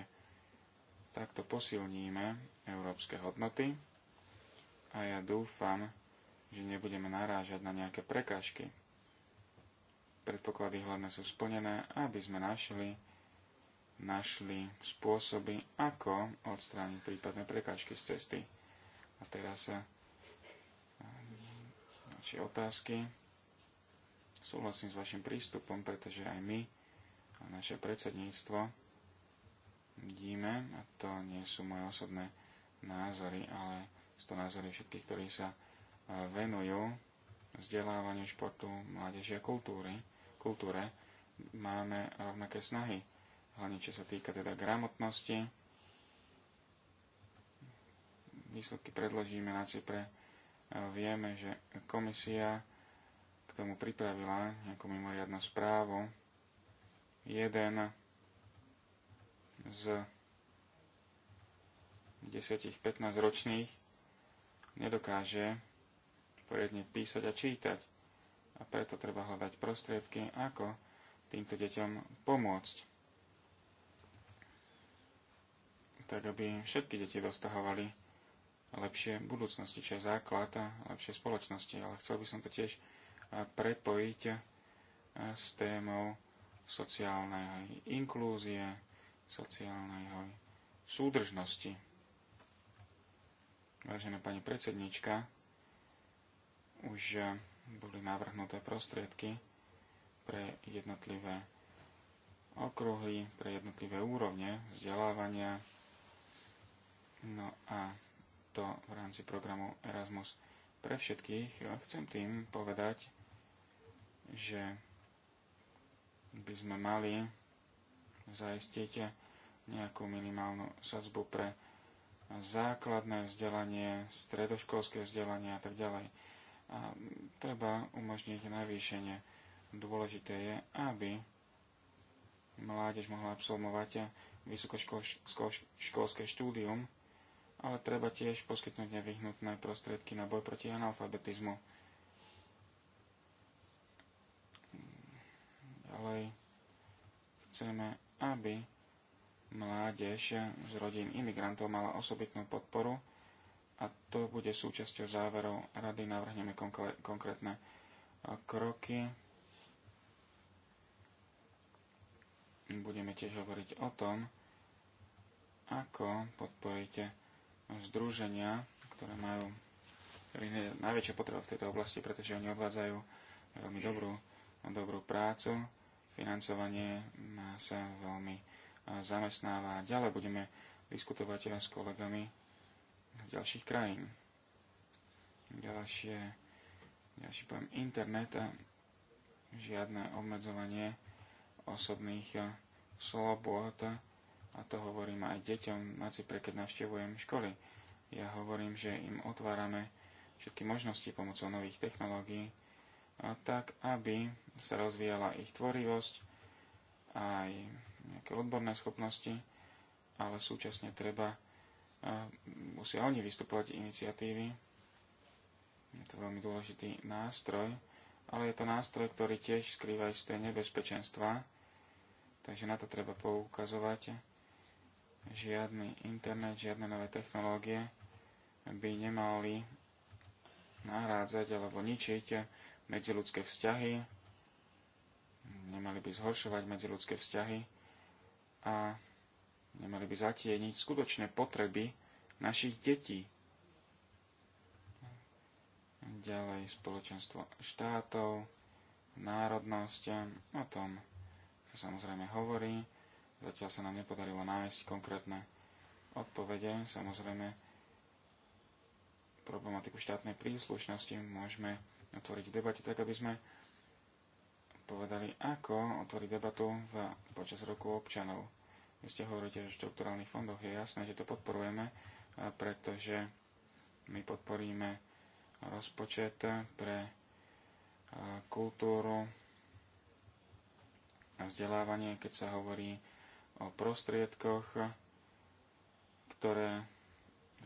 takto posilníme európske hodnoty a ja dúfam, že nebudeme narážať na nejaké prekážky. Predpoklady hlavne sú splnené, aby sme našli, našli spôsoby, ako odstrániť prípadné prekážky z cesty. A teraz ďalšie eh, otázky. Súhlasím s vašim prístupom, pretože aj my a naše predsedníctvo vidíme, a to nie sú moje osobné názory, ale sú to názory všetkých, ktorí sa eh, venujú vzdelávaniu športu, mládeži a kultúry, kultúre, máme rovnaké snahy. Hlavne čo sa týka teda gramotnosti, výsledky predložíme na CIPRE, e, Vieme, že komisia k tomu pripravila nejakú mimoriadnú správu. Jeden z 10-15 ročných nedokáže poriadne písať a čítať. A preto treba hľadať prostriedky, ako týmto deťom pomôcť. Tak, aby všetky deti dostahovali lepšie budúcnosti, čo je základ a lepšie spoločnosti. Ale chcel by som to tiež e, prepojiť e, s témou sociálnej inklúzie, sociálnej súdržnosti. Vážená pani predsednička, už e, boli navrhnuté prostriedky pre jednotlivé okruhy, pre jednotlivé úrovne vzdelávania. No a takto v rámci programu Erasmus pre všetkých. Chcem tým povedať, že by sme mali zaistiť nejakú minimálnu sadzbu pre základné vzdelanie, stredoškolské vzdelanie a tak ďalej. A treba umožniť navýšenie. Dôležité je, aby mládež mohla absolvovať vysokoškolské štúdium ale treba tiež poskytnúť nevyhnutné prostriedky na boj proti analfabetizmu. Ďalej chceme, aby mládež z rodín imigrantov mala osobitnú podporu a to bude súčasťou záverov rady. Navrhneme konkrétne eh, kroky. Budeme tiež hovoriť o tom, ako podporíte združenia, ktoré majú najväčšia potreba v tejto oblasti, pretože oni odvádzajú veľmi dobrú, dobrú prácu. Financovanie sa veľmi eh, zamestnáva. Ďalej budeme diskutovať eh, s kolegami z ďalších krajín. Ďalšie, ďalší pojem internet a žiadne obmedzovanie osobných eh, slobôd a to hovorím aj deťom na Cypre, keď navštevujem školy. Ja hovorím, že im otvárame všetky možnosti pomocou nových technológií, a tak aby sa rozvíjala ich tvorivosť, aj nejaké odborné schopnosti, ale súčasne treba, musia oni vystupovať iniciatívy. Je to veľmi dôležitý nástroj, ale je to nástroj, ktorý tiež skrýva isté nebezpečenstva, takže na to treba poukazovať žiadny internet, žiadne nové technológie by nemali nahrádzať alebo ničiť medziludské vzťahy, nemali by zhoršovať medziludské vzťahy a nemali by zatieniť skutočné potreby našich detí. Ďalej spoločenstvo štátov, národnosť, o tom sa samozrejme hovorí Zatiaľ sa nám nepodarilo nájsť konkrétne odpovede. Samozrejme, problematiku štátnej príslušnosti môžeme otvoriť v debate tak, aby sme povedali, ako otvoriť debatu v, počas roku občanov. Vy ste hovoríte o štruktúrálnych fondoch. Je jasné, že to podporujeme, pretože my podporíme rozpočet pre kultúru a vzdelávanie, keď sa hovorí o prostriedkoch, ktoré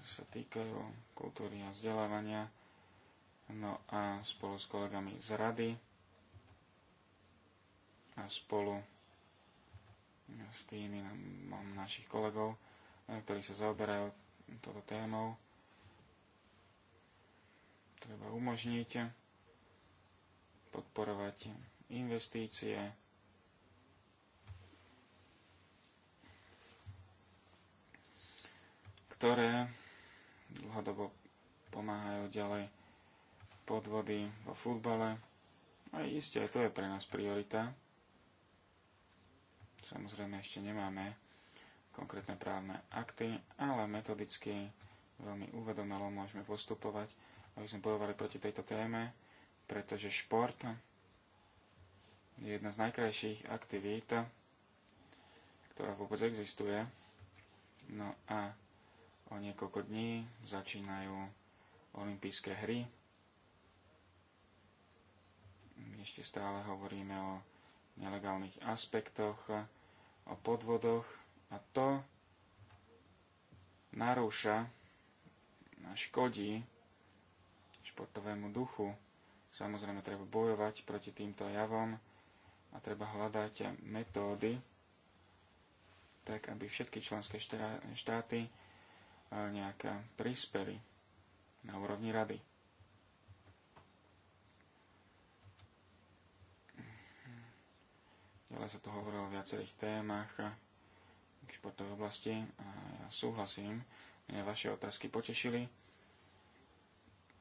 sa týkajú kultúry a vzdelávania. No a spolu s kolegami z rady a spolu s tými mám našich kolegov, eh, ktorí sa zaoberajú toto témou, treba umožniť podporovať investície, ktoré dlhodobo pomáhajú ďalej podvody vo futbale. A isté, aj to je pre nás priorita. Samozrejme, ešte nemáme konkrétne právne akty, ale metodicky veľmi uvedomelo môžeme postupovať, aby sme bojovali proti tejto téme, pretože šport je jedna z najkrajších aktivít, ktorá vôbec existuje. No a o niekoľko dní začínajú olympijské hry. My ešte stále hovoríme o nelegálnych aspektoch, o podvodoch a to narúša a škodí športovému duchu. Samozrejme, treba bojovať proti týmto javom a treba hľadať metódy, tak aby všetky členské štáty nejaké príspery na úrovni rady. Ďalej sa tu hovorilo o viacerých témach k športovej oblasti a ja súhlasím, mňa vaše otázky potešili.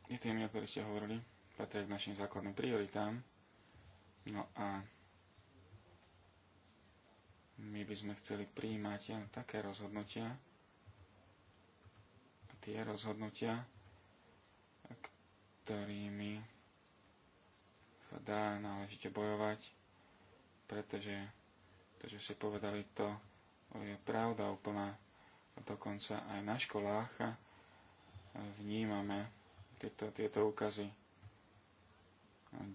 Je tým, o ktorých ste hovorili, patrí k našim základným prioritám. No a my by sme chceli príjmať také rozhodnutia, tie rozhodnutia, ktorými sa dá náležite bojovať, pretože to, že si povedali, to je pravda úplná. a Dokonca aj na školách vnímame tieto, tieto úkazy.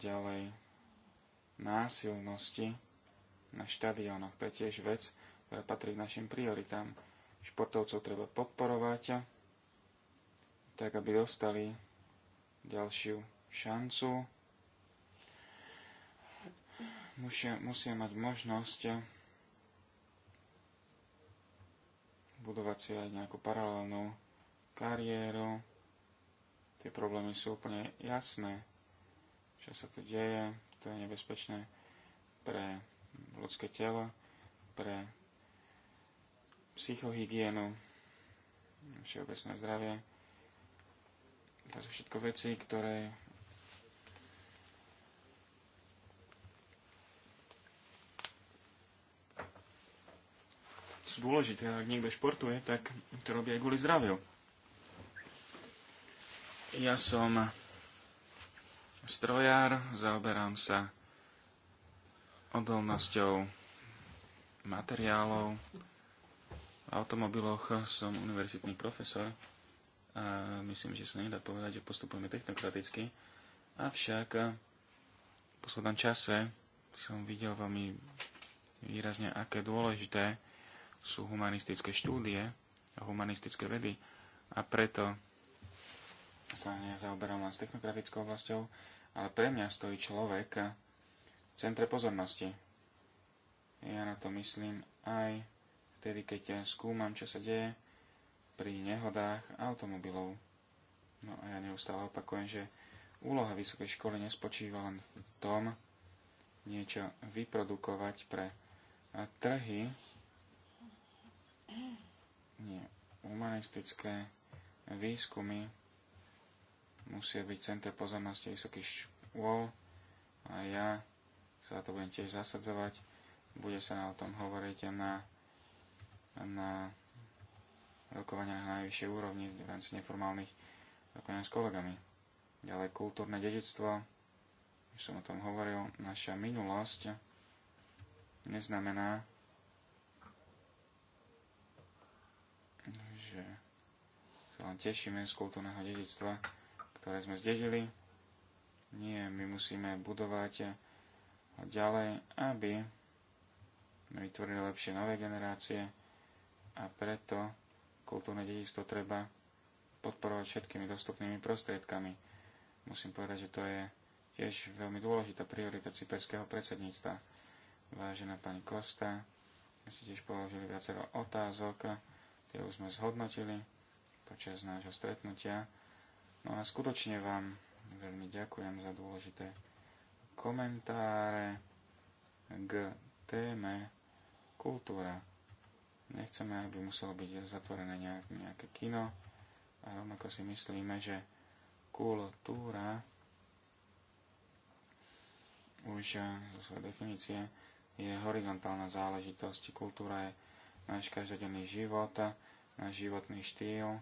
Ďalej násilnosti na štadiónoch. To je tiež vec, ktorá patrí k našim prioritám. Športovcov treba podporovať tak aby dostali ďalšiu šancu. Musia, musia mať možnosť budovať si aj nejakú paralelnú kariéru. Tie problémy sú úplne jasné. Čo sa tu deje, to je nebezpečné pre ľudské telo, pre psychohygienu, všeobecné zdravie to sú všetko veci, ktoré sú dôležité. Ak niekto športuje, tak to robí aj kvôli zdraviu. Ja som strojár, zaoberám sa odolnosťou materiálov. V automobiloch som univerzitný profesor a myslím, že sa nedá povedať, že postupujeme technokraticky. Avšak v poslednom čase som videl veľmi výrazne, aké dôležité sú humanistické štúdie a humanistické vedy. A preto sa nezaoberám len s technokratickou oblasťou, ale pre mňa stojí človek v centre pozornosti. Ja na to myslím aj vtedy, keď ja skúmam, čo sa deje pri nehodách automobilov. No a ja neustále opakujem, že úloha vysokej školy nespočíva len v tom niečo vyprodukovať pre trhy, nie, humanistické výskumy musia byť centre pozornosti vysokých škôl a ja sa to budem tiež zasadzovať. Bude sa na o tom hovoriť na, na rokovania na najvyššej úrovni v rámci neformálnych rokovania s kolegami. Ďalej kultúrne dedictvo, už som o tom hovoril, naša minulosť neznamená, že sa len tešíme z kultúrneho dedictva, ktoré sme zdedili. Nie, my musíme budovať ďalej, aby sme vytvorili lepšie nové generácie a preto kultúrne dedičstvo treba podporovať všetkými dostupnými prostriedkami. Musím povedať, že to je tiež veľmi dôležitá priorita cyperského predsedníctva. Vážená pani Kosta, my ste tiež položili viacero otázok, tie už sme zhodnotili počas nášho stretnutia. No a skutočne vám veľmi ďakujem za dôležité komentáre k téme kultúra. Nechceme, aby muselo byť zatvorené nejaké kino a rovnako si myslíme, že kultúra už eh, zo svojej definície je horizontálna záležitosť. Kultúra je náš každodenný život, náš životný štýl,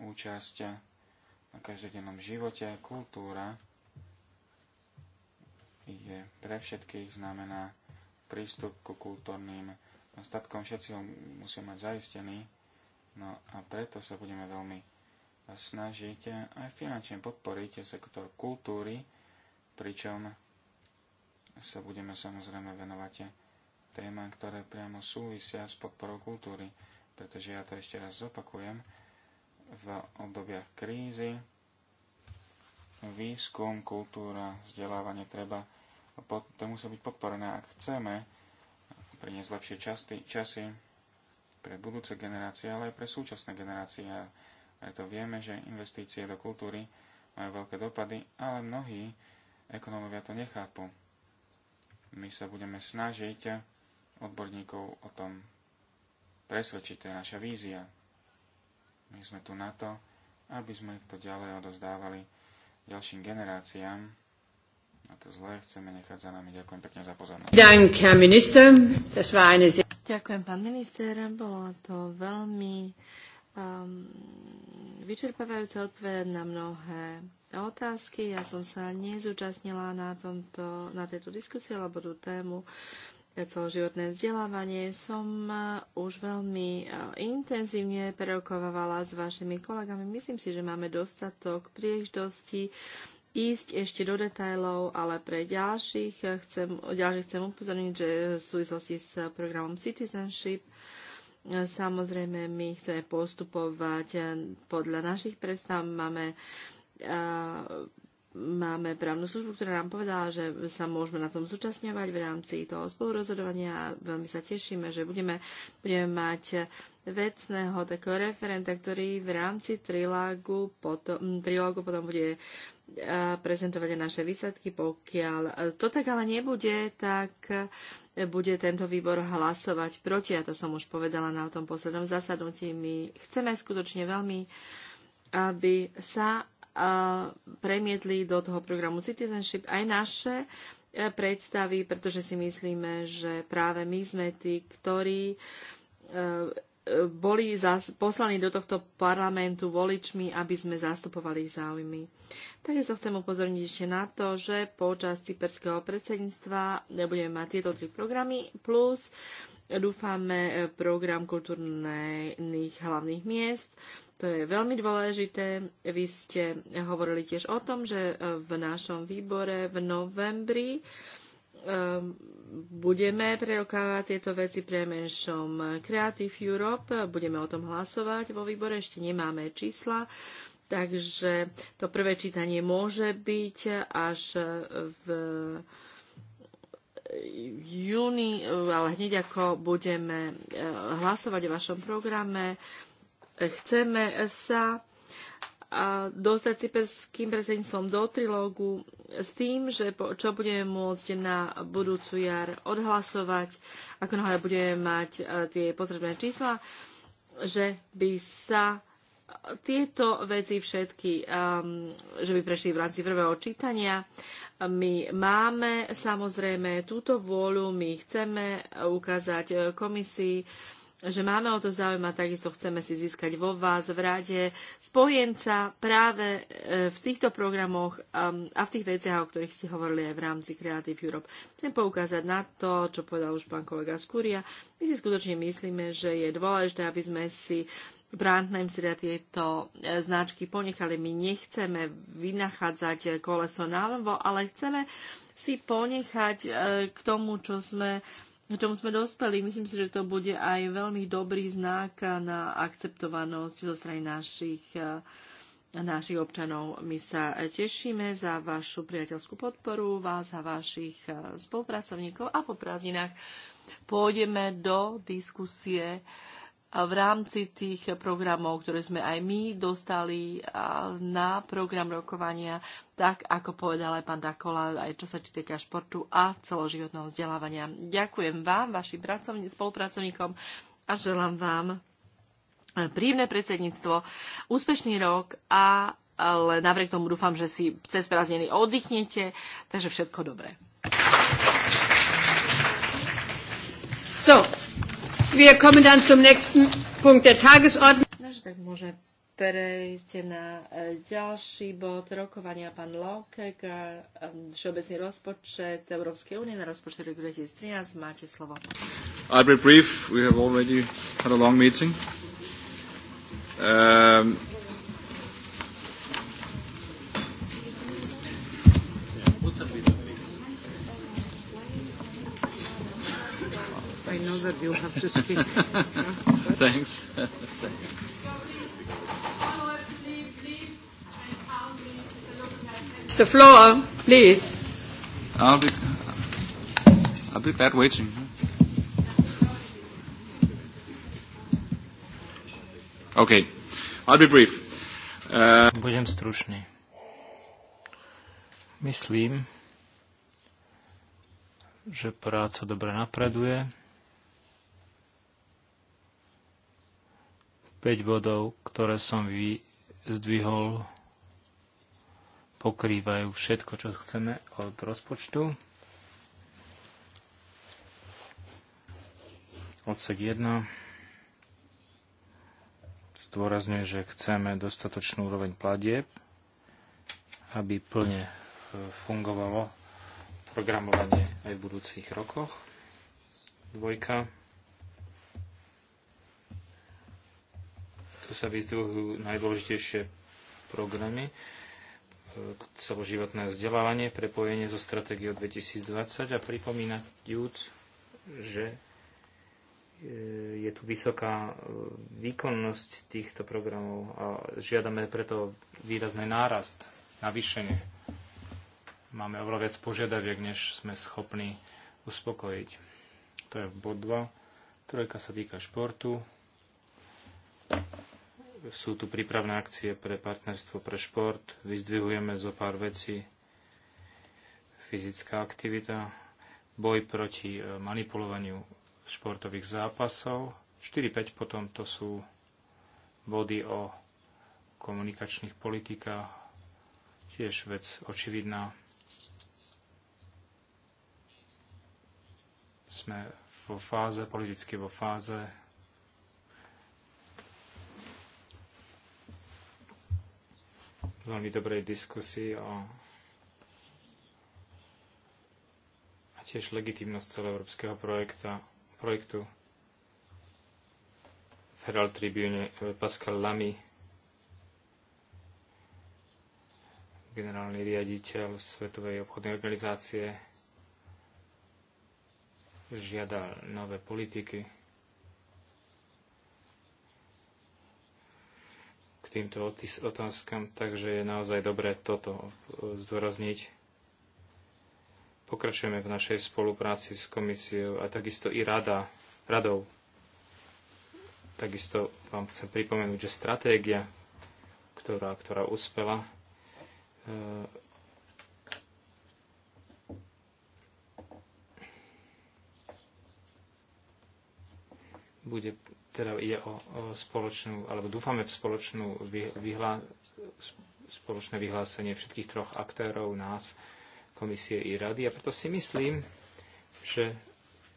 účasť na každodennom živote. Kultúra je pre všetkých znamená prístup ku kultúrnym statkom, všetci ho musia mať zaistený. No a preto sa budeme veľmi snažiť aj finančne podporiť sektor kultúry, pričom sa budeme samozrejme venovať téma, ktoré priamo súvisia s podporou kultúry, pretože ja to ešte raz zopakujem, v obdobiach krízy výskum, kultúra, vzdelávanie treba, to musí byť podporené, ak chceme priniesť lepšie časy, časy pre budúce generácie, ale aj pre súčasné generácie. A preto vieme, že investície do kultúry majú veľké dopady, ale mnohí ekonómovia to nechápu. My sa budeme snažiť odborníkov o tom presvedčiť. To je naša vízia. My sme tu na to, aby sme to ďalej odozdávali ďalším generáciám, na to zlé. Chceme nechať za nami. Ďakujem pekne za pozornosť. Ďakujem, pán minister. Bolo to veľmi um, vyčerpávajúce odpovedať na mnohé otázky. Ja som sa nezúčastnila na, tomto, na tejto diskusie, alebo tú tému celoživotné vzdelávanie som uh, už veľmi uh, intenzívne prerokovávala s vašimi kolegami. Myslím si, že máme dostatok príležitostí ísť ešte do detajlov, ale pre ďalších eh, chcem, ďalších chcem upozorniť, že v súvislosti s programom Citizenship eh, samozrejme my chceme postupovať eh, podľa našich predstav. Máme máme právnu službu, ktorá nám povedala, že sa môžeme na tom zúčastňovať v rámci toho spolurozhodovania a veľmi sa tešíme, že budeme, budeme mať vecného takého referenta, ktorý v rámci trilágu potom, trilágu potom bude prezentovať aj naše výsledky. Pokiaľ to tak ale nebude, tak bude tento výbor hlasovať proti. A to som už povedala na tom poslednom zasadnutí. My chceme skutočne veľmi, aby sa premietli do toho programu Citizenship aj naše e, predstavy, pretože si myslíme, že práve my sme tí, ktorí e, boli poslaní do tohto parlamentu voličmi, aby sme zastupovali ich záujmy. Takisto chcem upozorniť ešte na to, že počas cyperského predsedníctva nebudeme mať tieto tri programy, plus dúfame program kultúrnych hlavných miest. To je veľmi dôležité. Vy ste hovorili tiež o tom, že v našom výbore v novembri Ehm, budeme prerokávať tieto veci pre menšom Creative Europe, budeme o tom hlasovať vo výbore, ešte nemáme čísla, takže to prvé čítanie môže byť až v júni, ale hneď ako budeme eh, hlasovať o vašom programe, chceme sa eh, dostať cyperským predsedníctvom do trilógu s tým, že po, čo budeme môcť na budúcu jar odhlasovať, ako náhle budeme mať e, tie potrebné čísla, že by sa tieto veci všetky, um, že by prešli v rámci prvého čítania. My máme samozrejme túto vôľu, my chceme ukázať e, komisii, že máme o to záujem a takisto chceme si získať vo vás v rade spojenca práve e, v týchto programoch um, a v tých veciach, o ktorých ste hovorili aj v rámci Creative Europe. Chcem poukázať na to, čo povedal už pán kolega Skúria. My si skutočne myslíme, že je dôležité, aby sme si brandname teda tieto e, značky ponechali. My nechceme vynachádzať koleso na ale chceme si ponechať e, k tomu, čo sme čomu sme dospeli. Myslím si, že to bude aj veľmi dobrý znak na akceptovanosť zo strany našich, eh, našich občanov. My sa tešíme za vašu priateľskú podporu, vás a vašich eh, spolupracovníkov a po prázdninách pôjdeme do diskusie uh, v rámci tých programov, ktoré sme aj my dostali na program rokovania, tak ako povedal aj pán Dakola, aj čo sa týka športu a celoživotného vzdelávania. Ďakujem vám, vašim spolupracovníkom a želám vám e, príjemné predsedníctvo, úspešný rok a ale napriek tomu dúfam, že si cez prázdniny oddychnete, takže všetko dobré. So, Wir kommen dann zum nächsten Punkt der Tagesordnung. Tak môžeme prejsť na e, ďalší bod rokovania pán Lokek, e, všeobecný rozpočet Európskej únie na rozpočet roku 2013. Máte slovo. I'll be brief. We have already had a long meeting. Um, that you have to speak. yeah, Thanks. Thanks. The floor, please. I'll be, I'll be bad waiting. Okay. I'll be brief. Uh... Budem stručný. Myslím, že práca dobre napreduje. 5 bodov, ktoré som zdvihol, pokrývajú všetko, čo chceme od rozpočtu. Odsek 1 zdôrazňuje, že chceme dostatočnú úroveň platieb, aby plne e, fungovalo programovanie aj v budúcich rokoch. Dvojka sa vyzdvihujú najdôležitejšie programy e, celoživotné vzdelávanie, prepojenie so stratégiou 2020 a pripomínajúc, že e, je tu vysoká e, výkonnosť týchto programov a žiadame preto výrazný nárast, navýšenie. Máme oveľa viac požiadaviek, než sme schopní uspokojiť. To je bod 2. Trojka sa týka športu sú tu prípravné akcie pre partnerstvo pre šport, vyzdvihujeme zo pár vecí, fyzická aktivita, boj proti e, manipulovaniu športových zápasov, 4-5 potom to sú body o komunikačných politikách, tiež vec očividná. Sme vo fáze, politicky vo fáze veľmi dobrej diskusii o a tiež legitimnosť celého európskeho projekta, projektu. V Herald Tribune eh, Pascal Lamy, generálny riaditeľ Svetovej obchodnej organizácie, žiada nové politiky týmto otázkam, takže je naozaj dobré toto e, zdôrazniť. Pokračujeme v našej spolupráci s komisiou a takisto i rada, radou. Takisto vám chcem pripomenúť, že stratégia, ktorá, ktorá uspela, e, bude teda ide o, spoločnú, alebo dúfame v spoločnú vyhla, spoločné vyhlásenie všetkých troch aktérov, nás, komisie i rady. A preto si myslím, že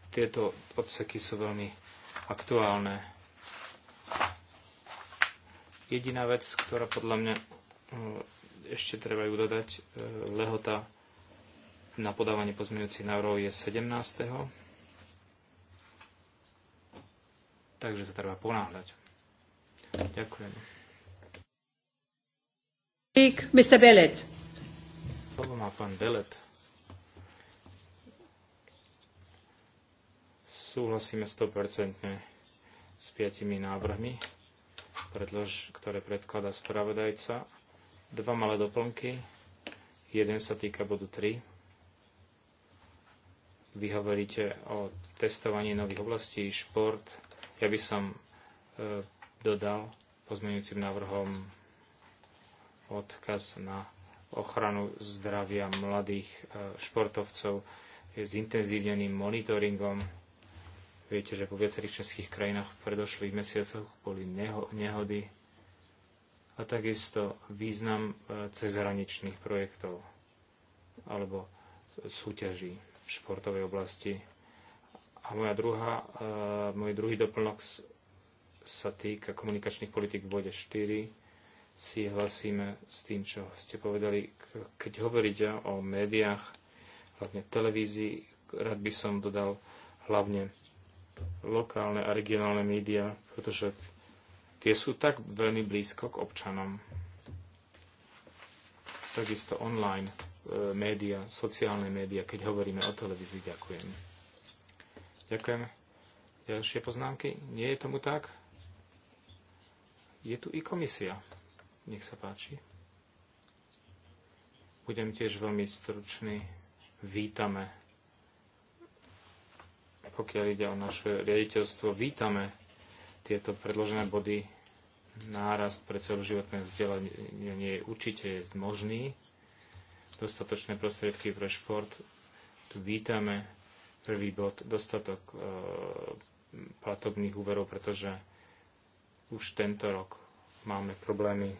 tieto odseky sú veľmi aktuálne. Jediná vec, ktorá podľa mňa ešte treba ju dodať, e, lehota na podávanie pozmeňujúcich návrhov je 17 Takže sa treba ponáhľať. Ďakujem. Mr. Bellet. Slovo má pán Bellet. Súhlasíme 100% s piatimi návrhmi, predlož, ktoré predkladá spravodajca. Dva malé doplnky. Jeden sa týka bodu 3 vy hovoríte o testovaní nových oblastí, šport, ja by som e, dodal pozmeňujúcim návrhom odkaz na ochranu zdravia mladých e, športovcov s intenzívneným monitoringom. Viete, že vo viacerých českých krajinách v predošlých mesiacoch boli nehody a takisto význam e, cezhraničných projektov alebo súťaží v športovej oblasti a moja druhá, e, môj druhý doplnok sa týka komunikačných politik v bode 4. Si hlasíme s tým, čo ste povedali. Keď hovoríte o médiách, hlavne televízii, rád by som dodal hlavne lokálne a regionálne médiá, pretože tie sú tak veľmi blízko k občanom. Takisto online e, média, sociálne médiá, keď hovoríme o televízii. Ďakujem. Ďakujem. Ďalšie poznámky? Nie je tomu tak? Je tu i komisia. Nech sa páči. Budem tiež veľmi stručný. Vítame. Pokiaľ ide o naše riaditeľstvo, vítame tieto predložené body. Nárast pre celoživotné vzdelanie nie je určite možný. Dostatočné prostriedky pre šport. Tu vítame Prvý bod, dostatok e, platobných úverov, pretože už tento rok máme problémy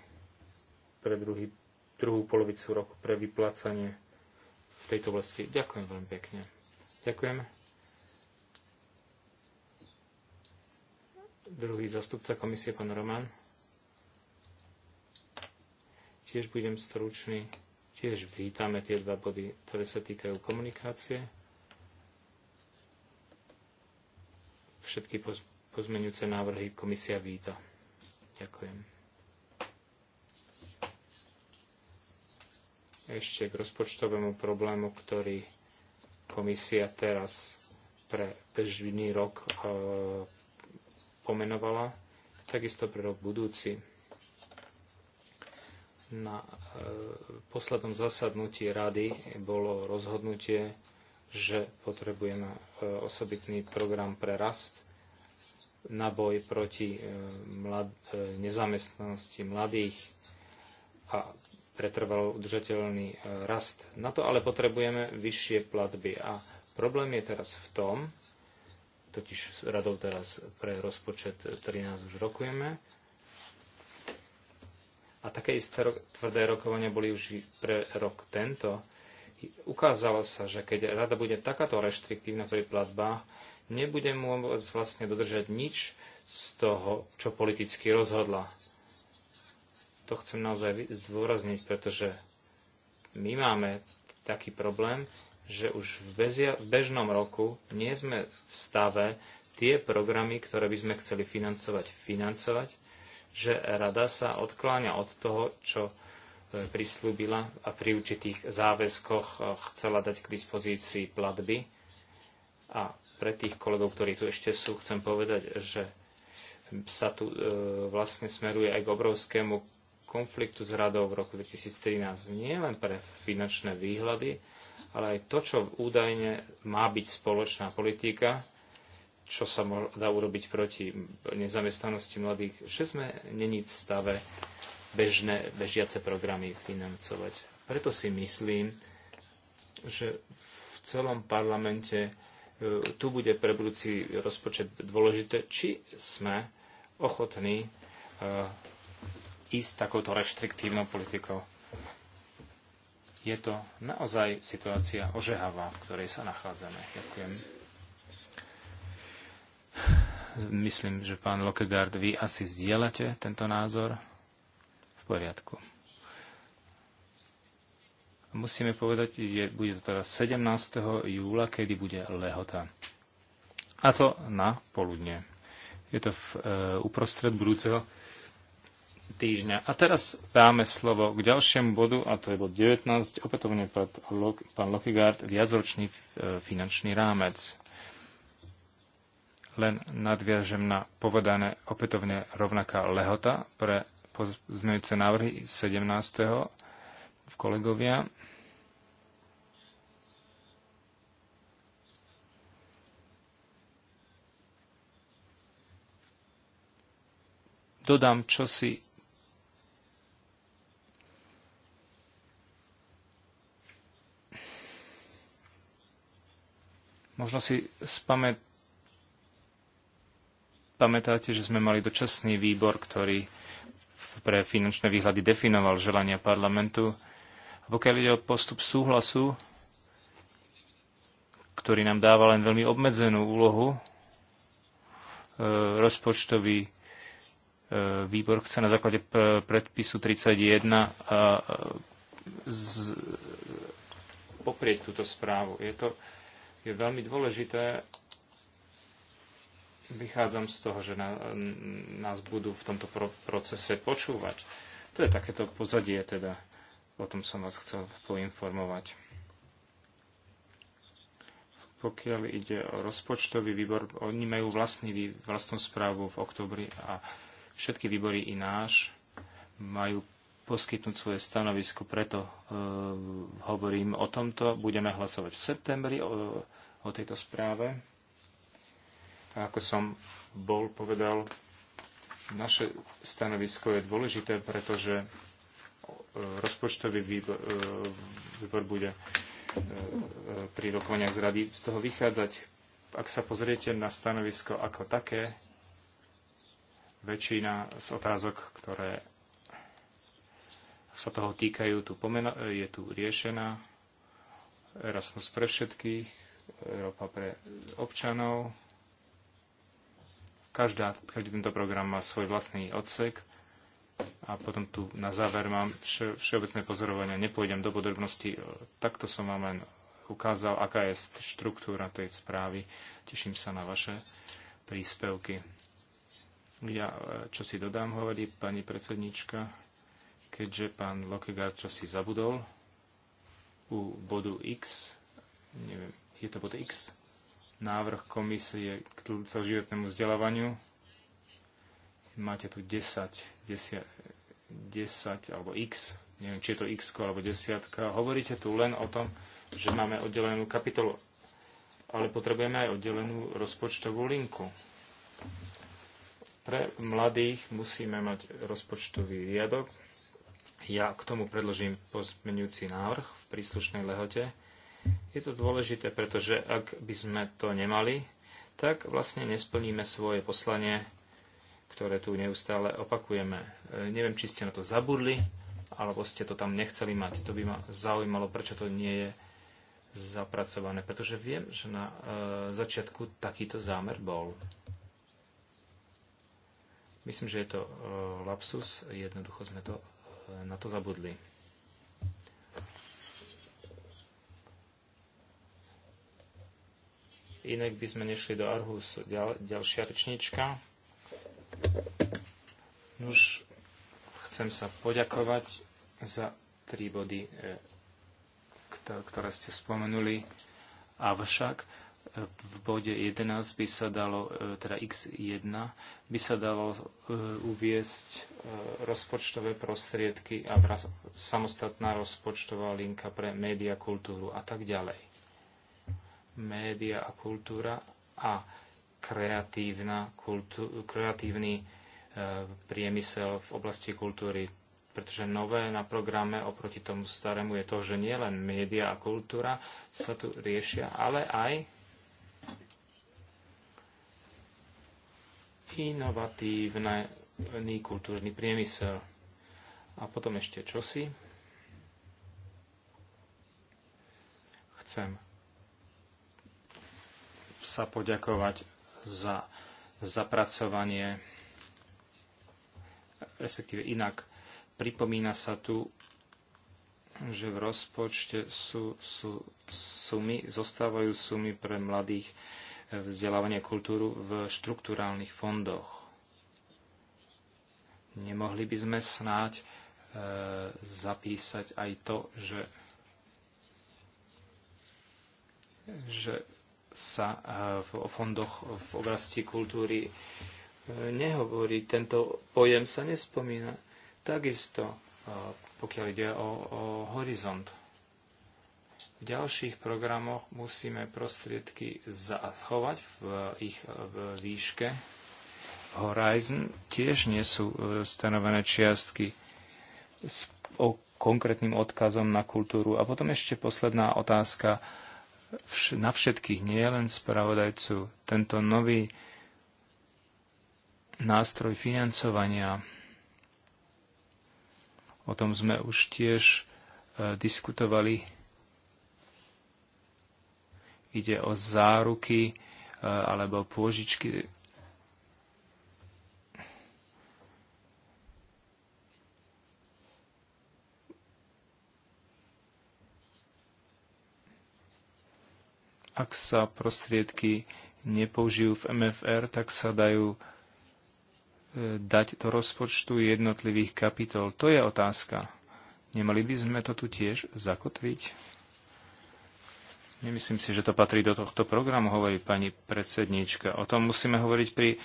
pre druhý, druhú polovicu roku pre vyplácanie v tejto oblasti. Ďakujem veľmi pekne. Ďakujem. Druhý zastupca komisie, pán Roman. Tiež budem stručný. Tiež vítame tie dva body, ktoré sa týkajú komunikácie Všetky pozmeňujúce návrhy komisia víta. Ďakujem. Ešte k rozpočtovému problému, ktorý komisia teraz pre bežný rok e, pomenovala, takisto pre rok budúci. Na e, poslednom zasadnutí rady bolo rozhodnutie že potrebujeme e, osobitný program pre rast na boj proti e, mlad- e, nezamestnanosti mladých a pretrvalo udržateľný rast. Na to ale potrebujeme vyššie platby. A problém je teraz v tom, totiž s radou teraz pre rozpočet 13 už rokujeme, a také isté tvrdé rokovania boli už pre rok tento, ukázalo sa, že keď rada bude takáto reštriktívna pri platbách, nebude môcť vlastne dodržať nič z toho, čo politicky rozhodla. To chcem naozaj zdôrazniť, pretože my máme taký problém, že už v, bezia- v bežnom roku nie sme v stave tie programy, ktoré by sme chceli financovať, financovať, že rada sa odkláňa od toho, čo E, prislúbila a pri určitých záväzkoch e, chcela dať k dispozícii platby. A pre tých kolegov, ktorí tu ešte sú, chcem povedať, že sa tu e, vlastne smeruje aj k obrovskému konfliktu s radou v roku 2013. Nie len pre finančné výhľady, ale aj to, čo údajne má byť spoločná politika, čo sa dá urobiť proti nezamestnanosti mladých, že sme není v stave bežné, bežiace programy financovať. Preto si myslím, že v celom parlamente e, tu bude pre budúci rozpočet dôležité, či sme ochotní e, ísť takouto reštriktívnou politikou. Je to naozaj situácia ožehavá, v ktorej sa nachádzame. Ďakujem. Myslím, že pán Lokegard, vy asi zdieľate tento názor poriadku. Musíme povedať, že bude to teraz 17. júla, kedy bude lehota. A to na poludne. Je to v, e, uprostred budúceho týždňa. A teraz dáme slovo k ďalšiemu bodu, a to je bod 19, opätovne pán Lokigard, viacročný e, finančný rámec. Len nadviažem na povedané opätovne rovnaká lehota pre pozmeňujúce návrhy 17. v kolegovia. Dodám čo si. Možno si spamätáte, že sme mali dočasný výbor, ktorý pre finančné výhľady definoval želania parlamentu. A pokiaľ ide o postup súhlasu, ktorý nám dáva len veľmi obmedzenú úlohu, e, rozpočtový e, výbor chce na základe e, predpisu 31 a, e, z, poprieť túto správu. Je to je veľmi dôležité, Vychádzam z toho, že na, nás budú v tomto pro, procese počúvať. To je takéto pozadie teda. O tom som vás chcel poinformovať. Pokiaľ ide o rozpočtový výbor, oni majú vlastný, vlastnú správu v oktobri a všetky výbory i náš majú poskytnúť svoje stanovisko, preto e, hovorím o tomto. Budeme hlasovať v septembri o, o tejto správe. A ako som bol povedal, naše stanovisko je dôležité, pretože e, rozpočtový výbor, e, výbor bude e, pri rokovaniach z rady z toho vychádzať. Ak sa pozriete na stanovisko ako také, väčšina z otázok, ktoré sa toho týkajú, tu pomena- je tu riešená. Erasmus pre všetkých, Európa pre občanov, Každá, každý tento program má svoj vlastný odsek a potom tu na záver mám vše, všeobecné pozorovania. Nepôjdem do podrobností. Takto som vám len ukázal, aká je štruktúra tej správy. Teším sa na vaše príspevky. Ja e, čo si dodám, hovorí pani predsednička, keďže pán Lokegaard čo si zabudol u bodu X, neviem, je to bod X? návrh komisie k celoživotnému vzdelávaniu. Máte tu 10, 10, 10 alebo x, neviem, či je to x alebo 10. Hovoríte tu len o tom, že máme oddelenú kapitolu, ale potrebujeme aj oddelenú rozpočtovú linku. Pre mladých musíme mať rozpočtový riadok. Ja k tomu predložím pozmenujúci návrh v príslušnej lehote je to dôležité, pretože ak by sme to nemali, tak vlastne nesplníme svoje poslanie, ktoré tu neustále opakujeme. E, neviem, či ste na to zabudli, alebo ste to tam nechceli mať. To by ma zaujímalo, prečo to nie je zapracované, pretože viem, že na e, začiatku takýto zámer bol. Myslím, že je to e, lapsus, jednoducho sme to, e, na to zabudli. inak by sme nešli do Arhus. Ďal, ďalšia rečnička. už chcem sa poďakovať za tri body, e, ktoré ste spomenuli. Avšak e, v bode 11 by sa dalo, e, teda X1, by sa dalo uviesť rozpočtové prostriedky a samostatná rozpočtová linka pre média, kultúru a tak ďalej média a kultúra a kreatívna, kultú, kreatívny e, priemysel v oblasti kultúry. Pretože nové na programe oproti tomu starému je to, že nie len média a kultúra sa tu riešia, ale aj inovatívny kultúrny priemysel. A potom ešte čosi. Chcem sa poďakovať za zapracovanie, respektíve inak. Pripomína sa tu, že v rozpočte sú, sú sumy, zostávajú sumy pre mladých eh, vzdelávanie kultúru v štruktúrálnych fondoch. Nemohli by sme snáď e, zapísať aj to, že, že sa e, v fondoch v oblasti kultúry e, nehovorí. Tento pojem sa nespomína. Takisto, e, pokiaľ ide o, o horizont. V ďalších programoch musíme prostriedky zachovať v ich v výške. Horizon tiež nie sú stanovené čiastky s o konkrétnym odkazom na kultúru. A potom ešte posledná otázka vš- na všetkých, nie len spravodajcu. Tento nový nástroj financovania, o tom sme už tiež e, diskutovali. Ide o záruky e, alebo pôžičky Ak sa prostriedky nepoužijú v MFR, tak sa dajú e, dať do rozpočtu jednotlivých kapitol. To je otázka. Nemali by sme to tu tiež zakotviť? Nemyslím si, že to patrí do tohto programu, hovorí pani predsedníčka. O tom musíme hovoriť pri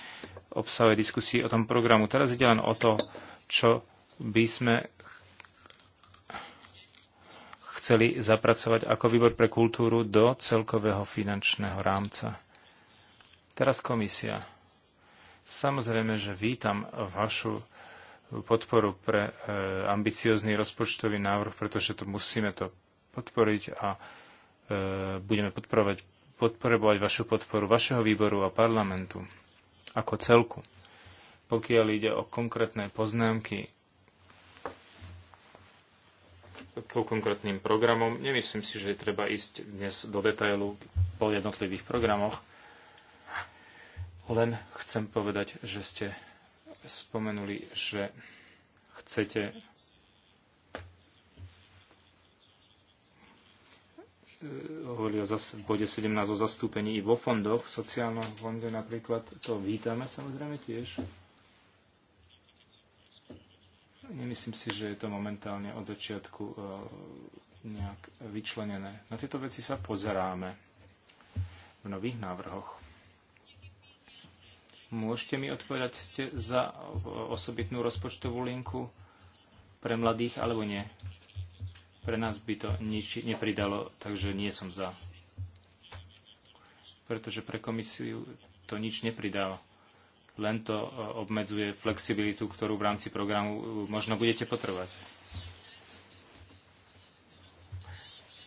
obsahovej diskusii o tom programu. Teraz ide len o to, čo by sme chceli zapracovať ako výbor pre kultúru do celkového finančného rámca. Teraz komisia. Samozrejme, že vítam vašu podporu pre e, ambiciózny rozpočtový návrh, pretože to musíme to podporiť a e, budeme podporovať, podporovať vašu podporu vašeho výboru a parlamentu ako celku. Pokiaľ ide o konkrétne poznámky ku konkrétnym programom. Nemyslím si, že treba ísť dnes do detailu po jednotlivých programoch. Len chcem povedať, že ste spomenuli, že chcete hovorili o zas, v bode 17 o zastúpení i vo fondoch, v sociálnom fonde napríklad, to vítame samozrejme tiež. Nemyslím si, že je to momentálne od začiatku e, nejak vyčlenené. Na tieto veci sa pozeráme v nových návrhoch. Môžete mi odpovedať, ste za e, osobitnú rozpočtovú linku pre mladých alebo nie? Pre nás by to nič nepridalo, takže nie som za. Pretože pre komisiu to nič nepridáva len to e, obmedzuje flexibilitu, ktorú v rámci programu e, možno budete potrebovať.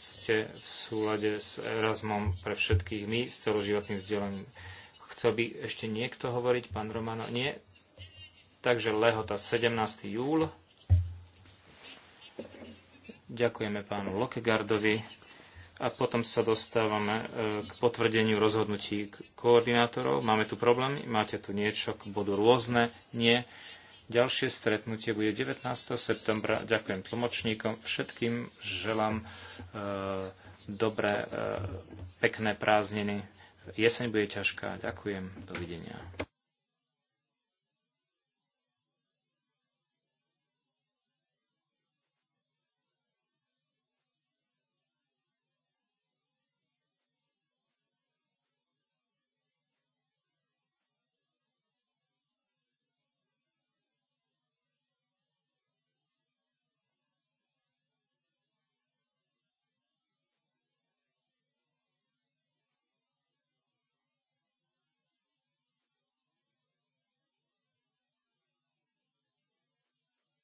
Ste v súlade s Erasmom pre všetkých my, s celoživotným vzdelaním. Chcel by ešte niekto hovoriť, pán Romano? Nie? Takže lehota 17. júl. Ďakujeme pánu Lokegardovi a potom sa dostávame e, k potvrdeniu rozhodnutí koordinátorov. Máme tu problém, máte tu niečo k bodu rôzne, nie. Ďalšie stretnutie bude 19. septembra. Ďakujem tlmočníkom, všetkým želám e, dobré, e, pekné prázdniny. Jeseň bude ťažká. Ďakujem, dovidenia.